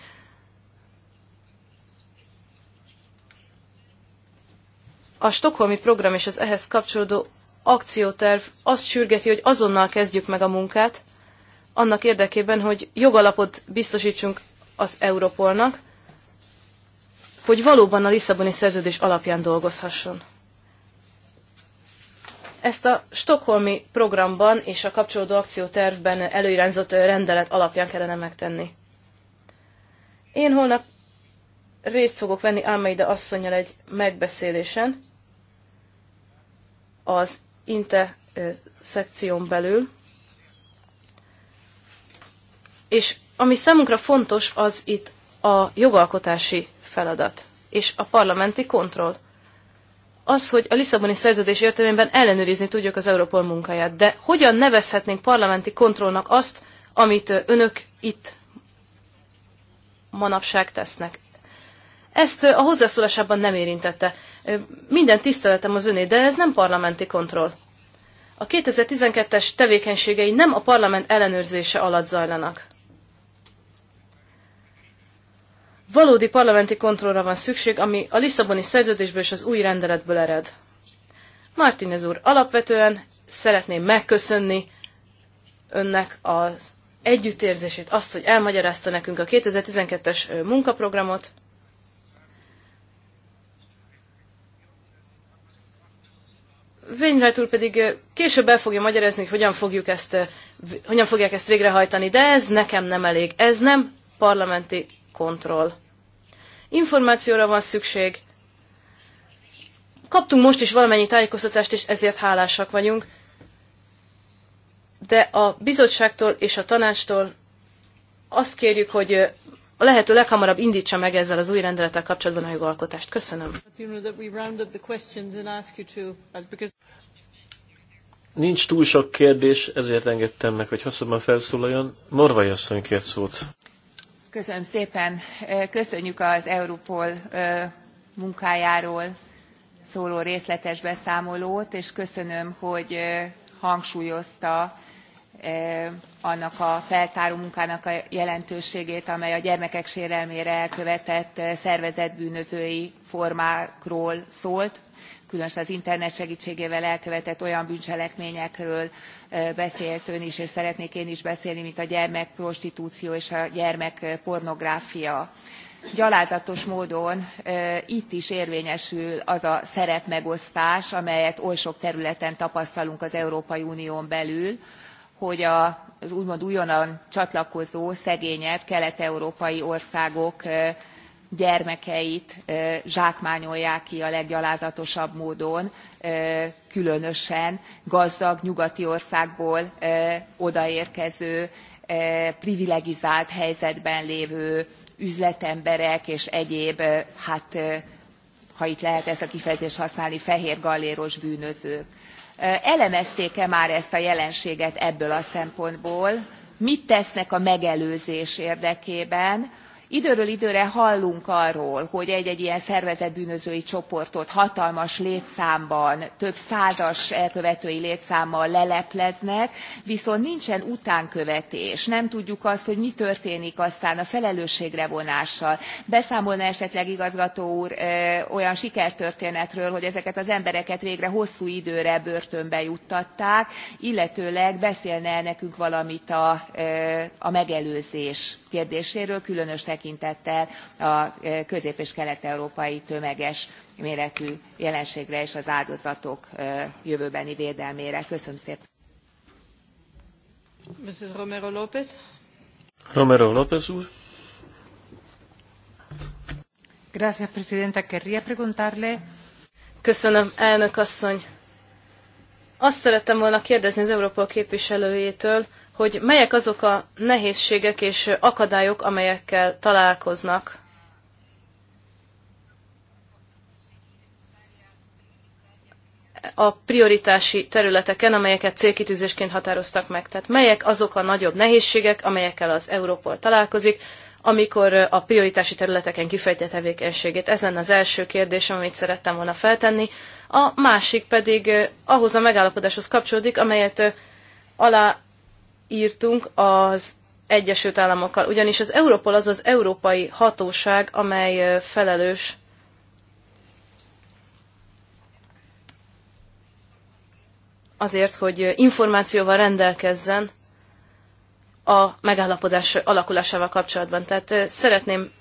A stokholmi program és az ehhez kapcsolódó akcióterv azt sürgeti, hogy azonnal kezdjük meg a munkát, annak érdekében, hogy jogalapot biztosítsunk az Europolnak, hogy valóban a Lisszaboni szerződés alapján dolgozhasson. Ezt a stokholmi programban és a kapcsolódó akciótervben előirányzott rendelet alapján kellene megtenni. Én holnap részt fogok venni Almeida asszonyjal egy megbeszélésen az Inte szekción belül, és ami számunkra fontos, az itt a jogalkotási feladat és a parlamenti kontroll az, hogy a Lisszaboni szerződés értelmében ellenőrizni tudjuk az Európol munkáját. De hogyan nevezhetnénk parlamenti kontrollnak azt, amit önök itt manapság tesznek? Ezt a hozzászólásában nem érintette. Minden tiszteletem az öné, de ez nem parlamenti kontroll. A 2012-es tevékenységei nem a parlament ellenőrzése alatt zajlanak. Valódi parlamenti kontrollra van szükség, ami a Lisszaboni szerződésből és az új rendeletből ered. Martínez úr, alapvetően szeretném megköszönni önnek az együttérzését, azt, hogy elmagyarázta nekünk a 2012-es munkaprogramot. Vényrajtul pedig később el fogja magyarázni, hogy hogyan, fogjuk ezt, hogyan fogják ezt végrehajtani, de ez nekem nem elég. Ez nem parlamenti kontroll. Információra van szükség. Kaptunk most is valamennyi tájékoztatást, és ezért hálásak vagyunk. De a bizottságtól és a tanácstól azt kérjük, hogy a lehető leghamarabb indítsa meg ezzel az új rendelettel kapcsolatban a jogalkotást. Köszönöm. Nincs túl sok kérdés, ezért engedtem meg, hogy hosszabban felszólaljon. Morvai asszony kért szót. Köszönöm szépen. Köszönjük az Europol munkájáról szóló részletes beszámolót, és köszönöm, hogy hangsúlyozta annak a feltáró munkának a jelentőségét, amely a gyermekek sérelmére elkövetett szervezett bűnözői formákról szólt, különösen az internet segtségével elkövetett olyan bűncselekményekről beszélt ön is és szeretnék én is beszélni mint a gyermekprostitúció és a gyermekpornográfia. gyalázatos módon itt is érvényesül az a szerepmegosztás amelyet oly sok területen tapasztalunk az európai unión belül hogy a az úgymond újonnan csatlakozó szegényebb kelet európai országok gyermekeit zsákmányolják ki a leggyalázatosabb módon különösen gazdag nyugati országból odaérkező privilegizált helyzetben lévő üzletemberek és egyéb hát ha itt lehet ezt a kifejezést használni fehérgalléros bűnözők. elemezték e már ezt a jelenséget ebből a szempontból mit tesznek a megelőzés érdekében időről időre hallunk arról hogy egy egy ilyen szervezett bűnözői csoportot hatalmas létszámban több százas elkövetői létszámmal lelepleznek viszont nincsen utánkövetés nem tudjuk azt hogy mi történik aztán a felelősségre vonással. beszámolna esetleg igazgató úr olyan sikertörténetről hogy ezeket az embereket végre hosszú időre börtönbe juttatták illetőleg beszélne e nekünk valamit a, megelőzés kérdéséről különös tekintettel a e, közép és kelet európai tömeges méretű jelenségre és az áldozatok e, jövőbeni védelmére. köszönöm szépen. Mrs. Romero López. Romero López úr. Gracias, Presidenta. Querría preguntarle... Köszönöm, elnök asszony. Azt szerettem volna kérdezni az Európa képviselőjétől, hogy melyek azok a nehézségek és akadályok, amelyekkel találkoznak. a prioritási területeken, amelyeket célkitűzésként határoztak meg. Tehát melyek azok a nagyobb nehézségek, amelyekkel az Európol találkozik, amikor a prioritási területeken kifejtje tevékenységét. Ez lenne az első kérdés, amit szerettem volna feltenni. A másik pedig eh, ahhoz a megállapodáshoz kapcsolódik, amelyet eh, alá írtunk az Egyesült Államokkal, ugyanis az Europol az az európai hatóság, amely felelős azért, hogy információval rendelkezzen a megállapodás alakulásával kapcsolatban. Tehát szeretném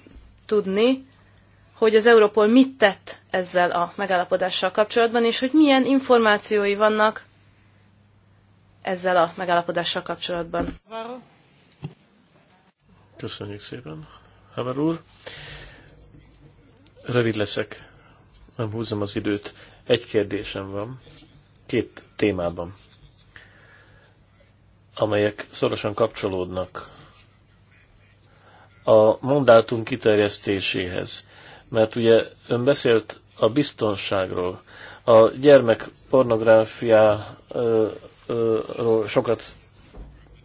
tudni, hogy az Europol mit tett ezzel a megállapodással kapcsolatban, és hogy milyen információi vannak ezzel a megállapodással kapcsolatban. Köszönjük szépen, Haver úr. Rövid leszek, nem húzom az időt. Egy kérdésem van, két témában, amelyek szorosan kapcsolódnak a mandátum kiterjesztéséhez. Mert ugye ön beszélt a biztonságról, a gyermek pornográfia sokat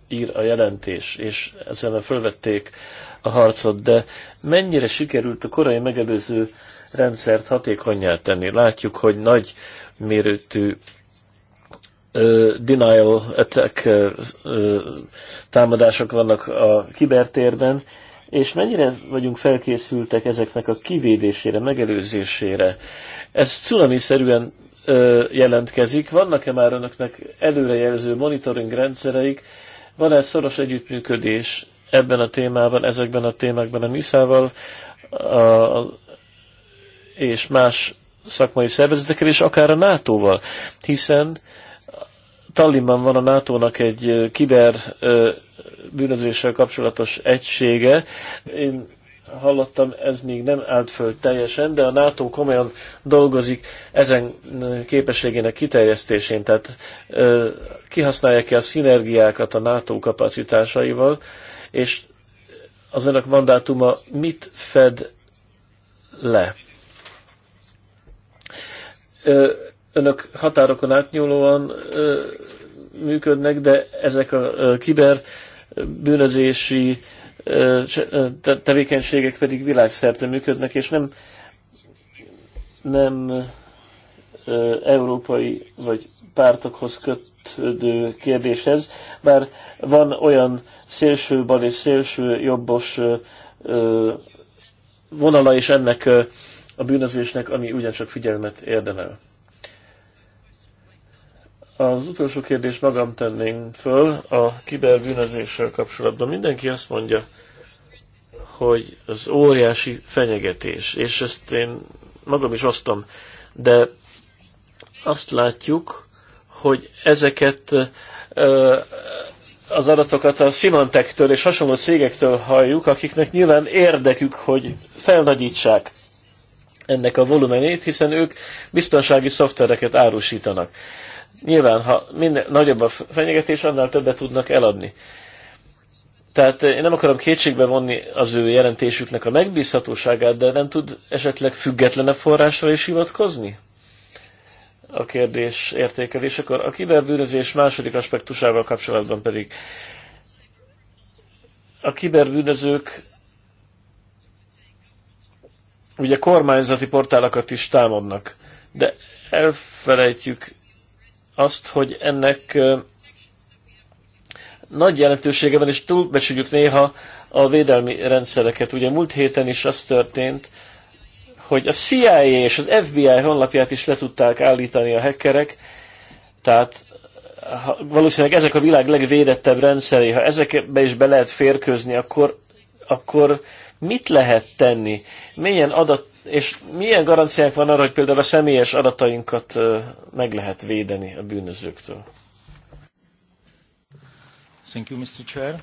ír a jelentés, és ezzel fölvették a harcot, de mennyire sikerült a korai megelőző rendszert hatékonyá tenni? Látjuk, hogy nagy uh, denial attack támadások vannak a kibertérben, és mennyire vagyunk felkészültek ezeknek a kivédésére, megelőzésére. Ez cunami-szerűen jelentkezik. Vannak-e már önöknek előrejelző monitoring rendszereik? Van-e szoros együttműködés ebben a témában, ezekben a témákban a NISZ-ával és más szakmai szervezetekkel, és akár a NATO-val, hiszen Tallinnban van a NATO-nak egy kiber bűnözéssel kapcsolatos egysége. Én hallottam, ez még nem állt föl teljesen, de a NATO komolyan dolgozik ezen képességének kiterjesztésén, tehát kihasználják ki a szinergiákat a NATO kapacitásaival, és az önök mandátuma mit fed le? Önök határokon átnyúlóan működnek, de ezek a kiber bűnözési tevékenységek pedig világszerte működnek, és nem, nem európai vagy pártokhoz kötődő kérdés ez, bár van olyan szélső bal és szélső jobbos vonala is ennek a bűnözésnek, ami ugyancsak figyelmet érdemel. Az utolsó kérdés magam tenném föl a kiberbűnözéssel kapcsolatban. Mindenki azt mondja, hogy az óriási fenyegetés, és ezt én magam is osztom, de azt látjuk, hogy ezeket az adatokat a Symantec-től és hasonló cégektől halljuk, akiknek nyilván érdekük, hogy felnagyítsák ennek a volumenét, hiszen ők biztonsági szoftvereket árusítanak. Nyilván, ha minden, nagyobb a fenyegetés, annál többet tudnak eladni. Tehát én nem akarom kétségbe vonni az ő jelentésüknek a megbízhatóságát, de nem tud esetleg függetlenebb forrásra is hivatkozni? A kérdés értékelésekor. A kiberbűnözés második aspektusával kapcsolatban pedig a kiberbűnözők ugye kormányzati portálakat is támadnak, de elfelejtjük azt, hogy ennek nagy jelentősége van, és túlbecsüljük néha a védelmi rendszereket. Ugye múlt héten is az történt, hogy a CIA és az FBI honlapját is le tudták állítani a hackerek, tehát valószínűleg ezek a világ legvédettebb rendszerei, ha ezekbe is be lehet férkőzni, akkor, akkor mit lehet tenni? Milyen adat és milyen garanciák van arra, hogy például a személyes adatainkat meg lehet védeni a bűnözőktől? Thank you, Mr. Chair.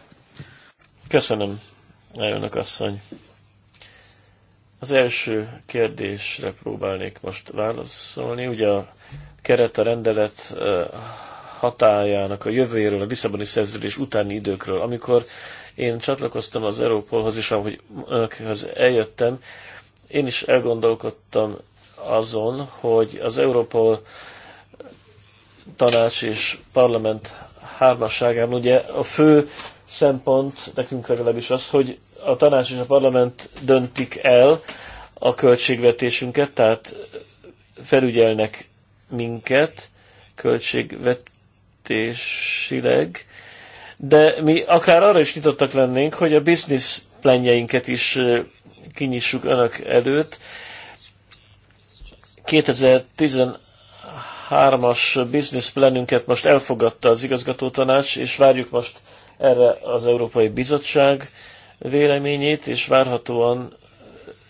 Köszönöm, elnök asszony. Az első kérdésre próbálnék most válaszolni. Ugye a keret a rendelet hatájának a jövőjéről, a Lisszaboni szerződés utáni időkről. Amikor én csatlakoztam az Európolhoz, és ahogy önökhöz eljöttem, én is elgondolkodtam azon, hogy az Európol tanács és parlament hármasságában ugye a fő szempont nekünk legalábbis az, hogy a tanács és a parlament döntik el a költségvetésünket, tehát felügyelnek minket költségvetésileg, de mi akár arra is nyitottak lennénk, hogy a business plenjeinket is kinyissuk önök előtt. 2013-as business planünket most elfogadta az igazgatótanács, és várjuk most erre az Európai Bizottság véleményét, és várhatóan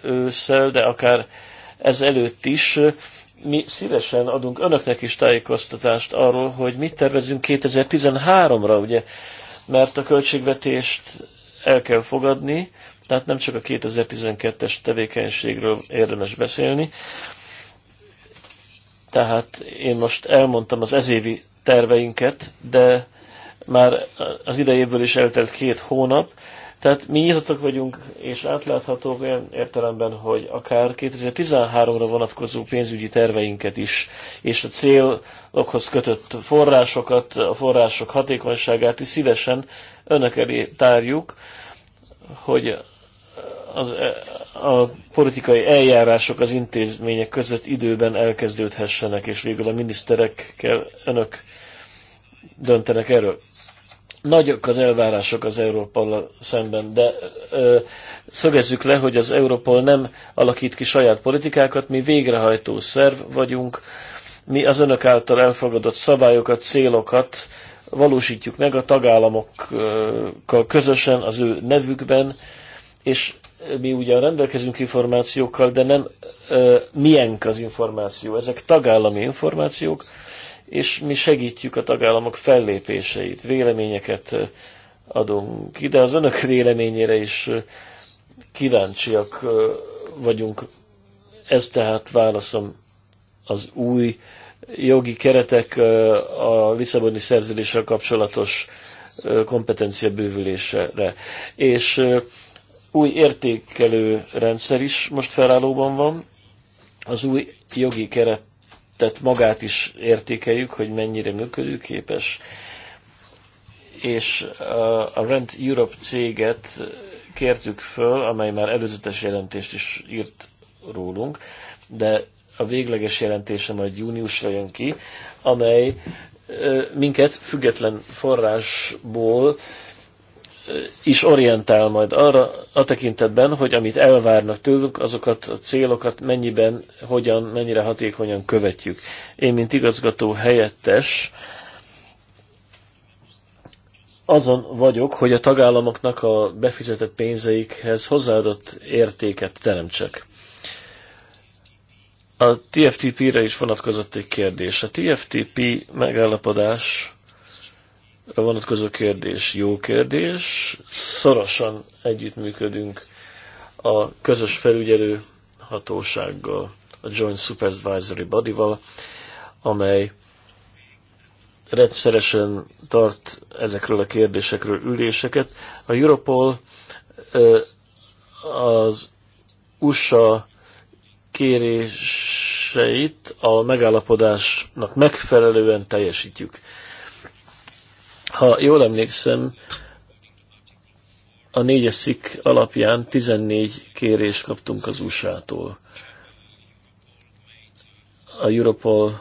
ősszel, de akár ez előtt is mi szívesen adunk önöknek is tájékoztatást arról, hogy mit tervezünk 2013-ra, ugye, mert a költségvetést el kell fogadni, tehát nem csak a 2012-es tevékenységről érdemes beszélni. Tehát én most elmondtam az ezévi terveinket, de már az idejéből is eltelt két hónap, tehát mi nyitottak vagyunk és átláthatók olyan értelemben, hogy akár 2013-ra vonatkozó pénzügyi terveinket is, és a célokhoz kötött forrásokat, a források hatékonyságát is szívesen önök elé tárjuk, hogy az, a politikai eljárások az intézmények között időben elkezdődhessenek, és végül a miniszterekkel önök döntenek erről. Nagyok az elvárások az Európa szemben, de ö, szögezzük le, hogy az Európa nem alakít ki saját politikákat, mi végrehajtó szerv vagyunk, mi az önök által elfogadott szabályokat, célokat valósítjuk meg a tagállamokkal közösen, az ő nevükben, és mi ugyan rendelkezünk információkkal, de nem ö, miénk az információ, ezek tagállami információk, és mi segítjük a tagállamok fellépéseit, véleményeket eh, adunk ide. Az önök véleményére is eh, kíváncsiak eh, vagyunk. Ez tehát válaszom az új jogi keretek a Lisszaboni szerződéssel kapcsolatos kompetencia bővülésre. És új értékelő rendszer is most felállóban van. Az új jogi keret tehát magát is értékeljük, hogy mennyire működőképes, és uh, a Rent Europe céget kértük föl, amely már előzetes jelentést is írt rólunk, de a végleges jelentése majd júniusra jön ki, amely uh, minket független forrásból is orientál majd arra a tekintetben, hogy amit elvárnak tőlünk, azokat a célokat mennyiben, hogyan, mennyire hatékonyan követjük. Én, mint igazgató helyettes, azon vagyok, hogy a tagállamoknak a befizetett pénzeikhez hozzáadott értéket teremtsek. A TFTP-re is vonatkozott egy kérdés. A TFTP megállapodás vonatkozó kérdés jó kérdés. Szorosan együttműködünk a közös felügyelő hatósággal, a Joint Supervisory Body-val, amely rendszeresen tart ezekről a kérdésekről üléseket. A Europol az USA kéréseit a megállapodásnak megfelelően teljesítjük. Ha jól emlékszem, a négyes cikk alapján 14 kérést kaptunk az USA-tól. A Europol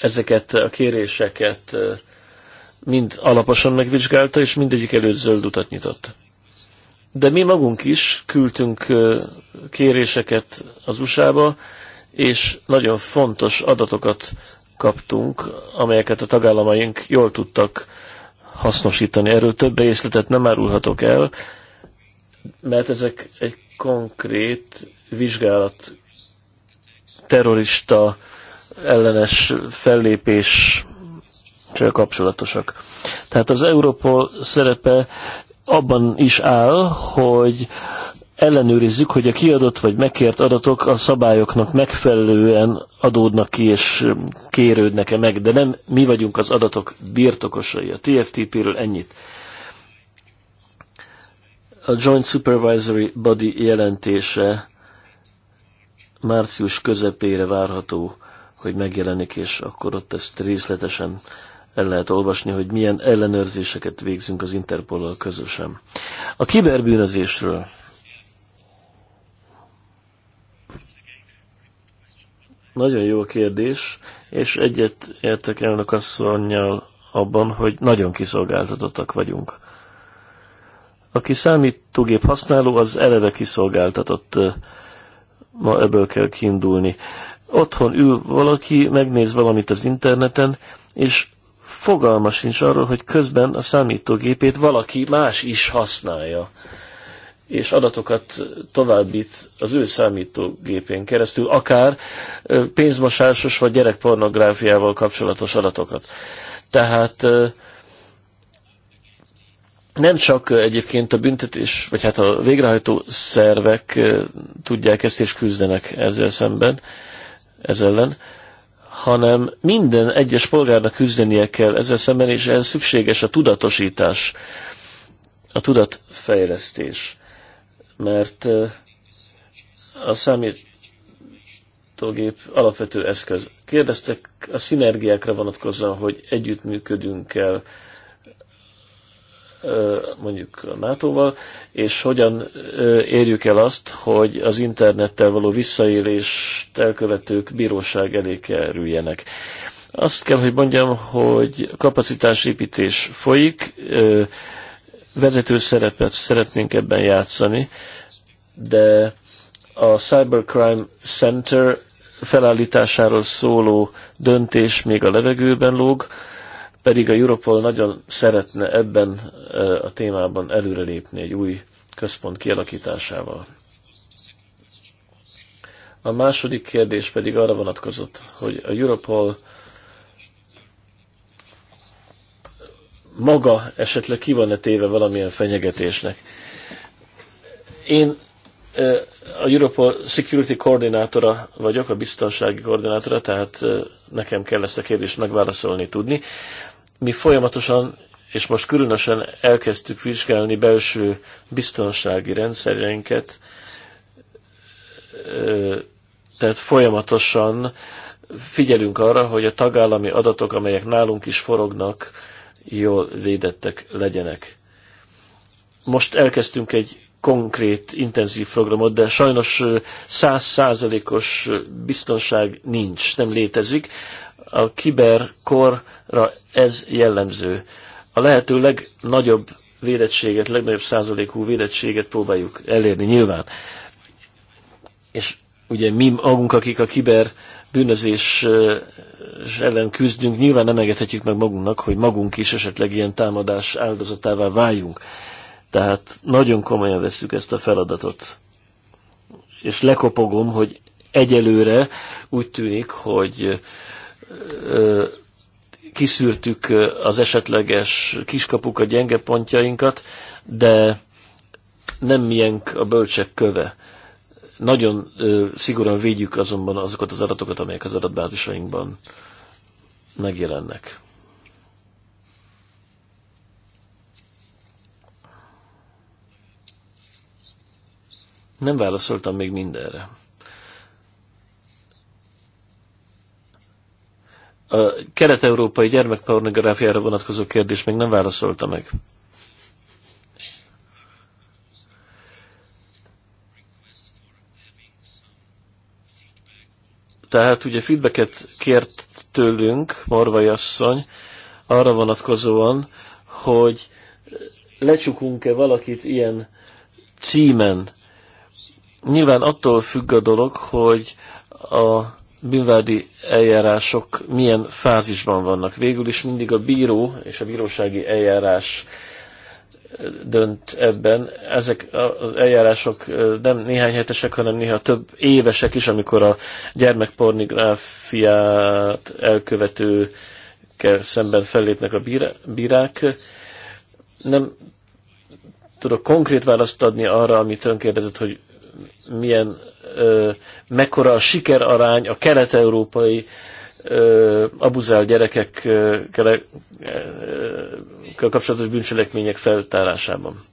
ezeket a kéréseket mind alaposan megvizsgálta, és mindegyik előtt zöld utat nyitott. De mi magunk is küldtünk kéréseket az USA-ba, és nagyon fontos adatokat kaptunk, amelyeket a tagállamaink jól tudtak hasznosítani. Erről több részletet nem árulhatok el, mert ezek egy konkrét vizsgálat terrorista ellenes fellépés kapcsolatosak. Tehát az Európol szerepe abban is áll, hogy ellenőrizzük, hogy a kiadott vagy megkért adatok a szabályoknak megfelelően adódnak ki és um, kérődnek-e meg, de nem mi vagyunk az adatok birtokosai. A TFTP-ről ennyit. A Joint Supervisory Body jelentése március közepére várható, hogy megjelenik, és akkor ott ezt részletesen el lehet olvasni, hogy milyen ellenőrzéseket végzünk az Interpol-al közösen. A kiberbűnözésről Nagyon jó kérdés, és egyet értek elnök asszonynal abban, hogy nagyon kiszolgáltatottak vagyunk. Aki számítógép használó, az eleve kiszolgáltatott. Ma ebből kell kiindulni. Otthon ül valaki, megnéz valamit az interneten, és fogalma sincs arról, hogy közben a számítógépét valaki más is használja és adatokat továbbít az ő számítógépén keresztül, akár pénzmosásos vagy gyerekpornográfiával kapcsolatos adatokat. Tehát nem csak egyébként a büntetés, vagy hát a végrehajtó szervek tudják ezt és küzdenek ezzel szemben, ezzel ellen, hanem minden egyes polgárnak küzdenie kell ezzel szemben, és ehhez szükséges a tudatosítás, a tudatfejlesztés mert a számítógép alapvető eszköz. Kérdeztek a szinergiákra vonatkozóan, hogy együttműködünk-el mondjuk a NATO-val, és hogyan érjük el azt, hogy az internettel való visszaélést elkövetők bíróság elé kerüljenek. Azt kell, hogy mondjam, hogy kapacitásépítés folyik, vezető szerepet szeretnénk ebben játszani, de a Cybercrime Center felállításáról szóló döntés még a levegőben lóg, pedig a Europol nagyon szeretne ebben a témában előrelépni egy új központ kialakításával. A második kérdés pedig arra vonatkozott, hogy a Europol maga esetleg ki van-e téve valamilyen fenyegetésnek. Én a Europol Security koordinátora vagyok, a biztonsági koordinátora, tehát nekem kell ezt a kérdést megválaszolni tudni. Mi folyamatosan, és most különösen elkezdtük vizsgálni belső biztonsági rendszereinket, tehát folyamatosan figyelünk arra, hogy a tagállami adatok, amelyek nálunk is forognak, jól védettek legyenek. Most elkezdtünk egy konkrét, intenzív programot, de sajnos százszázalékos biztonság nincs, nem létezik. A kiberkorra ez jellemző. A lehető legnagyobb védettséget, legnagyobb százalékú védettséget próbáljuk elérni nyilván. És ugye mi magunk, akik a kiber bűnözés ellen küzdünk, nyilván nem engedhetjük meg magunknak, hogy magunk is esetleg ilyen támadás áldozatává váljunk. Tehát nagyon komolyan veszük ezt a feladatot. És lekopogom, hogy egyelőre úgy tűnik, hogy kiszűrtük az esetleges kiskapuk a gyenge pontjainkat, de nem miénk a bölcsek köve. Nagyon ö, szigorúan védjük azonban azokat az adatokat, amelyek az adatbázisainkban megjelennek. Nem válaszoltam még mindenre. A kelet-európai gyermekpornográfiára vonatkozó kérdés még nem válaszolta meg. Tehát ugye feedbacket kért tőlünk Marvai asszony arra vonatkozóan, hogy lecsukunk-e valakit ilyen címen. Nyilván attól függ a dolog, hogy a bűnvádi eljárások milyen fázisban vannak. Végül is mindig a bíró és a bírósági eljárás dönt ebben. Ezek az eljárások nem néhány hetesek, hanem néha több évesek is, amikor a gyermekpornográfiát elkövetőkkel szemben fellépnek a bírák. Nem tudok konkrét választ adni arra, amit ön kérdezett, hogy milyen, ö, mekkora a sikerarány a kelet-európai abuzál gyerekekkel kapcsolatos bűncselekmények feltárásában.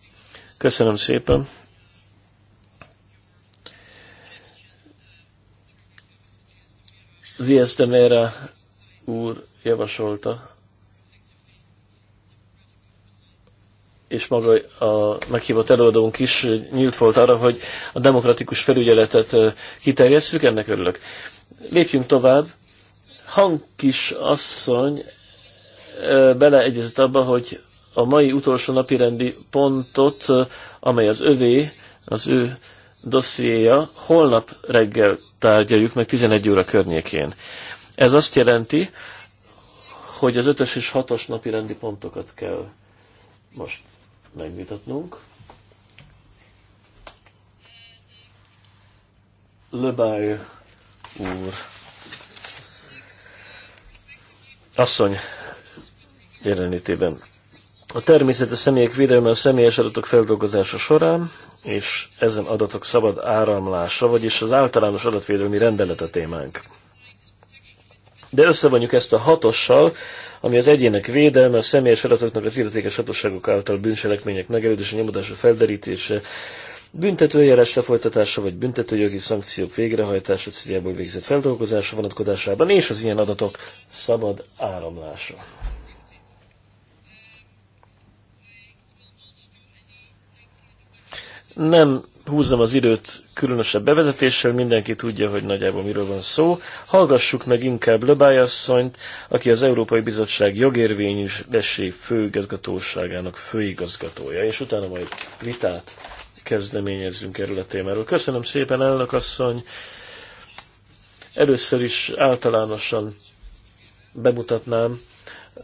Köszönöm szépen! Zies de úr javasolta, és maga a meghívott előadónk is nyílt volt arra, hogy a demokratikus felügyeletet kiterjesszük, ennek örülök. Lépjünk tovább. Hankis asszony beleegyezett abba, hogy a mai utolsó napirendi pontot, amely az övé, az ő dossziéja, holnap reggel tárgyaljuk meg 11 óra környékén. Ez azt jelenti, hogy az 5 és 6-os napi rendi pontokat kell most megvitatnunk. Lebáj úr asszony jelenlétében. A természet a személyek védelme a személyes adatok feldolgozása során, és ezen adatok szabad áramlása, vagyis az általános adatvédelmi rendelet a témánk. De összevonjuk ezt a hatossal, ami az egyének védelme, a személyes adatoknak az illetékes hatóságok által bűncselekmények megelőzése, nyomodása, felderítése, büntetőeljárás lefolytatása vagy büntetőjogi szankciók végrehajtása céljából végzett feldolgozása vonatkozásában és az ilyen adatok szabad áramlása. Nem húzzam az időt különösebb bevezetéssel, mindenki tudja, hogy nagyjából miről van szó. Hallgassuk meg inkább Löbályasszonyt, aki az Európai Bizottság jogérvényű főigazgatóságának főigazgatója, és utána majd vitát kezdeményezzünk erről a témáról. Köszönöm szépen, elnök asszony! Először is általánosan bemutatnám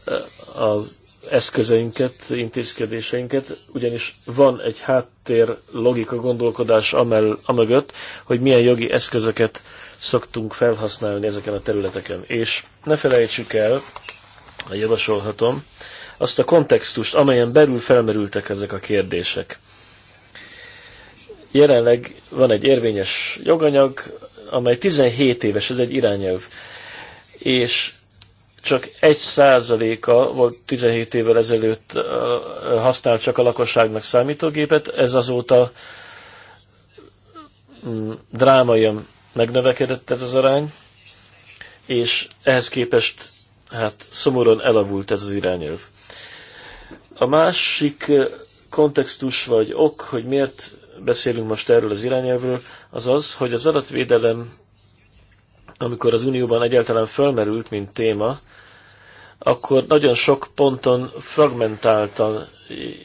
eh, az eszközeinket, intézkedéseinket, ugyanis van egy háttér logika gondolkodás amel, amögött, hogy milyen jogi eszközöket szoktunk felhasználni ezeken a területeken. És ne felejtsük el, javasolhatom, azt a kontextust, amelyen belül felmerültek ezek a kérdések jelenleg van egy érvényes joganyag, amely 17 éves, ez egy irányelv, és csak egy százaléka volt 17 évvel ezelőtt használt csak a lakosságnak számítógépet, ez azóta mm, drámaian megnövekedett ez az arány, és ehhez képest hát szomorúan elavult ez az irányelv. A másik kontextus vagy ok, hogy miért beszélünk most erről az irányelvről, az az, hogy az adatvédelem, amikor az Unióban egyáltalán felmerült, mint téma, akkor nagyon sok ponton fragmentáltan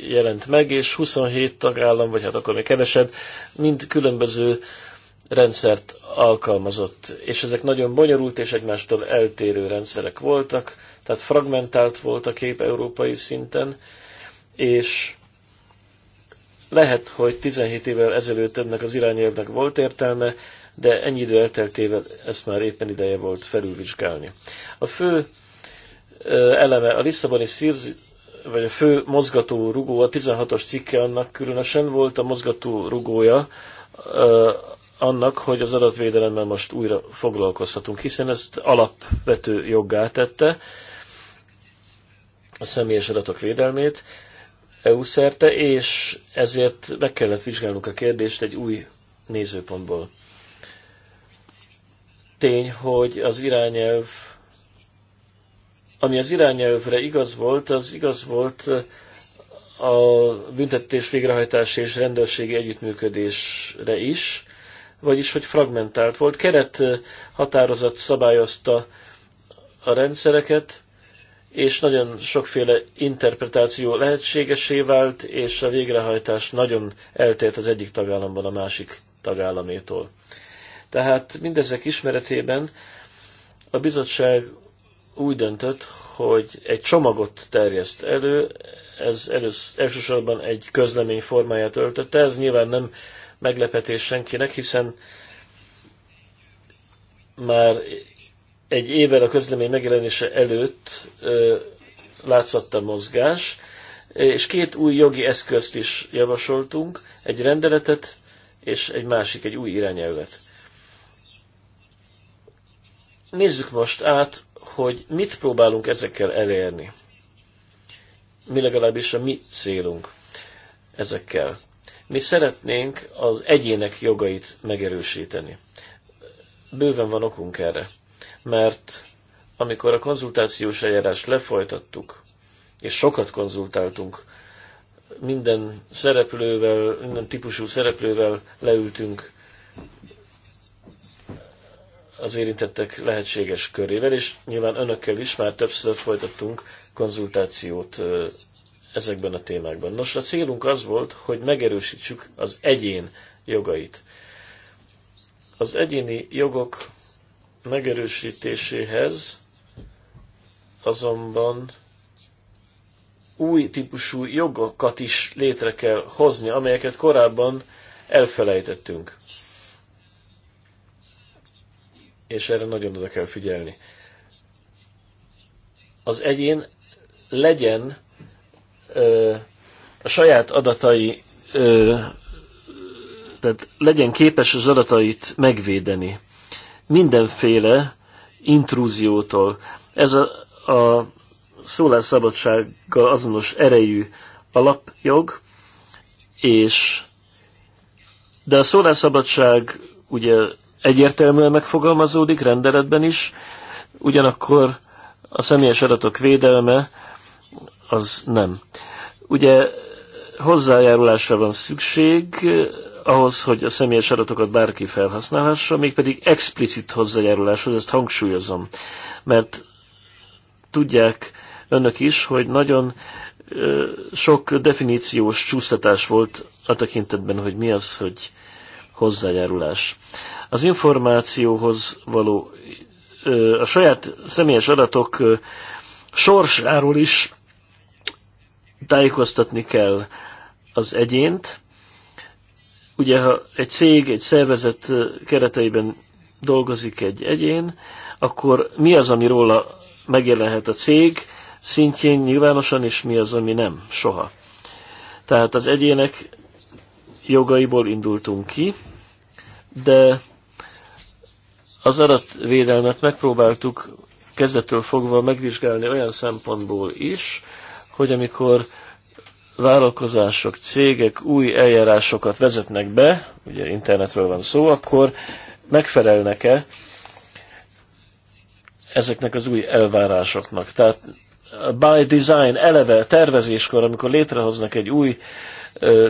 jelent meg, és 27 tagállam, vagy hát akkor még kevesebb, mind különböző rendszert alkalmazott. És ezek nagyon bonyolult és egymástól eltérő rendszerek voltak, tehát fragmentált volt a kép európai szinten, és lehet, hogy 17 évvel ezelőtt ennek az irányelvnek volt értelme, de ennyi idő elteltével ezt már éppen ideje volt felülvizsgálni. A fő eleme a Lisszaboni Szírz, vagy a fő mozgató rugó, a 16-os cikke annak különösen volt a mozgató rugója annak, hogy az adatvédelemmel most újra foglalkozhatunk, hiszen ezt alapvető joggá tette a személyes adatok védelmét, EU szerte, és ezért meg kellett vizsgálnunk a kérdést egy új nézőpontból. Tény, hogy az irányelv, ami az irányelvre igaz volt, az igaz volt a büntetés végrehajtás és rendőrségi együttműködésre is, vagyis hogy fragmentált volt. Keret határozat szabályozta a rendszereket, és nagyon sokféle interpretáció lehetségesé vált, és a végrehajtás nagyon eltért az egyik tagállamban a másik tagállamétól. Tehát mindezek ismeretében a bizottság úgy döntött, hogy egy csomagot terjeszt elő, ez elősz, elsősorban egy közlemény formáját öltötte, ez nyilván nem meglepetés senkinek, hiszen már egy évvel a közlemény megjelenése előtt látszott a mozgás, és két új jogi eszközt is javasoltunk, egy rendeletet és egy másik, egy új irányelvet. Nézzük most át, hogy mit próbálunk ezekkel elérni. Mi legalábbis a mi célunk ezekkel. Mi szeretnénk az egyének jogait megerősíteni. Bőven van okunk erre mert amikor a konzultációs eljárást lefolytattuk, és sokat konzultáltunk, minden szereplővel, minden típusú szereplővel leültünk az érintettek lehetséges körével, és nyilván önökkel is már többször folytattunk konzultációt ezekben a témákban. Nos, a célunk az volt, hogy megerősítsük az egyén jogait. Az egyéni jogok megerősítéséhez azonban új típusú jogokat is létre kell hozni, amelyeket korábban elfelejtettünk. És erre nagyon oda kell figyelni. Az egyén legyen ö, a saját adatai, ö, tehát legyen képes az adatait megvédeni mindenféle intrúziótól. Ez a, a szólásszabadsággal azonos erejű alapjog, és de a szólásszabadság ugye egyértelműen megfogalmazódik rendeletben is, ugyanakkor a személyes adatok védelme az nem. Ugye hozzájárulásra van szükség ahhoz, hogy a személyes adatokat bárki felhasználhassa, mégpedig explicit hozzájáruláshoz, ezt hangsúlyozom. Mert tudják önök is, hogy nagyon sok definíciós csúsztatás volt a tekintetben, hogy mi az, hogy hozzájárulás. Az információhoz való a saját személyes adatok sorsáról is tájékoztatni kell az egyént, ugye ha egy cég, egy szervezet kereteiben dolgozik egy egyén, akkor mi az, ami róla megjelenhet a cég szintjén nyilvánosan, és mi az, ami nem, soha. Tehát az egyének jogaiból indultunk ki, de az adatvédelmet megpróbáltuk kezdettől fogva megvizsgálni olyan szempontból is, hogy amikor vállalkozások, cégek új eljárásokat vezetnek be, ugye internetről van szó, akkor megfelelnek-e ezeknek az új elvárásoknak. Tehát by design eleve tervezéskor, amikor létrehoznak egy új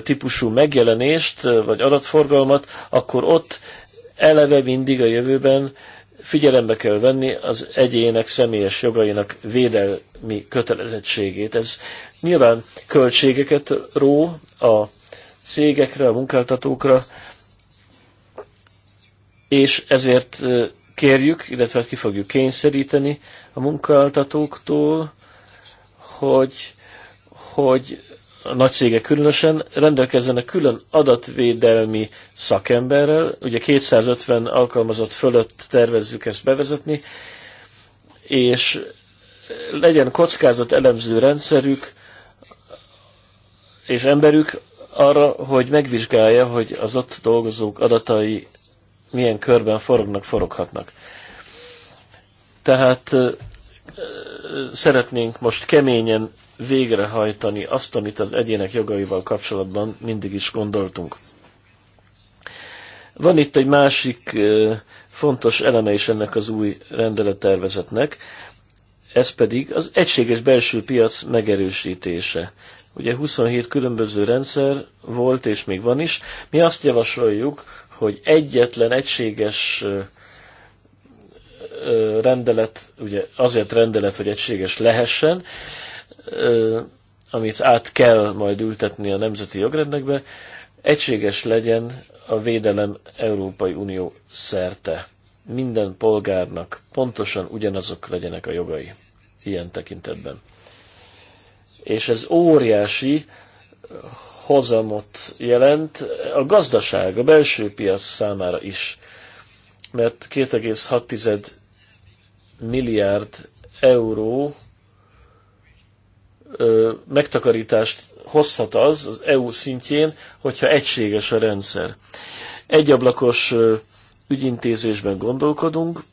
típusú megjelenést, vagy adatforgalmat, akkor ott eleve mindig a jövőben figyelembe kell venni az egyének személyes jogainak védelmi kötelezettségét. Ez nyilván költségeket ró a cégekre, a munkáltatókra, és ezért kérjük, illetve hát ki fogjuk kényszeríteni a munkáltatóktól, hogy, hogy a nagy cégek különösen rendelkezzenek külön adatvédelmi szakemberrel, ugye 250 alkalmazott fölött tervezzük ezt bevezetni, és legyen kockázat elemző rendszerük és emberük arra, hogy megvizsgálja, hogy az ott dolgozók adatai milyen körben forognak, foroghatnak. Tehát szeretnénk most keményen végrehajtani azt, amit az egyének jogaival kapcsolatban mindig is gondoltunk. Van itt egy másik fontos eleme is ennek az új rendelettervezetnek, ez pedig az egységes belső piac megerősítése. Ugye 27 különböző rendszer volt, és még van is. Mi azt javasoljuk, hogy egyetlen egységes rendelet, ugye azért rendelet, hogy egységes lehessen, amit át kell majd ültetni a nemzeti jogrendekbe, egységes legyen a védelem Európai Unió szerte. Minden polgárnak pontosan ugyanazok legyenek a jogai ilyen tekintetben. És ez óriási hozamot jelent a gazdaság, a belső piac számára is, mert 2,6 milliárd euró megtakarítást hozhat az az EU szintjén, hogyha egységes a rendszer. Egyablakos ügyintézésben gondolkodunk,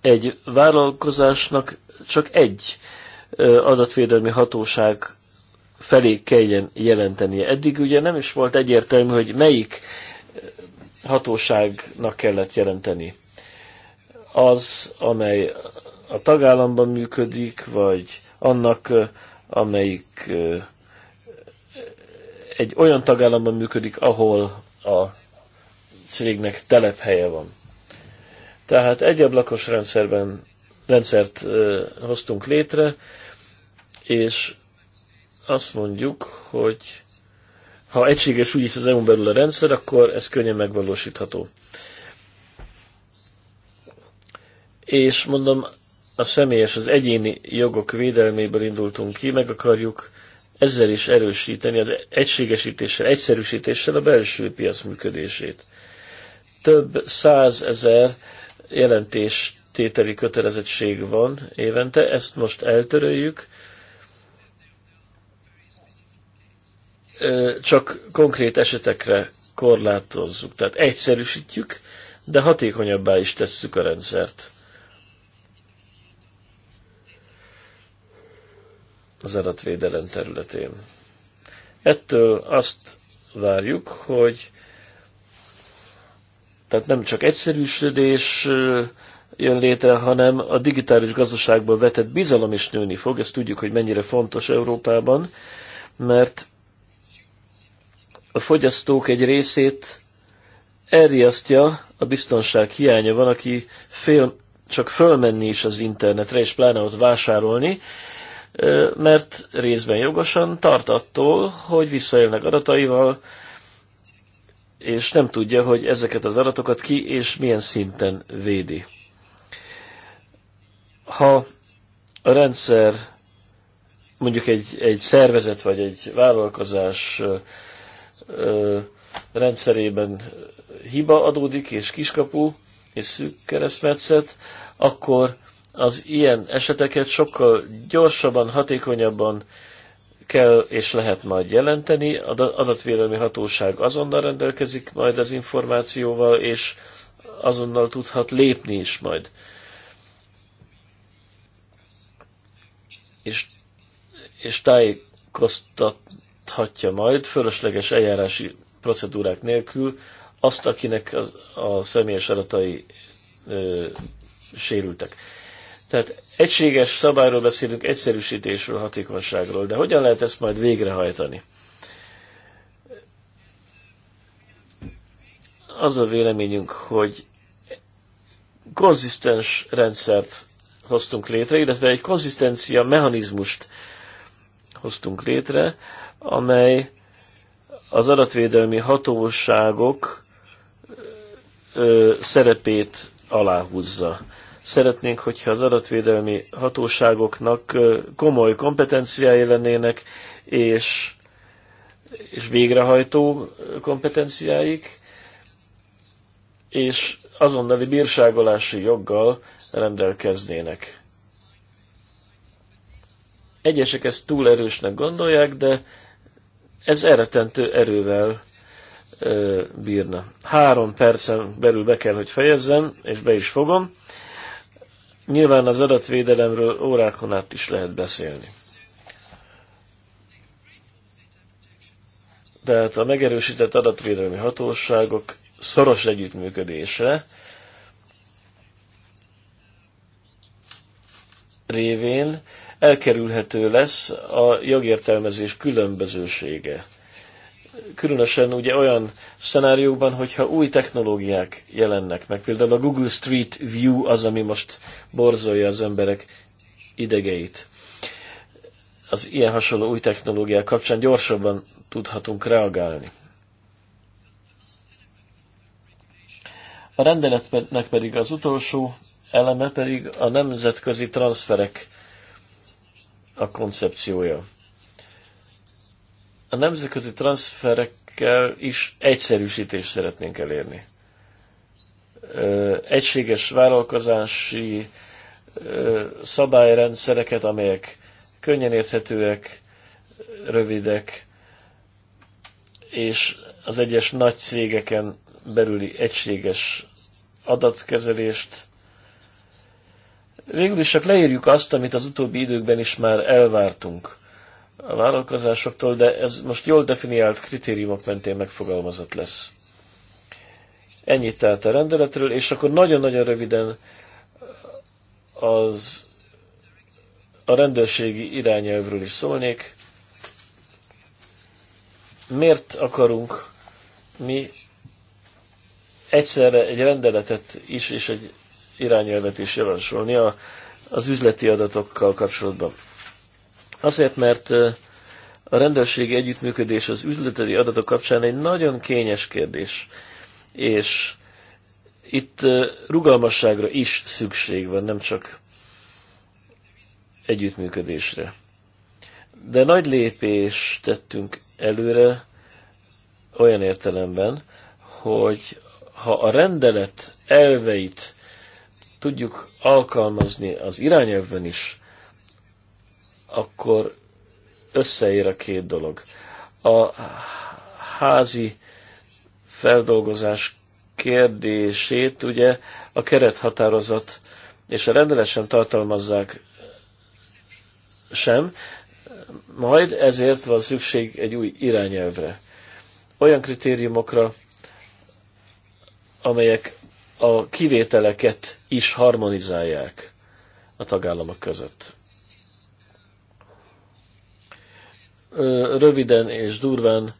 egy vállalkozásnak csak egy adatvédelmi hatóság felé kelljen jelentenie. Eddig ugye nem is volt egyértelmű, hogy melyik hatóságnak kellett jelenteni az, amely a tagállamban működik, vagy annak, amelyik egy olyan tagállamban működik, ahol a cégnek telephelye van. Tehát egy ablakos rendszerben, rendszert hoztunk létre, és azt mondjuk, hogy ha egységes úgyis az EU-n belül a rendszer, akkor ez könnyen megvalósítható és mondom, a személyes, az egyéni jogok védelméből indultunk ki, meg akarjuk ezzel is erősíteni, az egységesítéssel, egyszerűsítéssel a belső piac működését. Több százezer jelentés tételi kötelezettség van évente, ezt most eltöröljük, csak konkrét esetekre korlátozzuk. Tehát egyszerűsítjük, de hatékonyabbá is tesszük a rendszert. az adatvédelem területén. Ettől azt várjuk, hogy tehát nem csak egyszerűsödés jön létre, hanem a digitális gazdaságban vetett bizalom is nőni fog. Ezt tudjuk, hogy mennyire fontos Európában, mert a fogyasztók egy részét elriasztja a biztonság hiánya. Van, aki fél csak fölmenni is az internetre, és pláne ott vásárolni, mert részben jogosan tart attól, hogy visszaélnek adataival, és nem tudja, hogy ezeket az adatokat ki és milyen szinten védi. Ha a rendszer mondjuk egy, egy szervezet vagy egy vállalkozás rendszerében hiba adódik, és kiskapú, és szűk keresztmetszet, akkor az ilyen eseteket sokkal gyorsabban, hatékonyabban kell és lehet majd jelenteni. Az adatvédelmi hatóság azonnal rendelkezik majd az információval, és azonnal tudhat lépni is majd. És, és tájékoztathatja majd fölösleges eljárási procedúrák nélkül azt, akinek a, a személyes adatai ö, sérültek. Tehát egységes szabályról beszélünk, egyszerűsítésről, hatékonyságról, de hogyan lehet ezt majd végrehajtani? Az a véleményünk, hogy konzisztens rendszert hoztunk létre, illetve egy konzisztencia mechanizmust hoztunk létre, amely az adatvédelmi hatóságok ö, szerepét aláhúzza. Szeretnénk, hogyha az adatvédelmi hatóságoknak komoly kompetenciái lennének, és, és végrehajtó kompetenciáik, és azonnali bírságolási joggal rendelkeznének. Egyesek ezt túl erősnek gondolják, de ez eretentő erővel bírna. Három percen belül be kell, hogy fejezzem, és be is fogom. Nyilván az adatvédelemről órákon át is lehet beszélni. Tehát a megerősített adatvédelmi hatóságok szoros együttműködése révén elkerülhető lesz a jogértelmezés különbözősége különösen ugye olyan szenáriókban, hogyha új technológiák jelennek meg, például a Google Street View az, ami most borzolja az emberek idegeit. Az ilyen hasonló új technológiák kapcsán gyorsabban tudhatunk reagálni. A rendeletnek pedig az utolsó eleme pedig a nemzetközi transferek a koncepciója a nemzetközi transferekkel is egyszerűsítést szeretnénk elérni. Egységes vállalkozási szabályrendszereket, amelyek könnyen érthetőek, rövidek, és az egyes nagy cégeken belüli egységes adatkezelést. Végül is csak leírjuk azt, amit az utóbbi időkben is már elvártunk – a vállalkozásoktól, de ez most jól definiált kritériumok mentén megfogalmazott lesz. Ennyit tehát a rendeletről, és akkor nagyon-nagyon röviden az a rendőrségi irányelvről is szólnék. Miért akarunk mi egyszerre egy rendeletet is és egy irányelvet is javasolni a, az üzleti adatokkal kapcsolatban? Azért, mert a rendőrségi együttműködés az üzleteli adatok kapcsán egy nagyon kényes kérdés, és itt rugalmasságra is szükség van, nem csak együttműködésre. De nagy lépést tettünk előre olyan értelemben, hogy ha a rendelet elveit tudjuk alkalmazni az irányelvben is, akkor összeér a két dolog. A házi feldolgozás kérdését ugye a kerethatározat és a rendelet sem tartalmazzák sem, majd ezért van szükség egy új irányelvre. Olyan kritériumokra, amelyek a kivételeket is harmonizálják a tagállamok között. Röviden és durván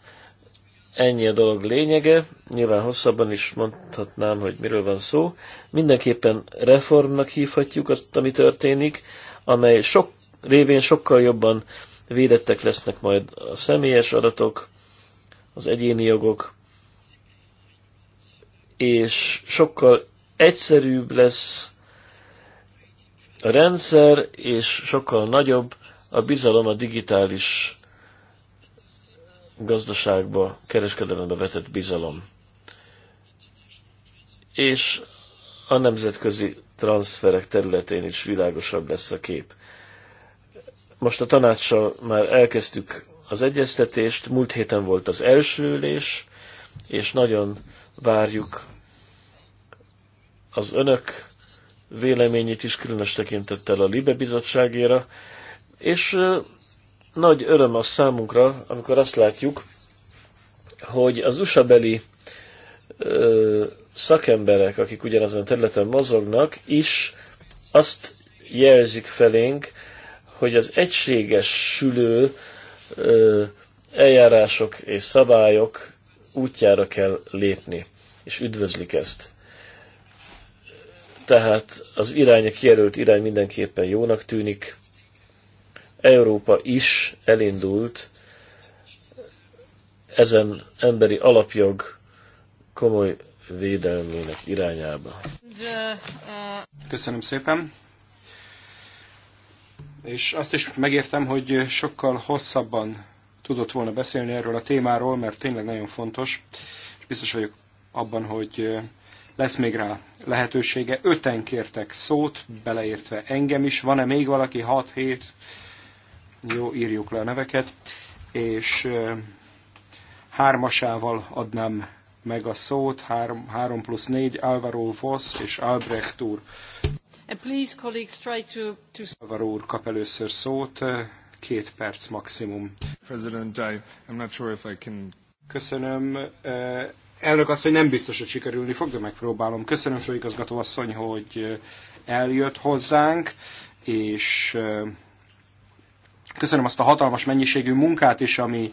ennyi a dolog lényege. Nyilván hosszabban is mondhatnám, hogy miről van szó. Mindenképpen reformnak hívhatjuk azt, ami történik, amely sok révén sokkal jobban védettek lesznek majd a személyes adatok, az egyéni jogok, és sokkal egyszerűbb lesz a rendszer, és sokkal nagyobb a bizalom a digitális gazdaságba, kereskedelembe vetett bizalom. És a nemzetközi transferek területén is világosabb lesz a kép. Most a tanácssal már elkezdtük az egyeztetést, múlt héten volt az első ülés, és nagyon várjuk az önök véleményét is, különös tekintettel a Libe bizottságéra, és nagy öröm az számunkra, amikor azt látjuk, hogy az USA beli ö, szakemberek, akik ugyanazon területen mozognak, is azt jelzik felénk, hogy az egységes sülő ö, eljárások és szabályok útjára kell lépni, és üdvözlik ezt. Tehát az irány, a kijelölt irány mindenképpen jónak tűnik, Európa is elindult ezen emberi alapjog komoly védelmének irányába. Köszönöm szépen. És azt is megértem, hogy sokkal hosszabban tudott volna beszélni erről a témáról, mert tényleg nagyon fontos, és biztos vagyok abban, hogy lesz még rá lehetősége. Öten kértek szót, beleértve engem is. Van-e még valaki? 6, 7, jó, írjuk le a neveket. És hármasával adnám meg a szót, 3, 3 plusz 4, Álvaro Vos és Albrecht úr. And please, colleagues, try to, to... Álvaro úr kap először szót, két perc maximum. President, I, I'm not sure if I can... Köszönöm. Elnök azt, hogy nem biztos, hogy sikerülni fog, de megpróbálom. Köszönöm főigazgató asszony, hogy eljött hozzánk, és köszönöm azt a hatalmas mennyiségű munkát is, ami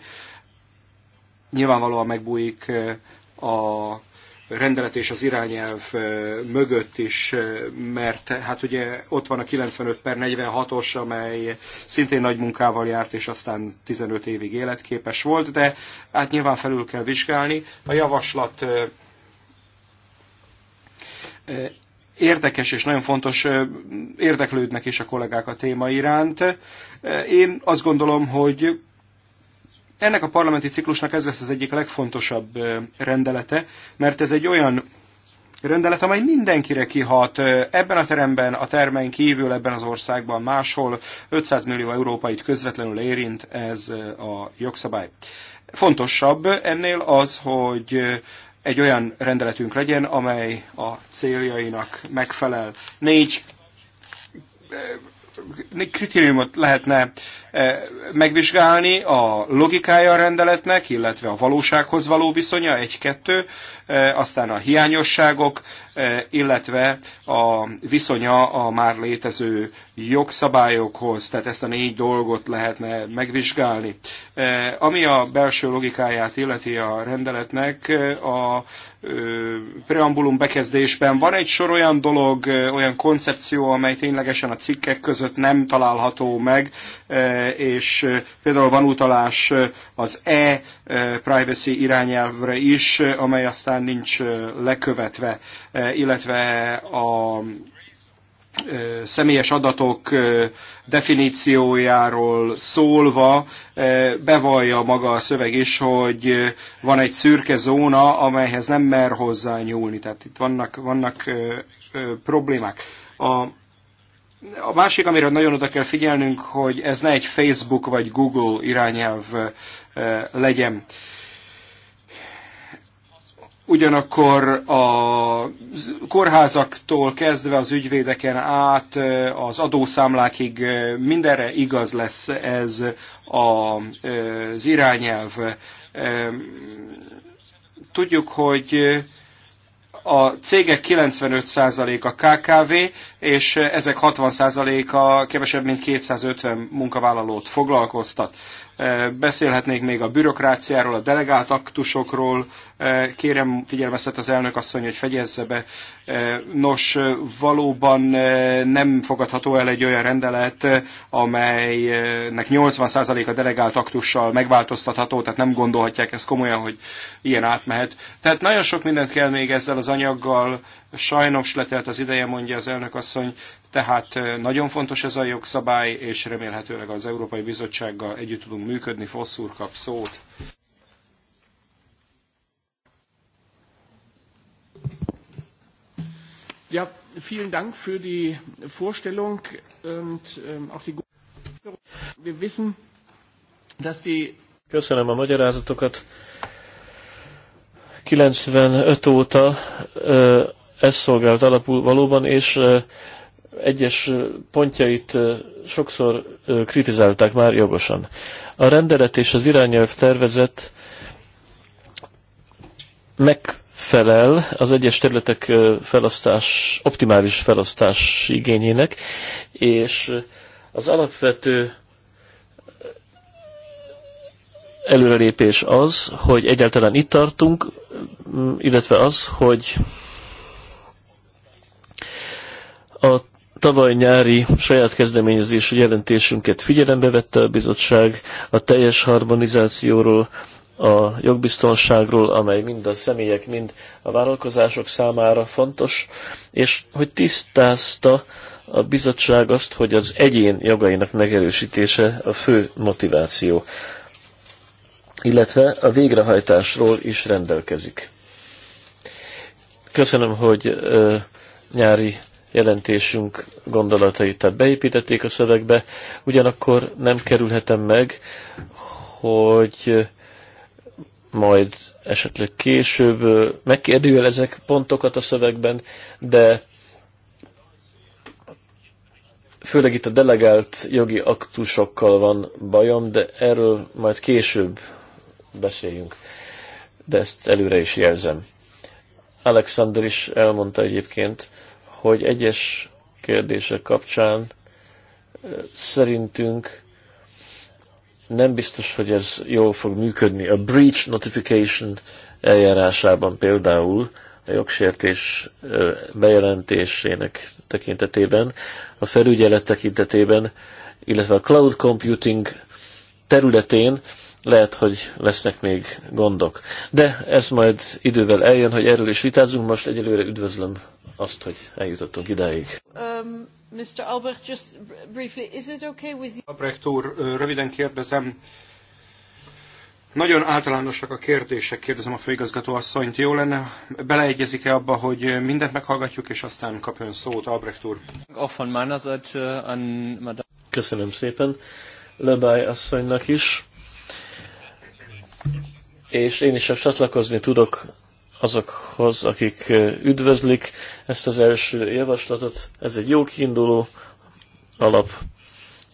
nyilvánvalóan megbújik eh, a rendelet és az irányelv eh, mögött is, eh, mert hát ugye ott van a 95 per 46-os, amely szintén nagy munkával járt, és aztán 15 évig életképes volt, de hát nyilván felül kell vizsgálni. A javaslat érdekes és nagyon fontos, érdeklődnek is a kollégák a téma iránt. Én azt gondolom, hogy ennek a parlamenti ciklusnak ez lesz az egyik legfontosabb rendelete, mert ez egy olyan rendelet, amely mindenkire kihat. Ebben a teremben, a termen kívül, ebben az országban, máshol 500 millió európait közvetlenül érint ez a jogszabály. Fontosabb ennél az, hogy egy olyan rendeletünk legyen, amely a céljainak megfelel. Négy eh, kritériumot lehetne E, megvizsgálni a logikája a rendeletnek, illetve a valósághoz való viszonya, egy-kettő, e, aztán a hiányosságok, e, illetve a viszonya a már létező jogszabályokhoz, tehát ezt a négy dolgot lehetne megvizsgálni. Ami a belső logikáját illeti a rendeletnek, a preambulum bekezdésben van egy sor olyan dolog, olyan koncepció, amely ténylegesen a cikkek között nem található meg, és például van utalás az e-privacy irányelvre is, amely aztán nincs lekövetve, illetve a személyes adatok definíciójáról szólva bevallja maga a szöveg is, hogy van egy szürke zóna, amelyhez nem mer hozzá nyúlni. Tehát itt vannak, vannak problémák. A a másik, amire nagyon oda kell figyelnünk, hogy ez ne egy Facebook vagy Google irányelv legyen. Ugyanakkor a kórházaktól kezdve az ügyvédeken át az adószámlákig mindenre igaz lesz ez az irányelv. Tudjuk, hogy a cégek 95%-a KKV, és ezek 60%-a kevesebb, mint 250 munkavállalót foglalkoztat. Beszélhetnék még a bürokráciáról, a delegált aktusokról. Eh, kérem, figyelmeztet az elnök asszony, hogy fegyezze be. Eh, nos, valóban eh, nem fogadható el egy olyan rendelet, amelynek 80% a delegált aktussal megváltoztatható, tehát nem gondolhatják ezt komolyan, hogy ilyen átmehet. Tehát nagyon sok mindent kell még ezzel az anyaggal, sajnos letelt az ideje, mondja az elnök asszony, tehát nagyon fontos ez a jogszabály, és remélhetőleg az Európai Bizottsággal együtt tudunk működni. Fossz úr kap szót. Ja, vielen Dank für die Vorstellung und ähm, auch die Wir wissen, dass die Köszönöm a magyarázatokat. 95 óta ez szolgált alapul valóban, és egyes pontjait sokszor kritizálták már jogosan. A rendelet és az irányelv tervezet megfelel az egyes területek felosztás, optimális felosztás igényének, és az alapvető előrelépés az, hogy egyáltalán itt tartunk, illetve az, hogy a tavaly nyári saját kezdeményezésű jelentésünket figyelembe vette a bizottság a teljes harmonizációról, a jogbiztonságról, amely mind a személyek, mind a vállalkozások számára fontos, és hogy tisztázta a bizottság azt, hogy az egyén jogainak megerősítése a fő motiváció, illetve a végrehajtásról is rendelkezik. Köszönöm, hogy ö, nyári jelentésünk gondolatait, tehát beépítették a szövegbe. Ugyanakkor nem kerülhetem meg, hogy majd esetleg később ezek pontokat a szövegben, de főleg itt a delegált jogi aktusokkal van bajom, de erről majd később beszéljünk. De ezt előre is jelzem. Alexander is elmondta egyébként, hogy egyes kérdések kapcsán szerintünk nem biztos, hogy ez jól fog működni. A breach notification eljárásában például a jogsértés bejelentésének tekintetében, a felügyelet tekintetében, illetve a cloud computing területén lehet, hogy lesznek még gondok. De ez majd idővel eljön, hogy erről is vitázunk, most egyelőre üdvözlöm azt, hogy eljutottunk ideig. Um, Mr. Albert, just briefly, is it okay with you? Albrecht úr, röviden kérdezem, nagyon általánosak a kérdések, kérdezem a főigazgató asszonyt. Jó lenne, beleegyezik-e abba, hogy mindent meghallgatjuk, és aztán kap ön szót, Albrecht úr? Köszönöm szépen Lebály asszonynak is. És én is csatlakozni tudok azokhoz, akik üdvözlik ezt az első javaslatot. Ez egy jó kiinduló alap,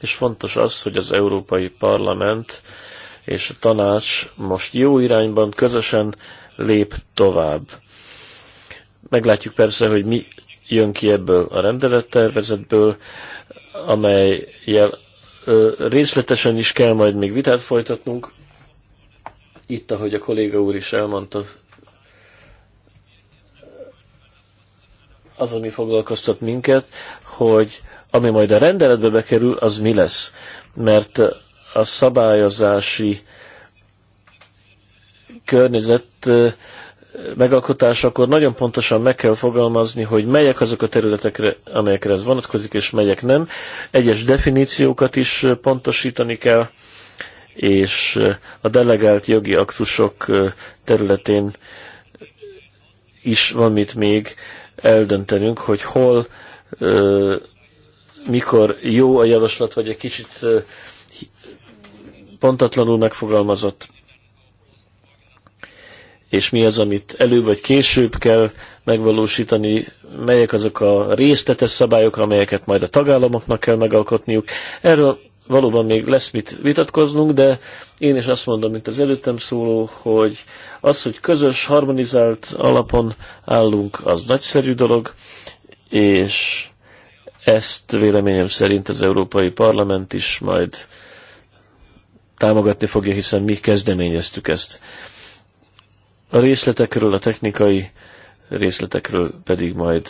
és fontos az, hogy az Európai Parlament és a tanács most jó irányban közösen lép tovább. Meglátjuk persze, hogy mi jön ki ebből a rendelettervezetből, amelyel részletesen is kell majd még vitát folytatnunk. Itt, ahogy a kolléga úr is elmondta, az, ami foglalkoztat minket, hogy ami majd a rendeletbe bekerül, az mi lesz. Mert a szabályozási környezet megalkotásakor nagyon pontosan meg kell fogalmazni, hogy melyek azok a területekre, amelyekre ez vonatkozik, és melyek nem. Egyes definíciókat is pontosítani kell, és a delegált jogi aktusok területén is van mit még eldöntenünk, hogy hol, mikor jó a javaslat, vagy egy kicsit pontatlanul megfogalmazott, és mi az, amit elő vagy később kell megvalósítani, melyek azok a részletes szabályok, amelyeket majd a tagállamoknak kell megalkotniuk. Erről valóban még lesz mit vitatkoznunk, de én is azt mondom, mint az előttem szóló, hogy az, hogy közös, harmonizált alapon állunk, az nagyszerű dolog, és ezt véleményem szerint az Európai Parlament is majd támogatni fogja, hiszen mi kezdeményeztük ezt. A részletekről, a technikai részletekről pedig majd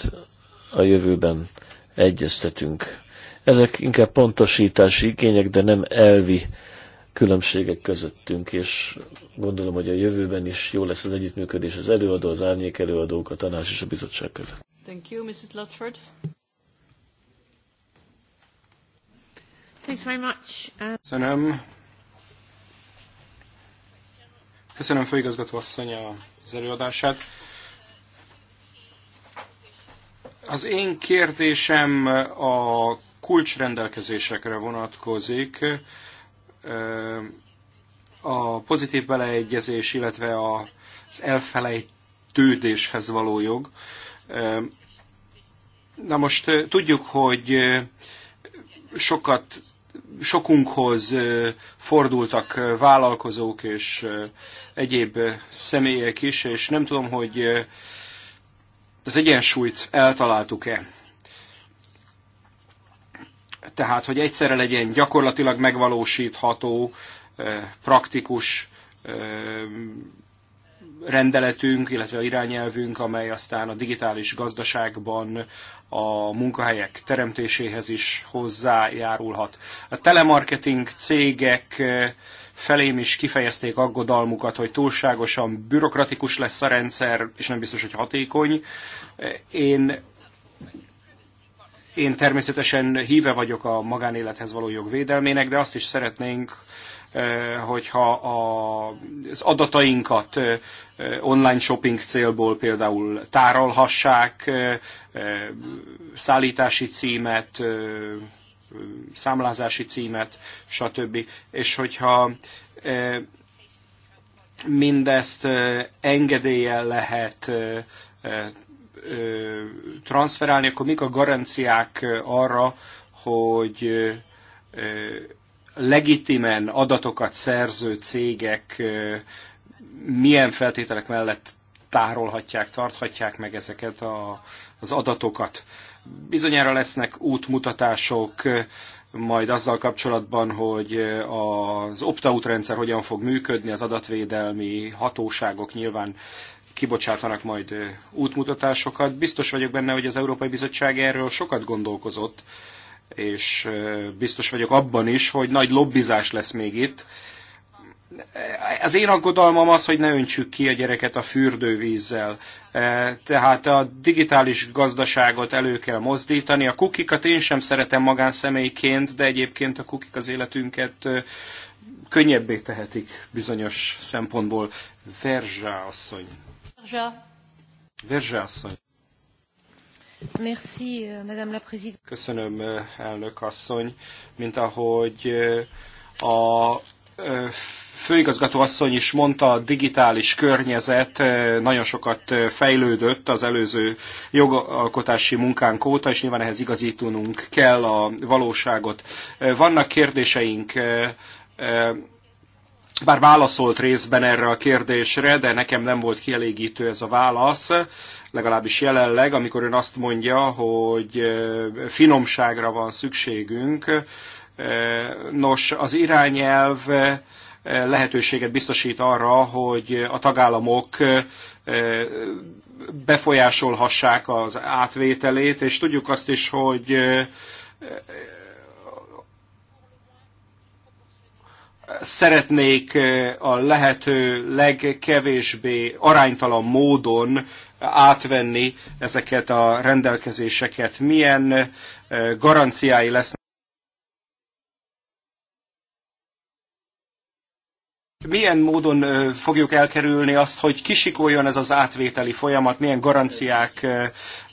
a jövőben egyeztetünk. Ezek inkább pontosítási igények, de nem elvi különbségek közöttünk, és gondolom, hogy a jövőben is jó lesz az együttműködés az előadó, az árnyék előadók, a tanács és a bizottság között. Thank you, Mrs. Lutford. Thanks very much. Uh, Köszönöm. Köszönöm főigazgató asszony az előadását. Az én kérdésem a kulcsrendelkezésekre vonatkozik, a pozitív beleegyezés, illetve az elfelejtődéshez való jog. Na most tudjuk, hogy sokat sokunkhoz fordultak vállalkozók és egyéb személyek is, és nem tudom, hogy az egyensúlyt eltaláltuk-e tehát, hogy egyszerre legyen gyakorlatilag megvalósítható, praktikus rendeletünk, illetve a irányelvünk, amely aztán a digitális gazdaságban a munkahelyek teremtéséhez is hozzájárulhat. A telemarketing cégek felém is kifejezték aggodalmukat, hogy túlságosan bürokratikus lesz a rendszer, és nem biztos, hogy hatékony. Én én természetesen híve vagyok a magánélethez való jogvédelmének, de azt is szeretnénk, eh, hogyha az adatainkat eh, online shopping célból például tárolhassák, eh, szállítási címet, számlázási címet, stb. És hogyha mindezt engedéllyel lehet transferálni, akkor mik a garanciák arra, hogy legitimen adatokat szerző cégek milyen feltételek mellett tárolhatják, tarthatják meg ezeket a, az adatokat. Bizonyára lesznek útmutatások majd azzal kapcsolatban, hogy az opt-out rendszer hogyan fog működni, az adatvédelmi hatóságok nyilván kibocsátanak majd útmutatásokat. Biztos vagyok benne, hogy az Európai Bizottság erről sokat gondolkozott, és biztos vagyok abban is, hogy nagy lobbizás lesz még itt. Az én aggodalmam az, hogy ne öntsük ki a gyereket a fürdővízzel. Tehát a digitális gazdaságot elő kell mozdítani. A kukikat én sem szeretem magánszemélyként, de egyébként a kukik az életünket könnyebbé tehetik bizonyos szempontból. Verzsá asszony. Verzsa. asszony. Merci, euh, Madame la Présidente. Köszönöm, euh, elnök asszony. Mint ahogy euh, a főigazgató asszony is mondta, a digitális környezet nagyon sokat fejlődött az előző jogalkotási munkánk óta, és nyilván ehhez igazítanunk kell a valóságot. Vannak kérdéseink bár válaszolt részben erre a kérdésre, de nekem nem volt kielégítő ez a válasz, legalábbis jelenleg, amikor ön azt mondja, hogy finomságra van szükségünk. Nos, az irányelv lehetőséget biztosít arra, hogy a tagállamok befolyásolhassák az átvételét, és tudjuk azt is, hogy szeretnék eh, a lehető legkevésbé aránytalan módon átvenni ezeket a rendelkezéseket. Milyen eh, garanciái lesznek milyen módon fogjuk elkerülni azt, hogy kisikoljon ez az átvételi folyamat, milyen garanciák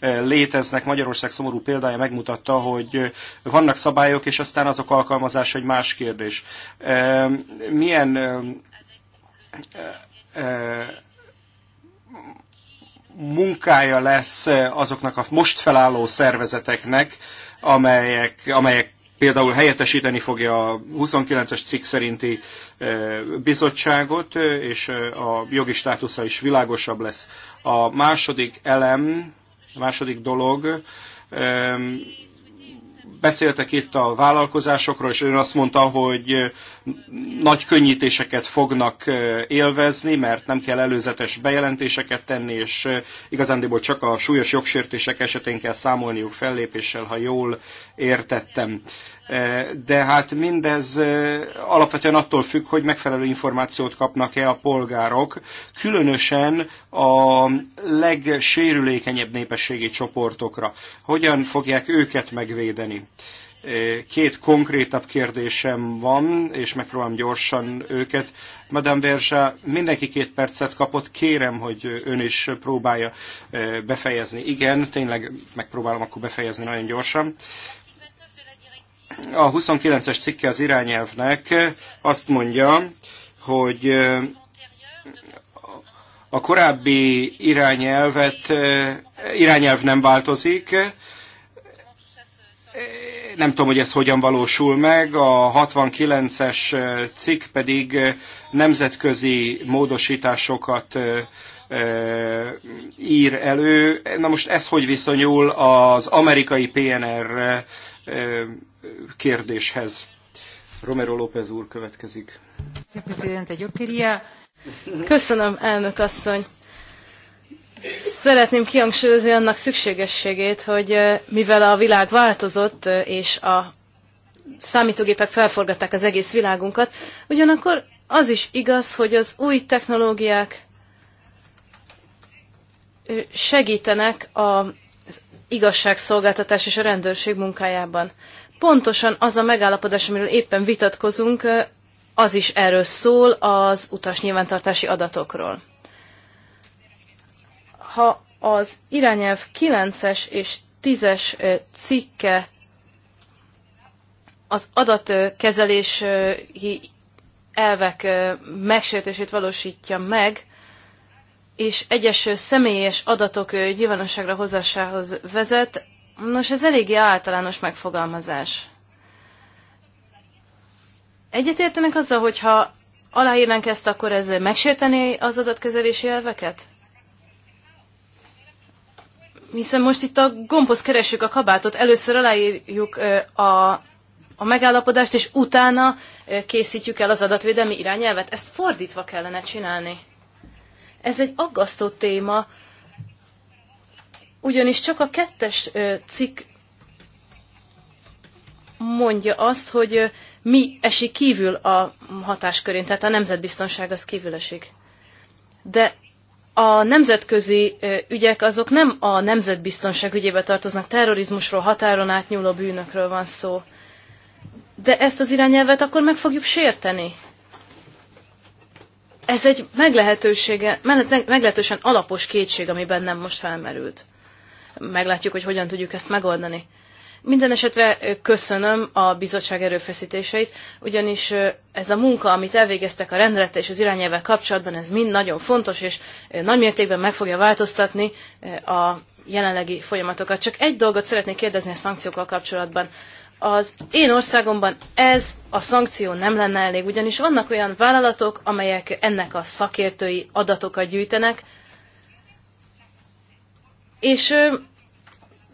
léteznek. Magyarország szomorú példája megmutatta, hogy vannak szabályok, és aztán azok alkalmazása egy más kérdés. Milyen munkája lesz azoknak a most felálló szervezeteknek, amelyek, amelyek például helyettesíteni fogja a 29-es cikk szerinti e, bizottságot, e, és e, a jogi státusza is világosabb lesz. A második elem, a második dolog, beszéltek itt a vállalkozásokról, és ön azt mondta, hogy nagy könnyítéseket fognak élvezni, mert nem kell előzetes bejelentéseket tenni, és igazándiból csak a súlyos jogsértések esetén kell számolniuk fellépéssel, ha jól értettem. De hát mindez alapvetően attól függ, hogy megfelelő információt kapnak-e a polgárok, különösen a legsérülékenyebb népességi csoportokra. Hogyan fogják őket megvédeni? Két konkrétabb kérdésem van, és megpróbálom gyorsan őket. Madame Verzsa, mindenki két percet kapott, kérem, hogy ön is próbálja befejezni. Igen, tényleg megpróbálom akkor befejezni nagyon gyorsan a 29-es cikke az irányelvnek azt mondja, hogy a korábbi irányelvet, irányelv nem változik, nem tudom, hogy ez hogyan valósul meg. A 69-es cikk pedig nemzetközi módosításokat ír elő. Na most ez hogy viszonyul az amerikai PNR kérdéshez? Romero López úr következik. Köszönöm, elnök asszony. Szeretném kihangsúlyozni annak szükségességét, hogy mivel a világ változott, és a számítógépek felforgatták az egész világunkat, ugyanakkor az is igaz, hogy az új technológiák segítenek az igazságszolgáltatás és a rendőrség munkájában. Pontosan az a megállapodás, amiről éppen vitatkozunk, az is erről szól az utas nyilvántartási adatokról ha az irányelv 9-es és 10-es cikke az adatkezelési elvek megsértését valósítja meg, és egyes személyes adatok nyilvánosságra hozásához vezet, nos ez eléggé általános megfogalmazás. Egyetértenek azzal, hogyha aláírnánk ezt, akkor ez megsérteni az adatkezelési elveket? Hiszen most itt a gombhoz keressük a kabátot, először aláírjuk a, a megállapodást, és utána készítjük el az adatvédelmi irányelvet. Ezt fordítva kellene csinálni. Ez egy aggasztó téma, ugyanis csak a kettes cikk mondja azt, hogy mi esik kívül a hatáskörén, tehát a nemzetbiztonság az kívül esik. De a nemzetközi ügyek azok nem a nemzetbiztonság ügyébe tartoznak, terrorizmusról, határon átnyúló bűnökről van szó. De ezt az irányelvet akkor meg fogjuk sérteni. Ez egy meglehetősége, meglehetősen alapos kétség, ami bennem most felmerült. Meglátjuk, hogy hogyan tudjuk ezt megoldani. Minden esetre köszönöm a bizottság erőfeszítéseit, ugyanis ez a munka, amit elvégeztek a rendelete és az irányelvvel kapcsolatban, ez mind nagyon fontos, és nagy mértékben meg fogja változtatni a jelenlegi folyamatokat. Csak egy dolgot szeretnék kérdezni a szankciókkal kapcsolatban. Az én országomban ez a szankció nem lenne elég, ugyanis vannak olyan vállalatok, amelyek ennek a szakértői adatokat gyűjtenek, és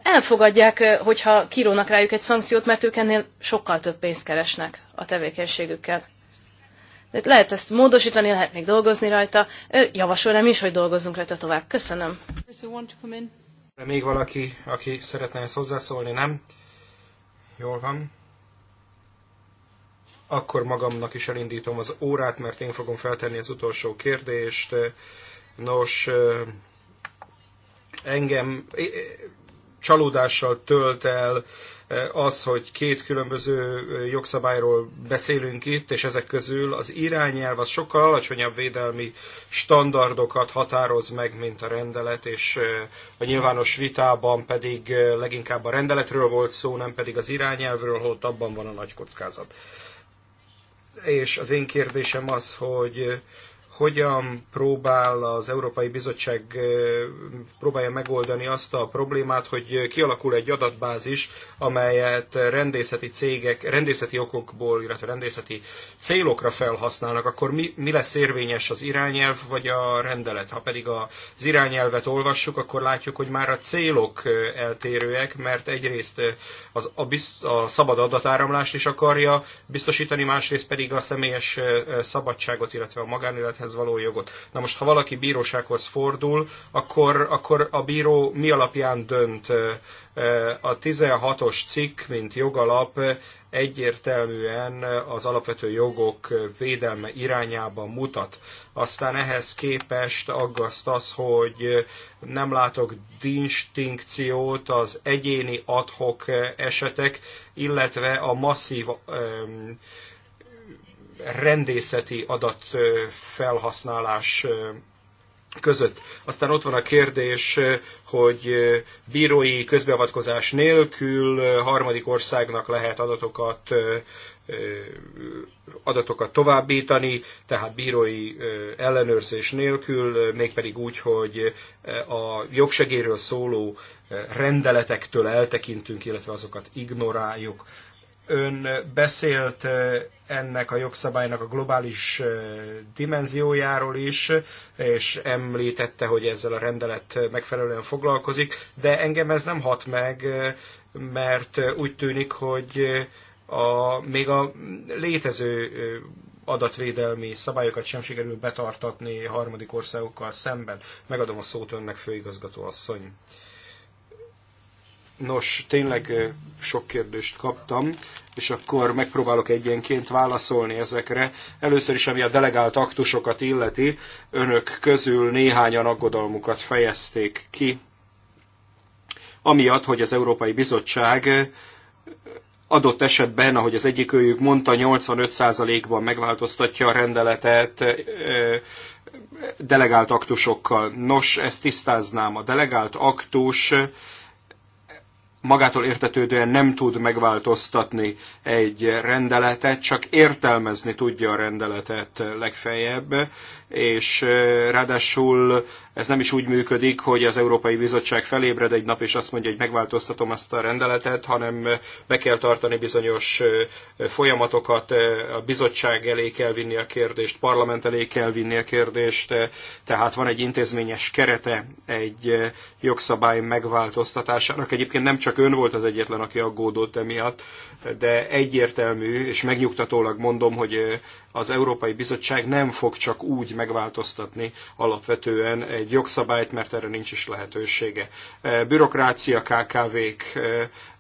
elfogadják, hogyha kirónak rájuk egy szankciót, mert ők ennél sokkal több pénzt keresnek a tevékenységükkel. De lehet ezt módosítani, lehet még dolgozni rajta. Javasolnám is, hogy dolgozzunk rajta tovább. Köszönöm. De még valaki, aki szeretne ezt hozzászólni, nem? Jól van. Akkor magamnak is elindítom az órát, mert én fogom feltenni az utolsó kérdést. Nos, engem csalódással tölt el eh, az, hogy két különböző eh, jogszabályról beszélünk itt, és ezek közül az irányelv az sokkal alacsonyabb védelmi standardokat határoz meg, mint a rendelet, és eh, a nyilvános vitában pedig leginkább a rendeletről volt szó, nem pedig az irányelvről, ott abban van a nagy kockázat. És az én kérdésem az, hogy hogyan próbál az Európai Bizottság próbálja megoldani azt a problémát, hogy kialakul egy adatbázis, amelyet rendészeti cégek, rendészeti okokból, illetve rendészeti célokra felhasználnak, akkor mi, mi lesz érvényes az irányelv vagy a rendelet? Ha pedig az irányelvet olvassuk, akkor látjuk, hogy már a célok eltérőek, mert egyrészt az, a, a szabad adatáramlást is akarja biztosítani, másrészt pedig a személyes szabadságot, illetve a magánélethez élethez való jogot. Na most, ha valaki bírósághoz fordul, akkor, akkor a bíró mi alapján dönt? A 16-os cikk, mint jogalap, egyértelműen az alapvető jogok védelme irányába mutat. Aztán ehhez képest aggaszt az, hogy nem látok distinkciót az egyéni adhok esetek, illetve a masszív rendészeti adat felhasználás között. Aztán ott van a kérdés, hogy bírói közbeavatkozás nélkül harmadik országnak lehet adatokat adatokat továbbítani, tehát bírói ellenőrzés nélkül, mégpedig úgy, hogy a jogsegéről szóló rendeletektől eltekintünk, illetve azokat ignoráljuk. Ön beszélt ennek a jogszabálynak a globális dimenziójáról is, és említette, hogy ezzel a rendelet megfelelően foglalkozik, de engem ez nem hat meg, mert úgy tűnik, hogy a, még a létező adatvédelmi szabályokat sem sikerül betartatni harmadik országokkal szemben. Megadom a szót önnek, főigazgató asszony. Nos, tényleg sok kérdést kaptam, és akkor megpróbálok egyenként válaszolni ezekre. Először is, ami a delegált aktusokat illeti, önök közül néhányan aggodalmukat fejezték ki, amiatt, hogy az Európai Bizottság adott esetben, ahogy az őjük mondta, 85%-ban megváltoztatja a rendeletet delegált aktusokkal. Nos, ezt tisztáznám. A delegált aktus magától értetődően nem tud megváltoztatni egy rendeletet, csak értelmezni tudja a rendeletet legfeljebb, és eh, ráadásul ez nem is úgy működik, hogy az Európai Bizottság felébred egy nap, és azt mondja, hogy megváltoztatom ezt a rendeletet, hanem be kell tartani bizonyos folyamatokat, a bizottság elé kell vinni a kérdést, parlament elé kell vinni a kérdést, tehát van egy intézményes kerete egy jogszabály megváltoztatásának. Egyébként nem csak ön volt az egyetlen, aki aggódott emiatt, de egyértelmű, és megnyugtatólag mondom, hogy az Európai Bizottság nem fog csak úgy megváltoztatni alapvetően egy egy jogszabályt, mert erre nincs is lehetősége. E, bürokrácia, KKV-k e,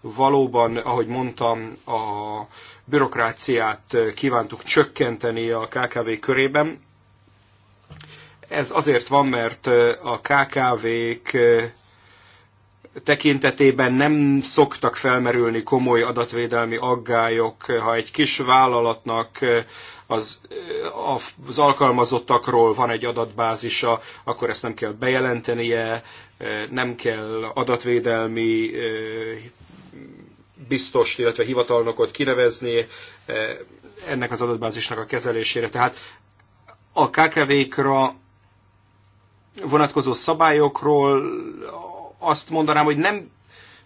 valóban, ahogy mondtam, a bürokráciát kívántuk csökkenteni a KKV körében. Ez azért van, mert e, a KKV-k tekintetében nem szoktak felmerülni komoly adatvédelmi aggályok, ha egy kis vállalatnak az, az alkalmazottakról van egy adatbázisa, akkor ezt nem kell bejelentenie, nem kell adatvédelmi biztos, illetve hivatalnokot kinevezni ennek az adatbázisnak a kezelésére. Tehát a KKV-kra vonatkozó szabályokról azt mondanám, hogy nem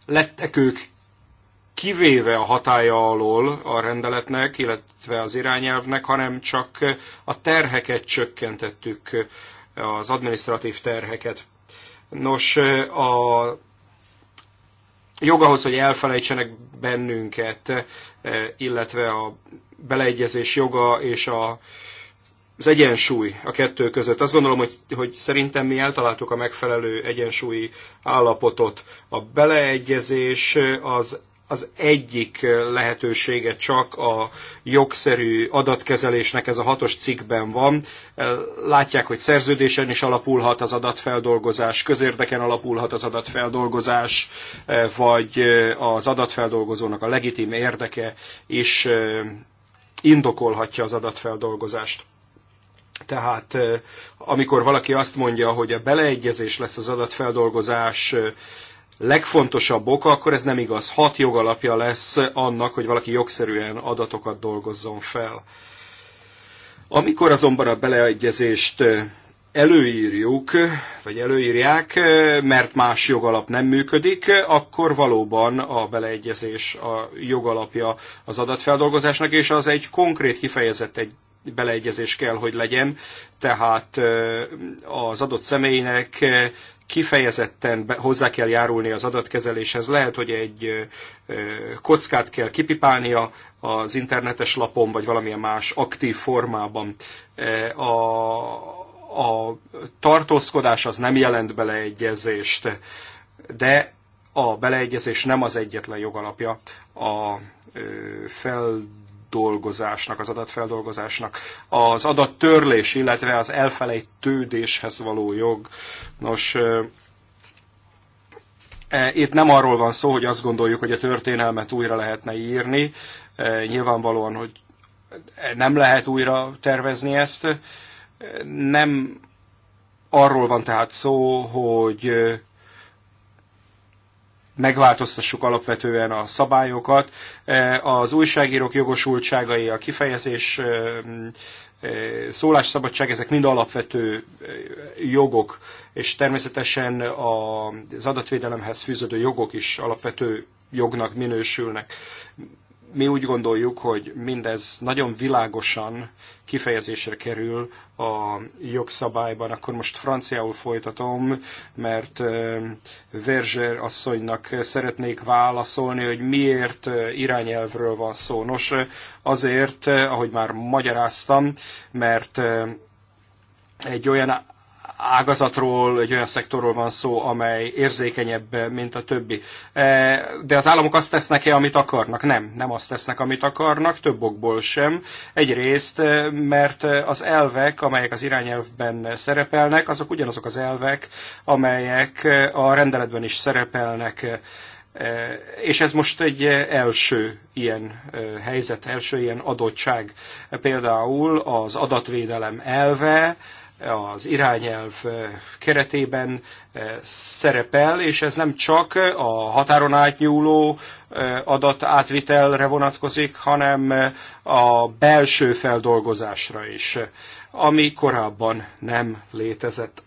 lettek ők kivéve a hatája alól a rendeletnek, illetve az irányelvnek, hanem csak a terheket csökkentettük, az administratív terheket. Nos, a jog ahhoz, hogy elfelejtsenek bennünket, illetve a beleegyezés joga és a, az egyensúly a kettő között. Azt gondolom, hogy, hogy szerintem mi eltaláltuk a megfelelő egyensúlyi állapotot. A beleegyezés az az egyik lehetősége csak a jogszerű adatkezelésnek, ez a hatos cikkben van. Látják, hogy szerződésen is alapulhat az adatfeldolgozás, közérdeken alapulhat az adatfeldolgozás, vagy az adatfeldolgozónak a legitim érdeke is indokolhatja az adatfeldolgozást. Tehát eh, amikor valaki azt mondja, hogy a beleegyezés lesz az adatfeldolgozás eh, legfontosabb oka, akkor ez nem igaz. Hat jogalapja lesz annak, hogy valaki jogszerűen adatokat dolgozzon fel. Amikor azonban a beleegyezést előírjuk, vagy előírják, mert más jogalap nem működik, akkor valóban a beleegyezés a jogalapja az adatfeldolgozásnak, és az egy konkrét kifejezett egy beleegyezés kell, hogy legyen, tehát az adott személynek kifejezetten hozzá kell járulni az adatkezeléshez. Lehet, hogy egy kockát kell kipipálnia az internetes lapon, vagy valamilyen más aktív formában. A, a tartózkodás az nem jelent beleegyezést, de a beleegyezés nem az egyetlen jogalapja a fel dolgozásnak, az adatfeldolgozásnak, az adattörlés, illetve az elfelejtődéshez való jog Nos, e, itt nem arról van szó, hogy azt gondoljuk, hogy a történelmet újra lehetne írni. E, nyilvánvalóan, hogy nem lehet újra tervezni ezt. E, nem arról van tehát szó, hogy megváltoztassuk alapvetően a szabályokat. Az újságírók jogosultságai, a kifejezés szólásszabadság, ezek mind alapvető eh, jogok, és természetesen az adatvédelemhez fűződő jogok is alapvető jognak minősülnek mi úgy gondoljuk, hogy mindez nagyon világosan kifejezésre kerül a jogszabályban. Akkor most franciául folytatom, mert Verzser asszonynak szeretnék válaszolni, hogy miért irányelvről van szó. Nos, azért, ahogy már magyaráztam, mert egy olyan ágazatról, egy olyan szektorról van szó, amely érzékenyebb, mint a többi. E, de az államok azt tesznek-e, amit akarnak? Nem, nem azt tesznek, amit akarnak, több okból sem. Egyrészt, e, mert az elvek, amelyek az irányelvben szerepelnek, azok ugyanazok az elvek, amelyek a rendeletben is szerepelnek. E, és ez most egy első ilyen helyzet, első ilyen adottság. Például az adatvédelem elve, az irányelv keretében eh, szerepel, és ez nem csak a határon átnyúló eh, adatátvitelre vonatkozik, hanem eh, a belső feldolgozásra is, ami korábban nem létezett.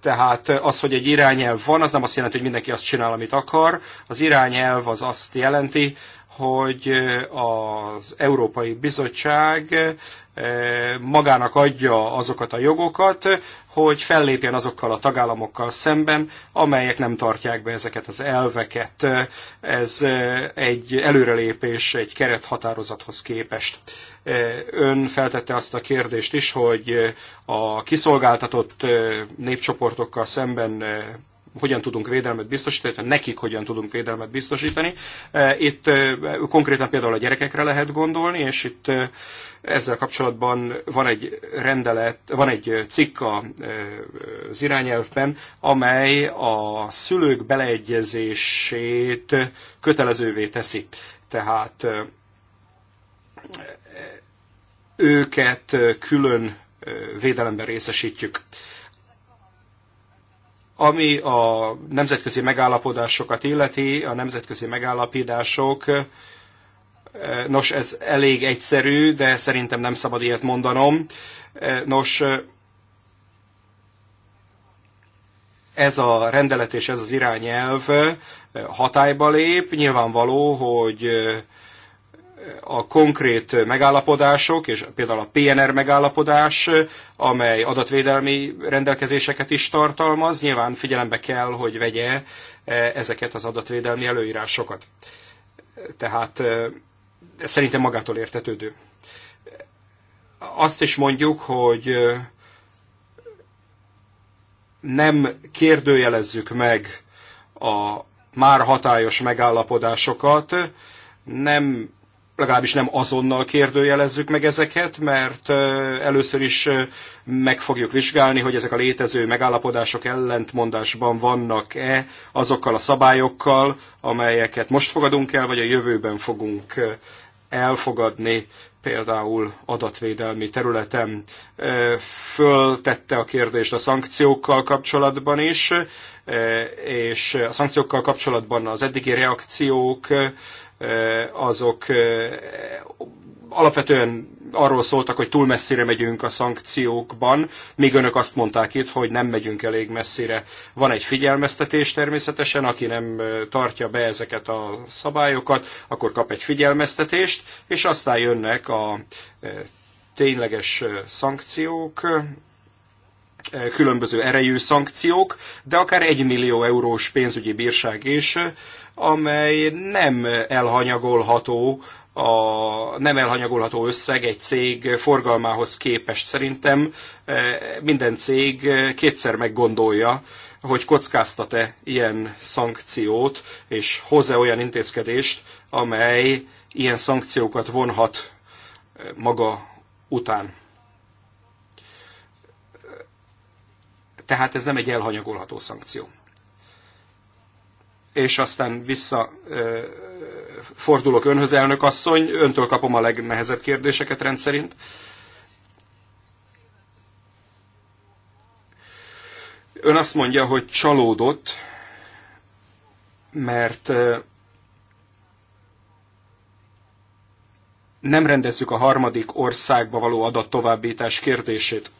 Tehát az, hogy egy irányelv van, az nem azt jelenti, hogy mindenki azt csinál, amit akar. Az irányelv az azt jelenti, hogy az Európai Bizottság magának adja azokat a jogokat, hogy fellépjen azokkal a tagállamokkal szemben, amelyek nem tartják be ezeket az elveket. Ez egy előrelépés egy kerethatározathoz képest. Ön feltette azt a kérdést is, hogy a kiszolgáltatott népcsoportokkal szemben hogyan tudunk védelmet biztosítani, tehát nekik hogyan tudunk védelmet biztosítani. E, itt e, konkrétan például a gyerekekre lehet gondolni, és itt e, ezzel kapcsolatban van egy rendelet, van egy cikk az irányelvben, amely a szülők beleegyezését kötelezővé teszi. Tehát őket külön védelemben részesítjük. Ami a nemzetközi megállapodásokat illeti, a nemzetközi megállapítások, eh, nos, ez elég egyszerű, de szerintem nem szabad ilyet mondanom. Eh, nos, eh, ez a rendelet és ez az irányelv hatályba lép. Nyilvánvaló, hogy a konkrét megállapodások, és például a PNR megállapodás, amely adatvédelmi rendelkezéseket is tartalmaz, nyilván figyelembe kell, hogy vegye e, ezeket az adatvédelmi előírásokat. Tehát e, ez szerintem magától értetődő. Azt is mondjuk, hogy e, nem kérdőjelezzük meg a már hatályos megállapodásokat, nem legalábbis nem azonnal kérdőjelezzük meg ezeket, mert először is meg fogjuk vizsgálni, hogy ezek a létező megállapodások ellentmondásban vannak-e azokkal a szabályokkal, amelyeket most fogadunk el, vagy a jövőben fogunk elfogadni például adatvédelmi területen föltette a kérdést a szankciókkal kapcsolatban is, és a szankciókkal kapcsolatban az eddigi reakciók Eh, azok eh, alapvetően arról szóltak, hogy túl messzire megyünk a szankciókban, míg önök azt mondták itt, hogy nem megyünk elég messzire. Van egy figyelmeztetés természetesen, aki nem eh, tartja be ezeket a szabályokat, akkor kap egy figyelmeztetést, és aztán jönnek a tényleges szankciók, különböző erejű szankciók, de akár egy millió eurós pénzügyi bírság is, amely nem elhanyagolható, a nem elhanyagolható összeg egy cég forgalmához képest. Szerintem e, minden cég kétszer meggondolja, hogy kockáztat-e ilyen szankciót, és hoz-e olyan intézkedést, amely ilyen szankciókat vonhat e, maga után. Tehát ez nem egy elhanyagolható szankció és aztán vissza fordulok önhöz, elnök asszony, öntől kapom a legnehezebb kérdéseket rendszerint. Ön azt mondja, hogy csalódott, mert nem rendezzük a harmadik országba való adat továbbítás kérdését.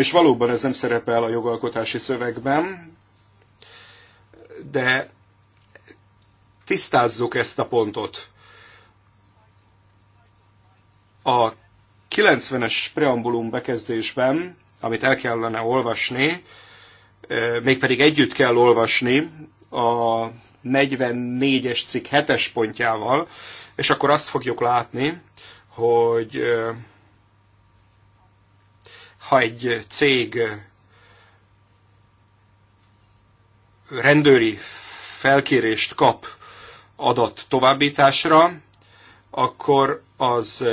És valóban ez nem szerepel a jogalkotási szövegben, de tisztázzuk ezt a pontot. A 90-es preambulum bekezdésben, amit el kellene olvasni, eh, mégpedig együtt kell olvasni a 44-es cikk 7-es pontjával, és akkor azt fogjuk látni, hogy eh, ha egy cég rendőri felkérést kap adat továbbításra, akkor az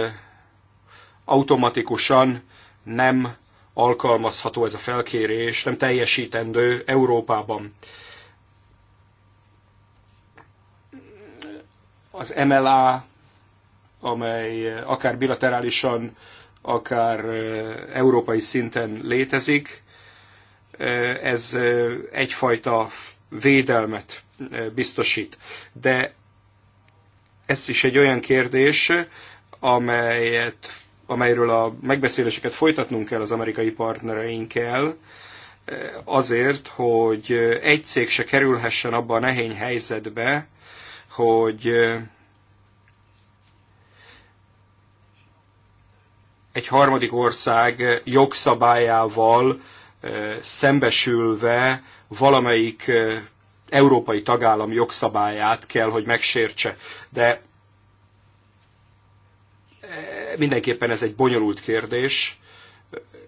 automatikusan nem alkalmazható ez a felkérés, nem teljesítendő Európában. Az MLA, amely akár bilaterálisan akár európai szinten létezik, ez egyfajta védelmet biztosít. De ez is egy olyan kérdés, amelyet, amelyről a megbeszéléseket folytatnunk kell az amerikai partnereinkkel, azért, hogy egy cég se kerülhessen abba a nehény helyzetbe, hogy egy harmadik ország jogszabályával szembesülve valamelyik európai tagállam jogszabályát kell, hogy megsértse. De mindenképpen ez egy bonyolult kérdés,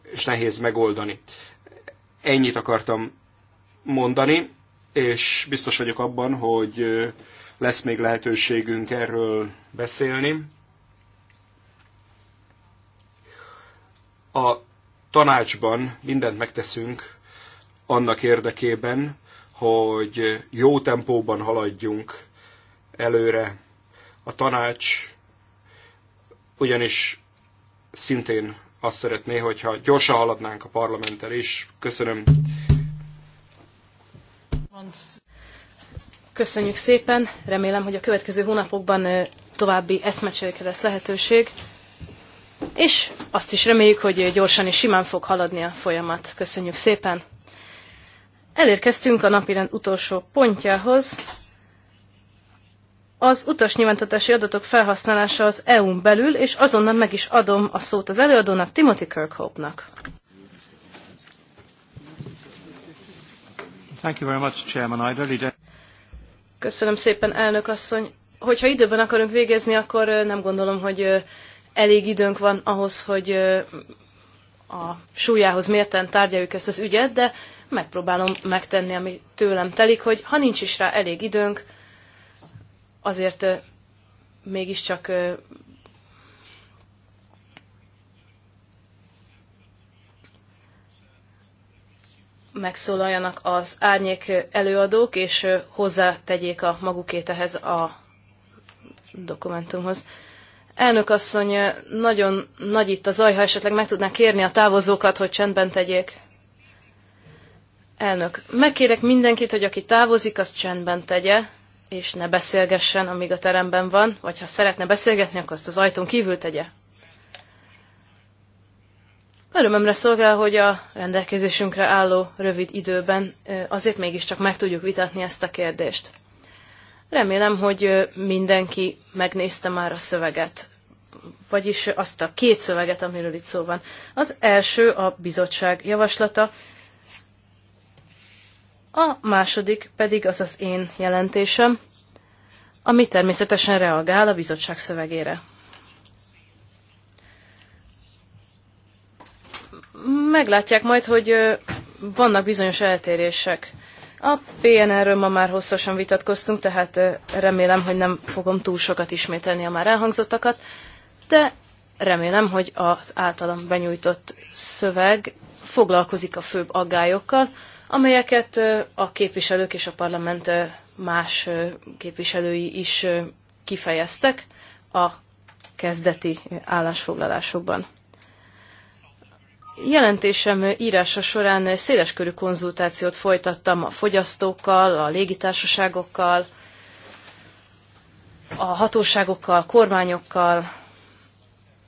és nehéz megoldani. Ennyit akartam mondani, és biztos vagyok abban, hogy lesz még lehetőségünk erről beszélni. a tanácsban mindent megteszünk annak érdekében, hogy jó tempóban haladjunk előre. A tanács ugyanis szintén azt szeretné, hogyha gyorsan haladnánk a parlamenttel is. Köszönöm. Köszönjük szépen, remélem, hogy a következő hónapokban további eszmecserékre lesz lehetőség és azt is reméljük, hogy gyorsan és simán fog haladni a folyamat. Köszönjük szépen! Elérkeztünk a napirend utolsó pontjához. Az utas nyilvántartási adatok felhasználása az EU-n belül, és azonnal meg is adom a szót az előadónak, Timothy Kirkhope-nak. Köszönöm szépen, elnök asszony. Hogyha időben akarunk végezni, akkor nem gondolom, hogy elég időnk van ahhoz, hogy a súlyához mérten tárgyaljuk ezt az ügyet, de megpróbálom megtenni, ami tőlem telik, hogy ha nincs is rá elég időnk, azért mégiscsak megszólaljanak az árnyék előadók, és hozzátegyék a magukét ehhez a dokumentumhoz. Elnök asszony, nagyon nagy itt a zaj, ha esetleg meg tudná kérni a távozókat, hogy csendben tegyék. Elnök, megkérek mindenkit, hogy aki távozik, az csendben tegye, és ne beszélgessen, amíg a teremben van, vagy ha szeretne beszélgetni, akkor azt az ajtón kívül tegye. Örömömre szolgál, hogy a rendelkezésünkre álló rövid időben azért mégiscsak meg tudjuk vitatni ezt a kérdést. Remélem, hogy mindenki megnézte már a szöveget, vagyis azt a két szöveget, amiről itt szó van. Az első a bizottság javaslata, a második pedig az az én jelentésem, ami természetesen reagál a bizottság szövegére. Meglátják majd, hogy vannak bizonyos eltérések. A PNR-ről ma már hosszasan vitatkoztunk, tehát remélem, hogy nem fogom túl sokat ismételni a már elhangzottakat, de remélem, hogy az általam benyújtott szöveg foglalkozik a főbb aggályokkal, amelyeket a képviselők és a parlament más képviselői is kifejeztek a kezdeti állásfoglalásokban. Jelentésem írása során széleskörű konzultációt folytattam a fogyasztókkal, a légitársaságokkal, a hatóságokkal, kormányokkal,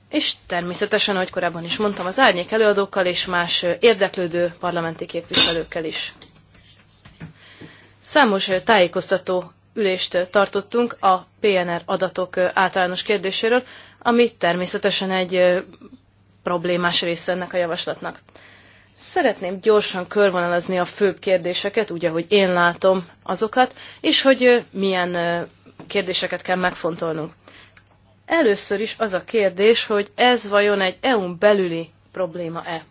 és természetesen, ahogy korábban is mondtam, az árnyék előadókkal és más érdeklődő parlamenti képviselőkkel is. Számos tájékoztató ülést tartottunk a PNR adatok általános kérdéséről, ami természetesen egy problémás része ennek a javaslatnak. Szeretném gyorsan körvonalazni a főbb kérdéseket, úgy, ahogy én látom azokat, és hogy milyen kérdéseket kell megfontolnunk. Először is az a kérdés, hogy ez vajon egy EU-n belüli probléma-e.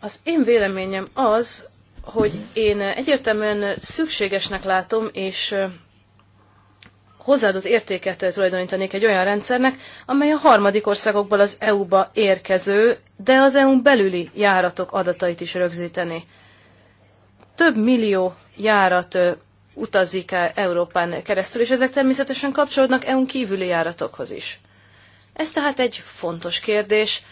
Az én véleményem az, hogy én egyértelműen szükségesnek látom, és hozzáadott értéket tulajdonítanék egy olyan rendszernek, amely a harmadik országokból az EU-ba érkező, de az EU-n belüli járatok adatait is rögzíteni. Több millió járat utazik el Európán keresztül, és ezek természetesen kapcsolódnak EU-n kívüli járatokhoz is. Ez tehát egy fontos kérdés,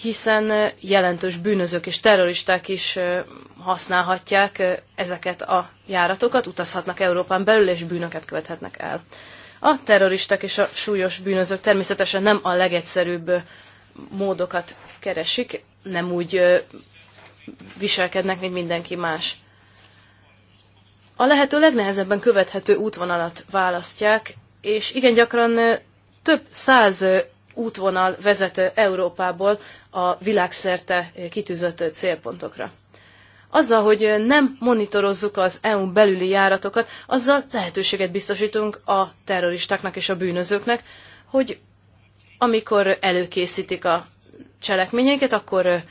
hiszen jelentős bűnözők és terroristák is használhatják ezeket a járatokat, utazhatnak Európán belül, és bűnöket követhetnek el. A terroristák és a súlyos bűnözők természetesen nem a legegyszerűbb módokat keresik, nem úgy viselkednek, mint mindenki más. A lehető legnehezebben követhető útvonalat választják, és igen gyakran több száz útvonal vezet Európából a világszerte kitűzött célpontokra azzal, hogy nem monitorozzuk az EU belüli járatokat, azzal lehetőséget biztosítunk a terroristáknak és a bűnözőknek, hogy amikor előkészítik a cselekményeiket, akkor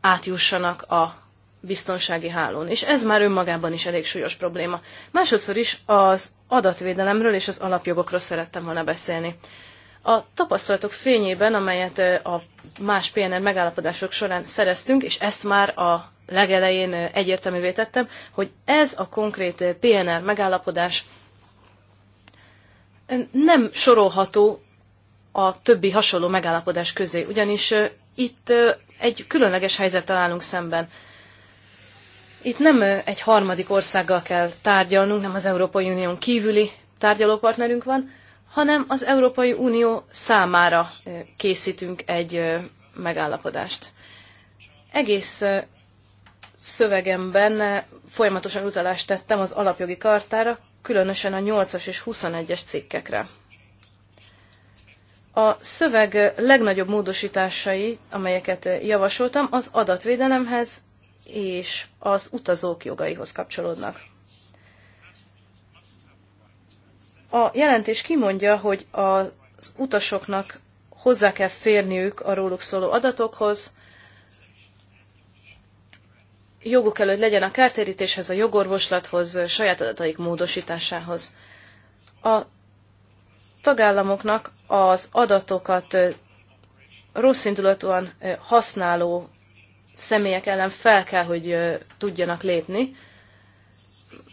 átjussanak a biztonsági hálón. És ez már önmagában is elég súlyos probléma. Másodszor is az adatvédelemről és az alapjogokról szerettem volna beszélni. A tapasztalatok fényében, amelyet a más PNR megállapodások során szereztünk, és ezt már a legelején egyértelművé tettem, hogy ez a konkrét PNR megállapodás nem sorolható a többi hasonló megállapodás közé, ugyanis itt egy különleges helyzet találunk szemben. Itt nem egy harmadik országgal kell tárgyalnunk, nem az Európai Unión kívüli tárgyalópartnerünk van, hanem az Európai Unió számára készítünk egy megállapodást. Egész szövegemben folyamatosan utalást tettem az alapjogi kartára, különösen a 8-as és 21-es cikkekre. A szöveg legnagyobb módosításai, amelyeket javasoltam, az adatvédelemhez és az utazók jogaihoz kapcsolódnak. A jelentés kimondja, hogy az utasoknak hozzá kell férniük a róluk szóló adatokhoz, joguk előtt legyen a kártérítéshez, a jogorvoslathoz, saját adataik módosításához. A tagállamoknak az adatokat rosszindulatúan használó személyek ellen fel kell, hogy tudjanak lépni.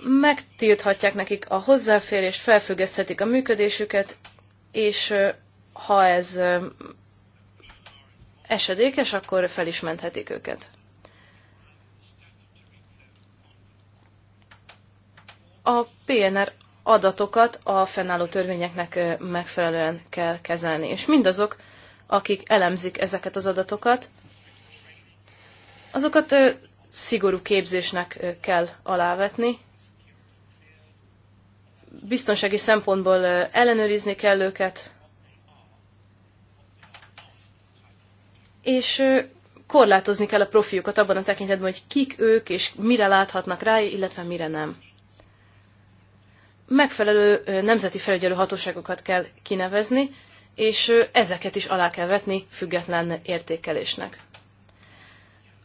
Megtilthatják nekik a hozzáférést, felfüggeszthetik a működésüket, és ha ez esedékes, akkor fel is menthetik őket. A PNR adatokat a fennálló törvényeknek megfelelően kell kezelni, és mindazok, akik elemzik ezeket az adatokat, azokat szigorú képzésnek kell alávetni. Biztonsági szempontból ellenőrizni kell őket, és korlátozni kell a profiukat abban a tekintetben, hogy kik ők, és mire láthatnak rá, illetve mire nem megfelelő nemzeti felügyelő hatóságokat kell kinevezni, és ezeket is alá kell vetni független értékelésnek.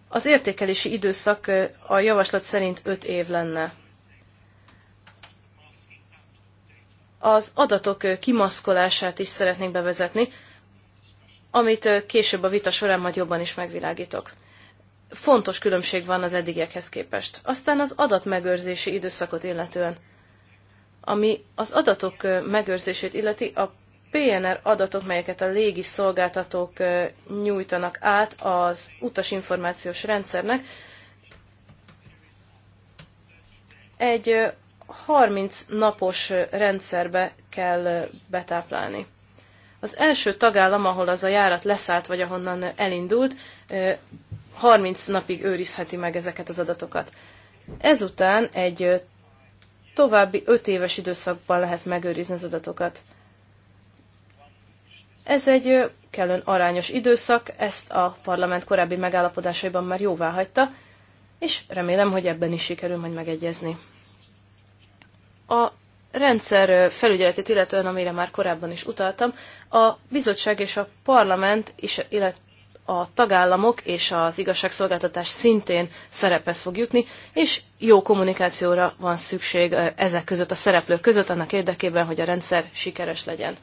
Az értékelési időszak a javaslat szerint 5 év lenne. Az adatok kimaszkolását is szeretnék bevezetni, amit később a vita során majd jobban is megvilágítok. Fontos különbség van az eddigiekhez képest. Aztán az adatmegőrzési időszakot illetően – ami az adatok megőrzését illeti, a PNR adatok, melyeket a légi szolgáltatók nyújtanak át az utasinformációs rendszernek, egy 30 napos rendszerbe kell betáplálni. Az első tagállam, ahol az a járat leszállt, vagy ahonnan elindult, 30 napig őrizheti meg ezeket az adatokat. Ezután egy további öt éves időszakban lehet megőrizni az adatokat. Ez egy kellően arányos időszak, ezt a parlament korábbi megállapodásaiban már jóvá hagyta, és remélem, hogy ebben is sikerül majd megegyezni. A rendszer felügyeletét illetően, amire már korábban is utaltam, a bizottság és a parlament is, illet, a tagállamok és az igazságszolgáltatás szintén szerephez fog jutni, és jó kommunikációra van szükség ezek között, a szereplők között, annak érdekében, hogy a rendszer sikeres legyen.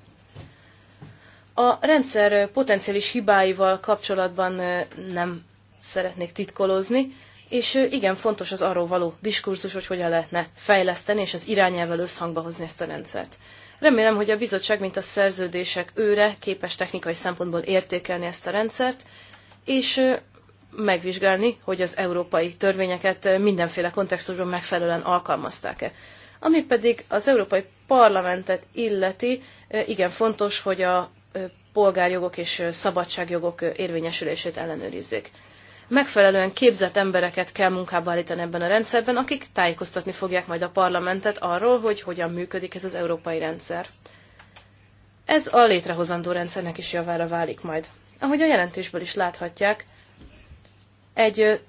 A rendszer potenciális hibáival kapcsolatban nem szeretnék titkolozni, és igen, fontos az arról való diskurzus, hogy hogyan lehetne fejleszteni és az irányelvel összhangba hozni ezt a rendszert. Remélem, hogy a bizottság, mint a szerződések őre képes technikai szempontból értékelni ezt a rendszert, és megvizsgálni, hogy az európai törvényeket mindenféle kontextusban megfelelően alkalmazták-e. Ami pedig az Európai Parlamentet illeti, igen fontos, hogy a polgárjogok és szabadságjogok érvényesülését ellenőrizzék megfelelően képzett embereket kell munkába állítani ebben a rendszerben, akik tájékoztatni fogják majd a parlamentet arról, hogy hogyan működik ez az európai rendszer. Ez a létrehozandó rendszernek is javára válik majd. Ahogy a jelentésből is láthatják, egy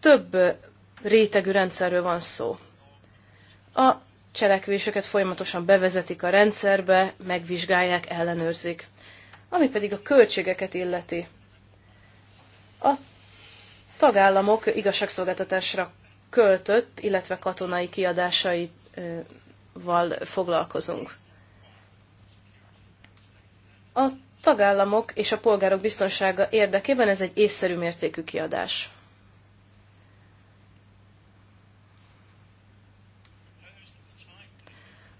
több rétegű rendszerről van szó. A cselekvéseket folyamatosan bevezetik a rendszerbe, megvizsgálják, ellenőrzik. Ami pedig a költségeket illeti. A tagállamok igazságszolgáltatásra költött, illetve katonai kiadásaival foglalkozunk. A tagállamok és a polgárok biztonsága érdekében ez egy észszerű mértékű kiadás.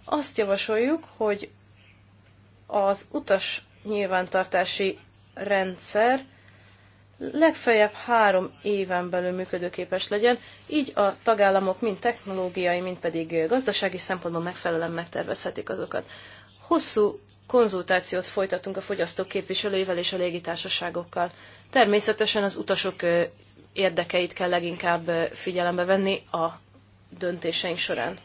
Azt javasoljuk, hogy az utas nyilvántartási rendszer legfeljebb három éven belül működőképes legyen, így a tagállamok mind technológiai, mind pedig gazdasági szempontból megfelelően megtervezhetik azokat. Hosszú konzultációt folytatunk a fogyasztók képviselőivel és a légitársaságokkal. Természetesen az utasok érdekeit kell leginkább figyelembe venni a döntéseink során.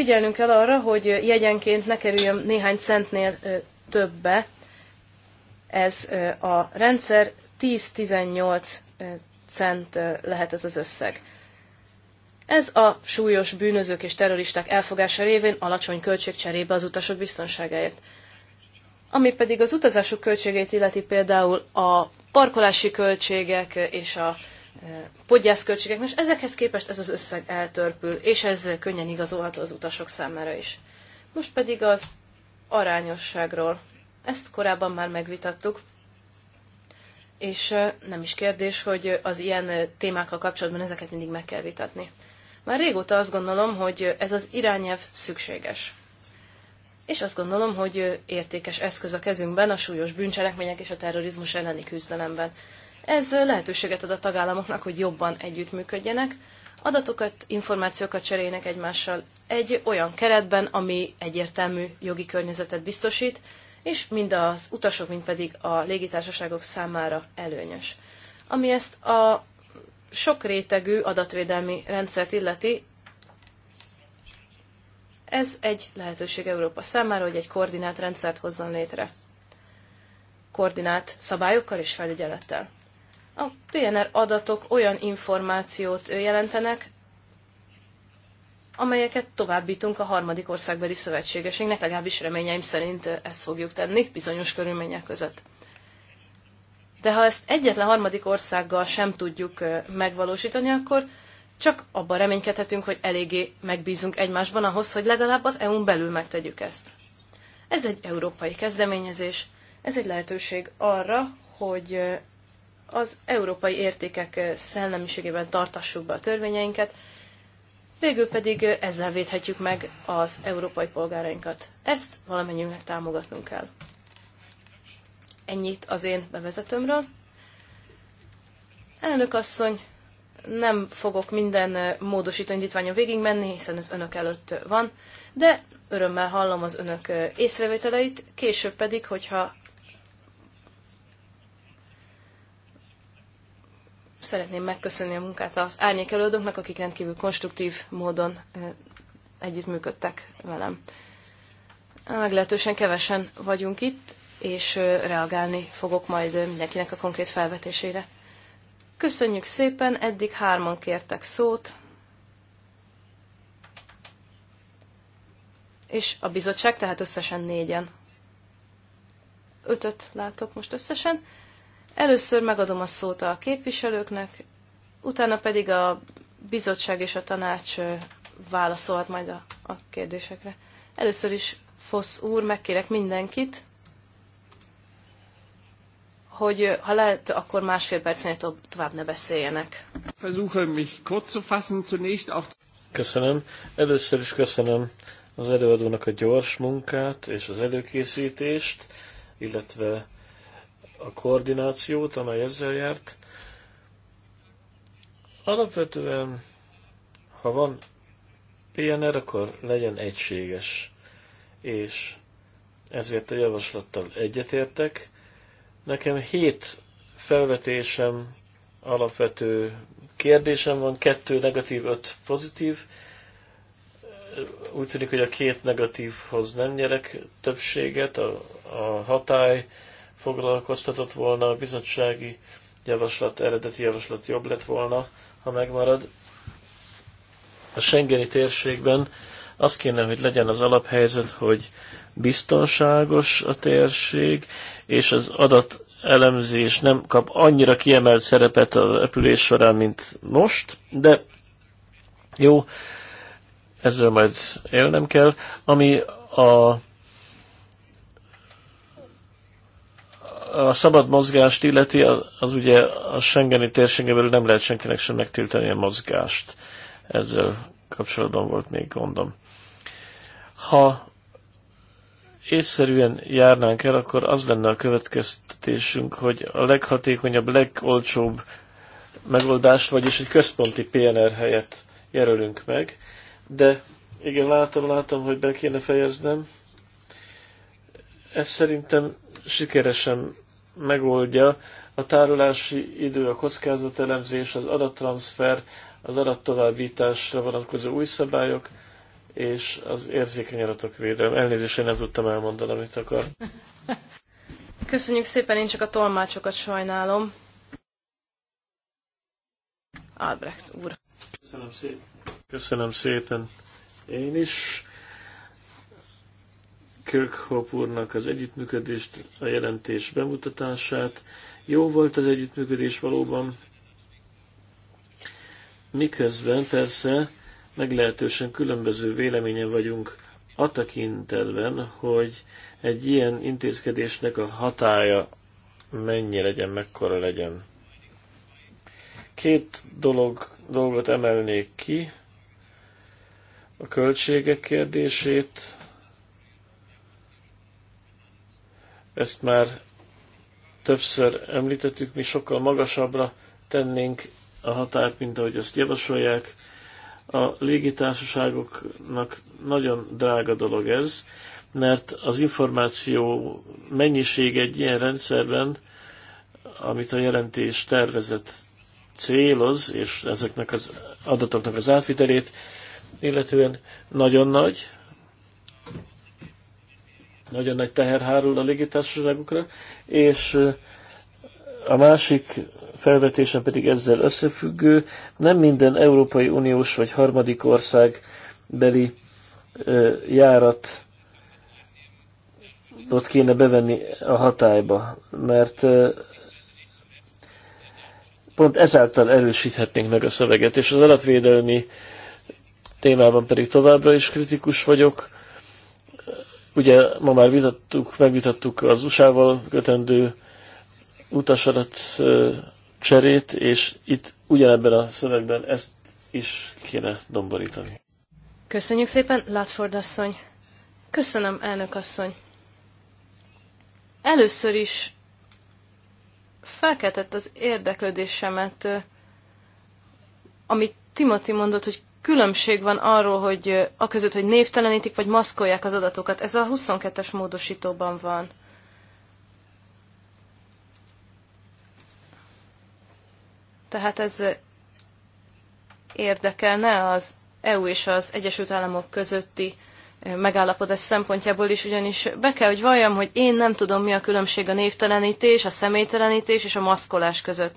figyelnünk kell arra, hogy jegyenként ne kerüljön néhány centnél többe ez a rendszer, 10-18 cent lehet ez az összeg. Ez a súlyos bűnözők és terroristák elfogása révén alacsony költség cserébe az utasok biztonságáért. Ami pedig az utazások költségét illeti például a parkolási költségek és a podgyászköltségeknek, és ezekhez képest ez az összeg eltörpül, és ez könnyen igazolható az utasok számára is. Most pedig az arányosságról. Ezt korábban már megvitattuk, és nem is kérdés, hogy az ilyen témákkal kapcsolatban ezeket mindig meg kell vitatni. Már régóta azt gondolom, hogy ez az irányelv szükséges. És azt gondolom, hogy értékes eszköz a kezünkben a súlyos bűncselekmények és a terrorizmus elleni küzdelemben. Ez lehetőséget ad a tagállamoknak, hogy jobban együttműködjenek, adatokat, információkat cseréljenek egymással egy olyan keretben, ami egyértelmű jogi környezetet biztosít, és mind az utasok, mind pedig a légitársaságok számára előnyös. Ami ezt a sok rétegű adatvédelmi rendszert illeti, ez egy lehetőség Európa számára, hogy egy koordinált rendszert hozzon létre. Koordinált szabályokkal és felügyelettel. A PNR adatok olyan információt jelentenek, amelyeket továbbítunk a harmadik országbeli szövetségeségnek, legalábbis reményeim szerint ezt fogjuk tenni bizonyos körülmények között. De ha ezt egyetlen harmadik országgal sem tudjuk megvalósítani, akkor csak abban reménykedhetünk, hogy eléggé megbízunk egymásban ahhoz, hogy legalább az EU-n belül megtegyük ezt. Ez egy európai kezdeményezés, ez egy lehetőség arra, hogy az európai értékek szellemiségében tartassuk be a törvényeinket, végül pedig ezzel védhetjük meg az európai polgárainkat. Ezt valamennyiünknek támogatnunk kell. Ennyit az én bevezetőmről. Elnök asszony, nem fogok minden módosító indítványon végig menni, hiszen ez önök előtt van, de örömmel hallom az önök észrevételeit, később pedig, hogyha szeretném megköszönni a munkát az árnyék előadóknak, akik rendkívül konstruktív módon együttműködtek velem. Meglehetősen kevesen vagyunk itt, és reagálni fogok majd mindenkinek a konkrét felvetésére. Köszönjük szépen, eddig hárman kértek szót, és a bizottság tehát összesen négyen. Ötöt látok most összesen. Először megadom a szót a képviselőknek, utána pedig a bizottság és a tanács válaszolhat majd a, a kérdésekre. Először is Fosz úr, megkérek mindenkit, hogy ha lehet, akkor másfél percnél tovább ne beszéljenek. Köszönöm. Először is köszönöm az előadónak a gyors munkát és az előkészítést, illetve a koordinációt, amely ezzel járt. Alapvetően, ha van PNR, akkor legyen egységes, és ezért a javaslattal egyetértek. Nekem hét felvetésem, alapvető kérdésem van, kettő negatív, öt pozitív. Úgy tűnik, hogy a két negatívhoz nem nyerek többséget, a, a hatály, foglalkoztatott volna, a bizottsági javaslat, eredeti javaslat jobb lett volna, ha megmarad. A Schengeni térségben az kéne, hogy legyen az alaphelyzet, hogy biztonságos a térség, és az adat elemzés nem kap annyira kiemelt szerepet a repülés során, mint most, de jó, ezzel majd élnem kell. Ami a a szabad mozgást illeti, az ugye a Schengeni térségen belül nem lehet senkinek sem megtiltani a mozgást. Ezzel kapcsolatban volt még gondom. Ha észszerűen járnánk el, akkor az lenne a következtetésünk, hogy a leghatékonyabb, legolcsóbb megoldást, vagyis egy központi PNR helyet jelölünk meg. De igen, látom, látom, hogy be kéne fejeznem. Ez szerintem sikeresen megoldja a tárolási idő, a kockázatelemzés, az adattranszfer, az adattovábbításra vonatkozó új szabályok, és az érzékeny adatok védelme. Elnézést, én nem tudtam elmondani, amit akar. Köszönjük szépen, én csak a tolmácsokat sajnálom. Albrecht úr. Köszönöm szépen. Köszönöm szépen. Én is Kirkhope úrnak az együttműködést, a jelentés bemutatását. Jó volt az együttműködés valóban, miközben persze meglehetősen különböző véleményen vagyunk a tekintetben, hogy egy ilyen intézkedésnek a hatája mennyi legyen, mekkora legyen. Két dolog, dolgot emelnék ki, a költségek kérdését, ezt már többször említettük, mi sokkal magasabbra tennénk a határt, mint ahogy azt javasolják. A légitársaságoknak nagyon drága dolog ez, mert az információ mennyiség egy ilyen rendszerben, amit a jelentés tervezett céloz, és ezeknek az adatoknak az átvitelét, illetően nagyon nagy, nagyon nagy teher hárul a légitársaságokra, és a másik felvetése pedig ezzel összefüggő, nem minden Európai Uniós vagy harmadik ország beli járat ott kéne bevenni a hatályba, mert pont ezáltal erősíthetnénk meg a szöveget, és az adatvédelmi témában pedig továbbra is kritikus vagyok. Ugye ma már vitattuk, megvitattuk az USA-val kötendő utasarat cserét, és itt ugyanebben a szövegben ezt is kéne domborítani. Köszönjük szépen, Latford asszony. Köszönöm, elnök asszony. Először is felkeltett az érdeklődésemet, amit Timothy mondott, hogy különbség van arról, hogy a között, hogy névtelenítik, vagy maszkolják az adatokat. Ez a 22-es módosítóban van. Tehát ez érdekelne az EU és az Egyesült Államok közötti megállapodás szempontjából is, ugyanis be kell, hogy valljam, hogy én nem tudom, mi a különbség a névtelenítés, a személytelenítés és a maszkolás között.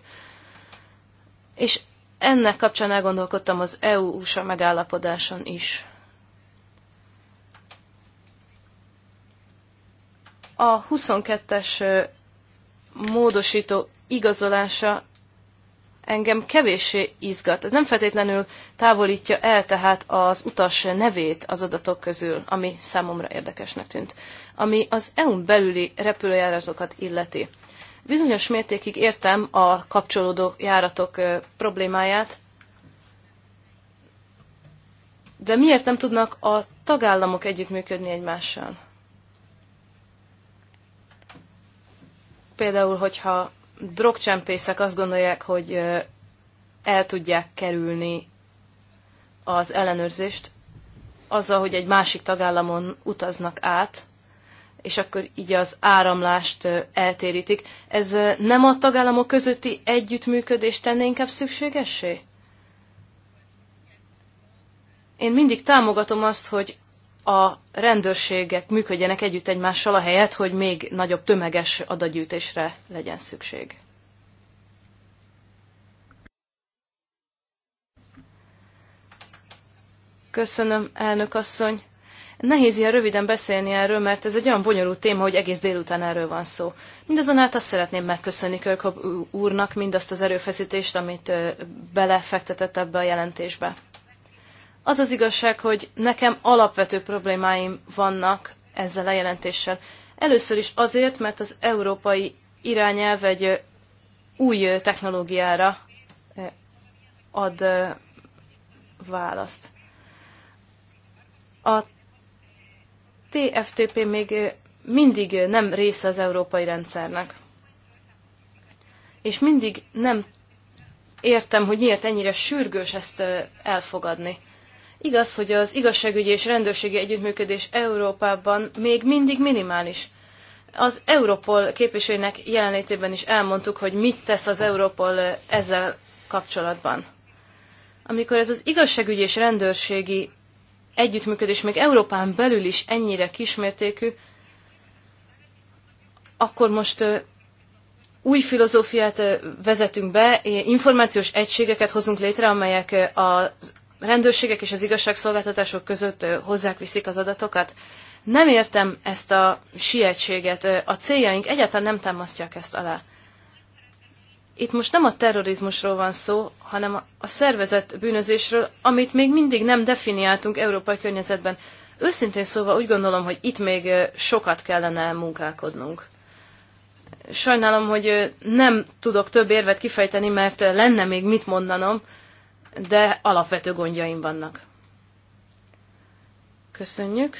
És ennek kapcsán elgondolkodtam az EU-USA megállapodáson is. A 22-es módosító igazolása engem kevéssé izgat. Ez nem feltétlenül távolítja el tehát az utas nevét az adatok közül, ami számomra érdekesnek tűnt. Ami az EU-n belüli repülőjáratokat illeti. Bizonyos mértékig értem a kapcsolódó járatok problémáját, de miért nem tudnak a tagállamok együttműködni egymással? Például, hogyha drogcsempészek azt gondolják, hogy el tudják kerülni az ellenőrzést azzal, hogy egy másik tagállamon utaznak át, és akkor így az áramlást eltérítik. Ez nem a tagállamok közötti együttműködést tenné inkább szükségessé? Én mindig támogatom azt, hogy a rendőrségek működjenek együtt egymással a helyet, hogy még nagyobb tömeges adagyűjtésre legyen szükség. Köszönöm, elnök asszony. Nehéz ilyen röviden beszélni erről, mert ez egy olyan bonyolult téma, hogy egész délután erről van szó. Mindazonáltal azt szeretném megköszönni Körkop úrnak mindazt az erőfeszítést, amit belefektetett ebbe a jelentésbe. Az az igazság, hogy nekem alapvető problémáim vannak ezzel a jelentéssel. Először is azért, mert az európai irányelv egy új technológiára ad választ. A TFTP még mindig nem része az európai rendszernek. És mindig nem értem, hogy miért ennyire sürgős ezt elfogadni. Igaz, hogy az igazságügyi és rendőrségi együttműködés Európában még mindig minimális. Az Europol képviselőnek jelenlétében is elmondtuk, hogy mit tesz az Europol ezzel kapcsolatban. Amikor ez az igazságügyi és rendőrségi együttműködés még Európán belül is ennyire kismértékű, akkor most új filozófiát vezetünk be, információs egységeket hozunk létre, amelyek a rendőrségek és az igazságszolgáltatások között hozzák viszik az adatokat. Nem értem ezt a sietséget. A céljaink egyáltalán nem támasztják ezt alá itt most nem a terrorizmusról van szó, hanem a szervezett bűnözésről, amit még mindig nem definiáltunk európai környezetben. Őszintén szóval úgy gondolom, hogy itt még sokat kellene munkálkodnunk. Sajnálom, hogy nem tudok több érvet kifejteni, mert lenne még mit mondanom, de alapvető gondjaim vannak. Köszönjük.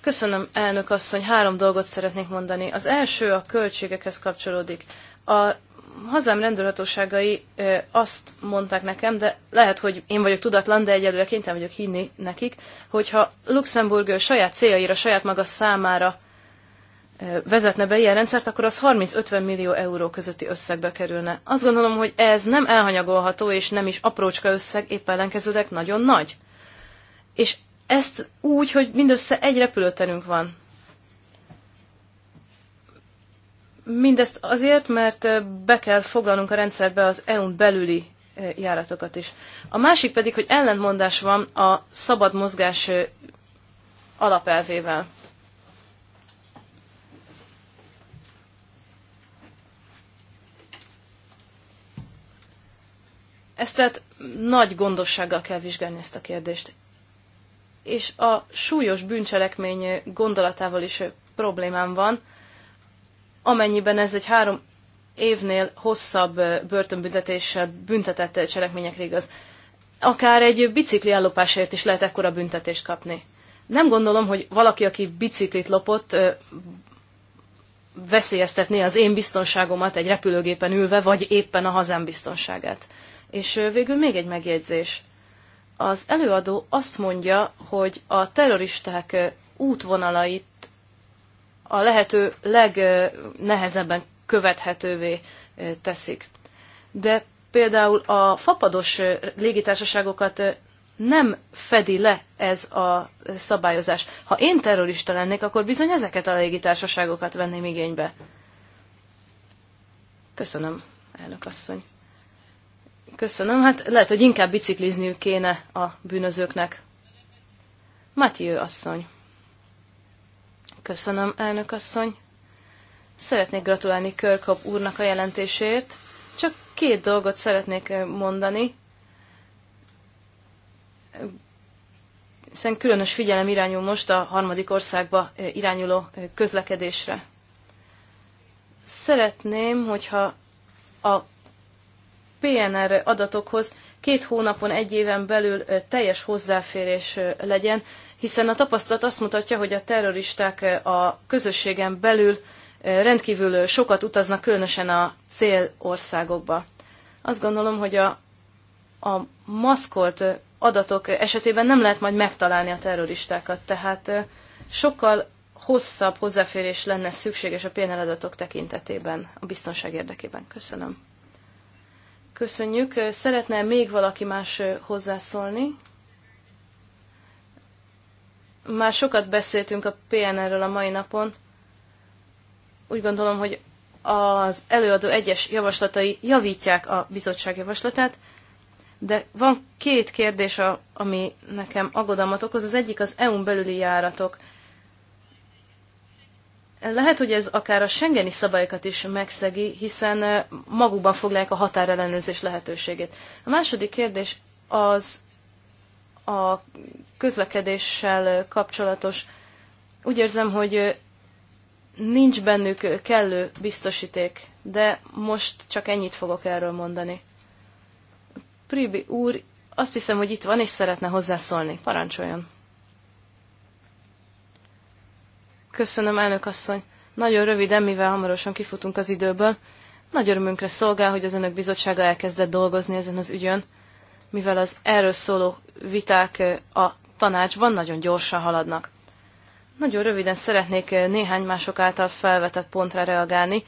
Köszönöm, elnök asszony. Három dolgot szeretnék mondani. Az első a költségekhez kapcsolódik. A hazám rendőrhatóságai azt mondták nekem, de lehet, hogy én vagyok tudatlan, de egyelőre kénytelen vagyok hinni nekik, hogyha Luxemburg saját céljaira, saját maga számára vezetne be ilyen rendszert, akkor az 30-50 millió euró közötti összegbe kerülne. Azt gondolom, hogy ez nem elhanyagolható, és nem is aprócska összeg, épp ellenkezőleg nagyon nagy. És ezt úgy, hogy mindössze egy repülőterünk van. Mindezt azért, mert be kell foglalnunk a rendszerbe az EU-n belüli járatokat is. A másik pedig, hogy ellentmondás van a szabad mozgás alapelvével. Ezt tehát nagy gondossággal kell vizsgálni ezt a kérdést. És a súlyos bűncselekmény gondolatával is problémám van, amennyiben ez egy három évnél hosszabb börtönbüntetéssel büntetett cselekmények igaz. Akár egy bicikli ellopásért is lehet ekkora büntetést kapni. Nem gondolom, hogy valaki, aki biciklit lopott, veszélyeztetné az én biztonságomat egy repülőgépen ülve, vagy éppen a hazám biztonságát. És végül még egy megjegyzés. Az előadó azt mondja, hogy a terroristák útvonalait a lehető legnehezebben követhetővé teszik. De például a fapados légitársaságokat nem fedi le ez a szabályozás. Ha én terrorista lennék, akkor bizony ezeket a légitársaságokat venném igénybe. Köszönöm, elnök asszony. Köszönöm, hát lehet, hogy inkább biciklizniük kéne a bűnözőknek. Matthieu asszony. Köszönöm, elnök asszony. Szeretnék gratulálni Körkop úrnak a jelentésért. Csak két dolgot szeretnék mondani. Hiszen különös figyelem irányul most a harmadik országba irányuló közlekedésre. Szeretném, hogyha a PNR adatokhoz két hónapon, egy éven belül teljes hozzáférés legyen hiszen a tapasztalat azt mutatja, hogy a terroristák eh, a közösségen belül eh, rendkívül eh, sokat utaznak, különösen a célországokba. Azt gondolom, hogy a, a maszkolt adatok esetében nem lehet majd megtalálni a terroristákat, tehát sokkal hosszabb hozzáférés lenne szükséges a PNL adatok tekintetében, a biztonság érdekében. Köszönöm. Köszönjük. Szeretne még valaki más hozzászólni? Már sokat beszéltünk a PNR-ről a mai napon. Úgy gondolom, hogy az előadó egyes javaslatai javítják a bizottság javaslatát, de van két kérdés, ami nekem aggodalmat okoz. Az egyik az EU-n belüli járatok. Lehet, hogy ez akár a Schengeni szabályokat is megszegi, hiszen eh, magukban foglalják a határellenőrzés lehetőségét. A második kérdés az a közlekedéssel kapcsolatos. Úgy érzem, hogy nincs bennük kellő biztosíték, de most csak ennyit fogok erről mondani. Pribi úr, azt hiszem, hogy itt van, és szeretne hozzászólni. Parancsoljon! Köszönöm, elnök asszony. Nagyon röviden, mivel hamarosan kifutunk az időből. Nagy örömünkre szolgál, hogy az önök bizottsága elkezdett dolgozni ezen az ügyön mivel az erről szóló viták a tanácsban nagyon gyorsan haladnak. Nagyon röviden szeretnék néhány mások által felvetett pontra reagálni.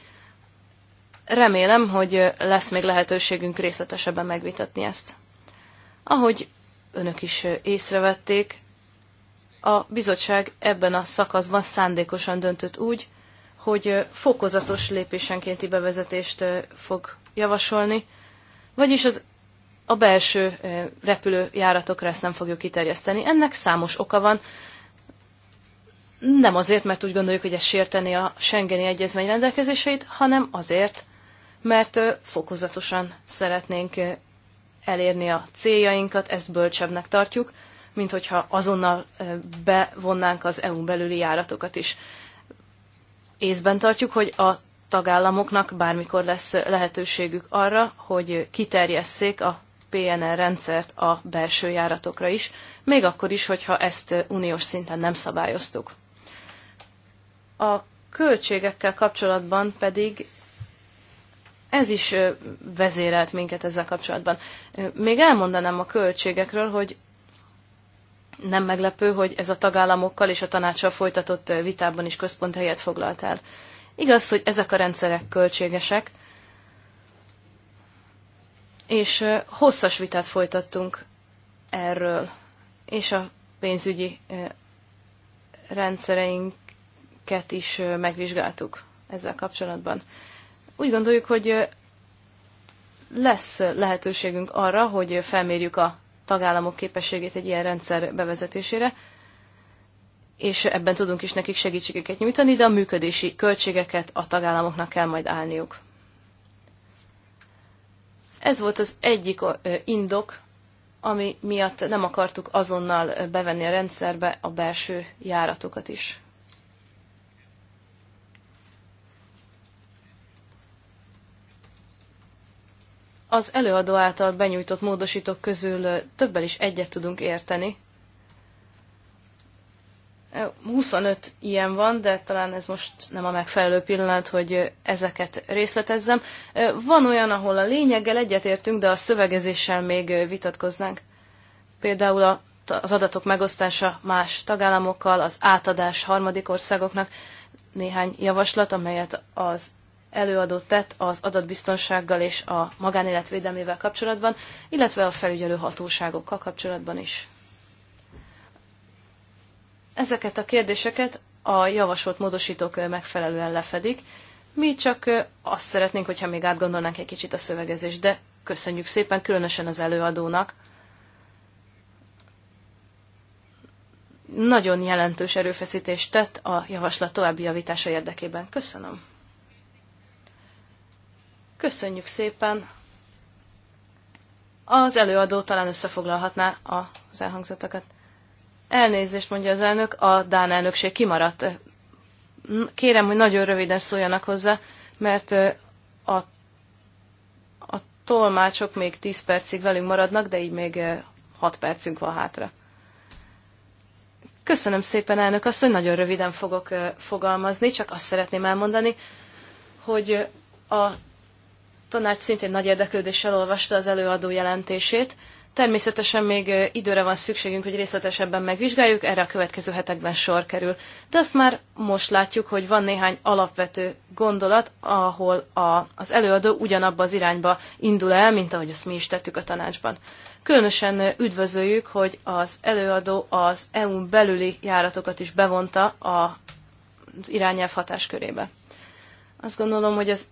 Remélem, hogy lesz még lehetőségünk részletesebben megvitatni ezt. Ahogy önök is észrevették, a bizottság ebben a szakaszban szándékosan döntött úgy, hogy fokozatos lépésenkénti bevezetést fog javasolni, vagyis az a belső repülőjáratokra ezt nem fogjuk kiterjeszteni. Ennek számos oka van. Nem azért, mert úgy gondoljuk, hogy ez sérteni a Schengeni Egyezmény rendelkezéseit, hanem azért, mert fokozatosan szeretnénk elérni a céljainkat, ezt bölcsebbnek tartjuk, mint hogyha azonnal bevonnánk az EU-n belüli járatokat is. Észben tartjuk, hogy a tagállamoknak bármikor lesz lehetőségük arra, hogy kiterjesszék a PNR rendszert a belső járatokra is, még akkor is, hogyha ezt uniós szinten nem szabályoztuk. A költségekkel kapcsolatban pedig ez is vezérelt minket ezzel kapcsolatban. Még elmondanám a költségekről, hogy nem meglepő, hogy ez a tagállamokkal és a tanácssal folytatott vitában is központ helyet foglalt el. Igaz, hogy ezek a rendszerek költségesek, és hosszas vitát folytattunk erről, és a pénzügyi rendszereinket is megvizsgáltuk ezzel kapcsolatban. Úgy gondoljuk, hogy lesz lehetőségünk arra, hogy felmérjük a tagállamok képességét egy ilyen rendszer bevezetésére, és ebben tudunk is nekik segítségeket nyújtani, de a működési költségeket a tagállamoknak kell majd állniuk. Ez volt az egyik indok, ami miatt nem akartuk azonnal bevenni a rendszerbe a belső járatokat is. Az előadó által benyújtott módosítók közül többel is egyet tudunk érteni, 25 ilyen van, de talán ez most nem a megfelelő pillanat, hogy ezeket részletezzem. Van olyan, ahol a lényeggel egyetértünk, de a szövegezéssel még vitatkoznánk. Például a az adatok megosztása más tagállamokkal, az átadás harmadik országoknak néhány javaslat, amelyet az előadó tett az adatbiztonsággal és a magánélet védelmével kapcsolatban, illetve a felügyelő hatóságokkal kapcsolatban is. Ezeket a kérdéseket a javasolt módosítók megfelelően lefedik. Mi csak azt szeretnénk, hogyha még átgondolnánk egy kicsit a szövegezést, de köszönjük szépen, különösen az előadónak. Nagyon jelentős erőfeszítést tett a javaslat további javítása érdekében. Köszönöm. Köszönjük szépen. Az előadó talán összefoglalhatná az elhangzottakat. Elnézést mondja az elnök, a Dán elnökség kimaradt. Kérem, hogy nagyon röviden szóljanak hozzá, mert a, a tolmácsok még 10 percig velünk maradnak, de így még 6 percünk van hátra. Köszönöm szépen, elnök azt, hogy nagyon röviden fogok fogalmazni, csak azt szeretném elmondani, hogy a tanács szintén nagy érdeklődéssel olvasta az előadó jelentését, Természetesen még időre van szükségünk, hogy részletesebben megvizsgáljuk, erre a következő hetekben sor kerül. De azt már most látjuk, hogy van néhány alapvető gondolat, ahol a, az előadó ugyanabba az irányba indul el, mint ahogy azt mi is tettük a tanácsban. Különösen üdvözöljük, hogy az előadó az EU-n belüli járatokat is bevonta a, az irányelv hatáskörébe. Azt gondolom, hogy az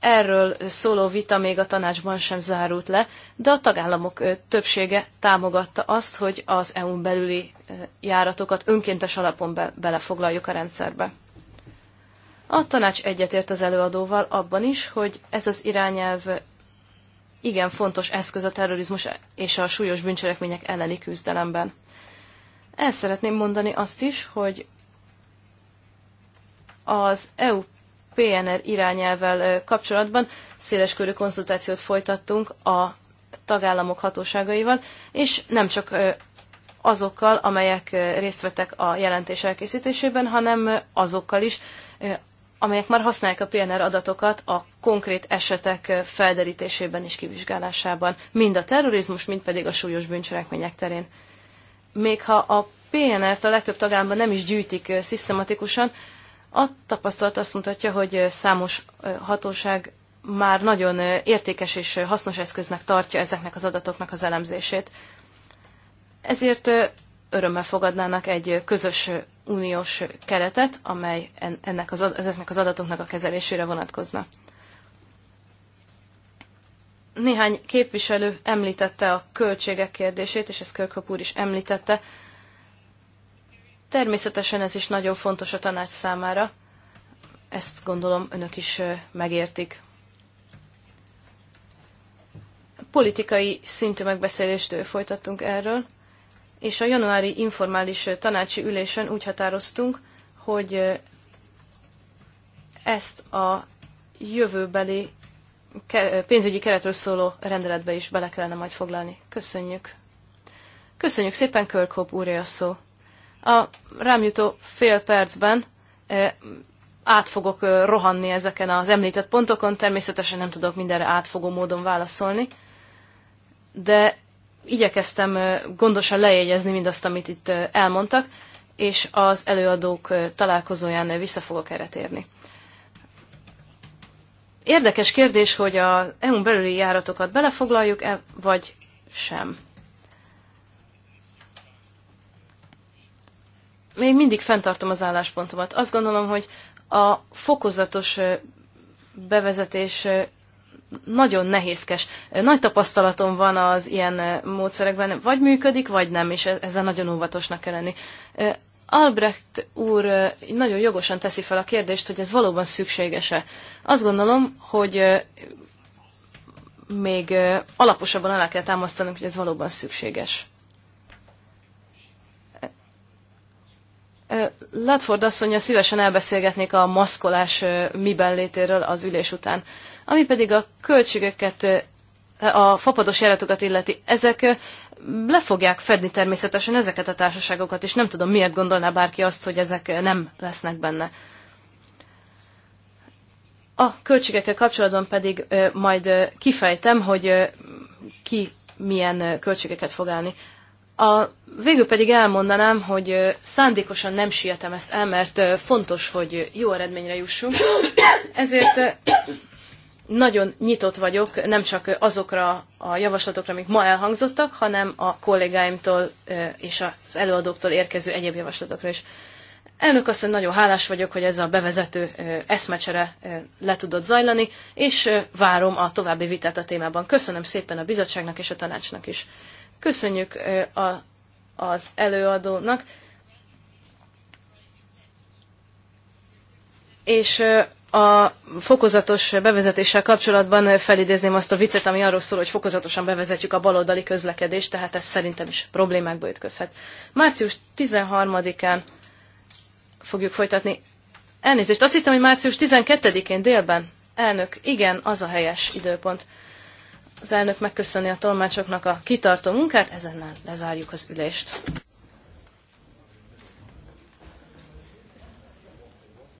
Erről szóló vita még a tanácsban sem zárult le, de a tagállamok többsége támogatta azt, hogy az EU-n belüli járatokat önkéntes alapon be, belefoglaljuk a rendszerbe. A tanács egyetért az előadóval abban is, hogy ez az irányelv igen fontos eszköz a terrorizmus és a súlyos bűncselekmények elleni küzdelemben. El szeretném mondani azt is, hogy az EU PNR irányelvel kapcsolatban széleskörű konzultációt folytattunk a tagállamok hatóságaival, és nem csak azokkal, amelyek részt vettek a jelentés elkészítésében, hanem azokkal is, amelyek már használják a PNR adatokat a konkrét esetek felderítésében és kivizsgálásában, mind a terrorizmus, mind pedig a súlyos bűncselekmények terén. Még ha a PNR-t a legtöbb tagállamban nem is gyűjtik szisztematikusan, a tapasztalat azt mutatja, hogy számos hatóság már nagyon értékes és hasznos eszköznek tartja ezeknek az adatoknak az elemzését. Ezért örömmel fogadnának egy közös uniós keretet, amely ennek az, ezeknek az adatoknak a kezelésére vonatkozna. Néhány képviselő említette a költségek kérdését, és ezt Körköp úr is említette, Természetesen ez is nagyon fontos a tanács számára. Ezt gondolom önök is megértik. Politikai szintű megbeszélést folytattunk erről, és a januári informális tanácsi ülésen úgy határoztunk, hogy ezt a jövőbeli pénzügyi keretről szóló rendeletbe is bele kellene majd foglalni. Köszönjük. Köszönjük szépen, Körkhop úré a szó a rám jutó fél percben át fogok rohanni ezeken az említett pontokon, természetesen nem tudok mindenre átfogó módon válaszolni, de igyekeztem gondosan lejegyezni mindazt, amit itt elmondtak, és az előadók találkozóján vissza fogok erre térni. Érdekes kérdés, hogy a EU-n belüli járatokat belefoglaljuk-e, vagy sem. még mindig fenntartom az álláspontomat. Azt gondolom, hogy a fokozatos bevezetés nagyon nehézkes. Nagy tapasztalatom van az ilyen módszerekben, vagy működik, vagy nem, és e-, ezzel nagyon óvatosnak kell lenni. Albrecht úr nagyon jogosan teszi fel a kérdést, hogy ez valóban szükséges-e. Azt gondolom, hogy még alaposabban alá kell támasztanunk, hogy ez valóban szükséges. Latford asszonya szívesen elbeszélgetnék a maszkolás miben létéről az ülés után. Ami pedig a költségeket, a fapados járatokat illeti, ezek le fogják fedni természetesen ezeket a társaságokat, és nem tudom, miért gondolná bárki azt, hogy ezek nem lesznek benne. A költségekkel kapcsolatban pedig majd kifejtem, hogy ki milyen költségeket fog állni. A, végül pedig elmondanám, hogy szándékosan nem sietem ezt el, mert fontos, hogy jó eredményre jussunk. Ezért nagyon nyitott vagyok, nem csak azokra a javaslatokra, amik ma elhangzottak, hanem a kollégáimtól és az előadóktól érkező egyéb javaslatokra is. Elnök asszony, nagyon hálás vagyok, hogy ez a bevezető eszmecsere le tudott zajlani, és várom a további vitát a témában. Köszönöm szépen a bizottságnak és a tanácsnak is. Köszönjük a, az előadónak. És a fokozatos bevezetéssel kapcsolatban felidézném azt a viccet, ami arról szól, hogy fokozatosan bevezetjük a baloldali közlekedést, tehát ez szerintem is problémákba ütközhet. Március 13-án fogjuk folytatni. Elnézést, azt hittem, hogy március 12-én délben. Elnök, igen, az a helyes időpont. Az elnök megköszöni a tolmácsoknak a kitartó munkát, ezennel lezárjuk az ülést.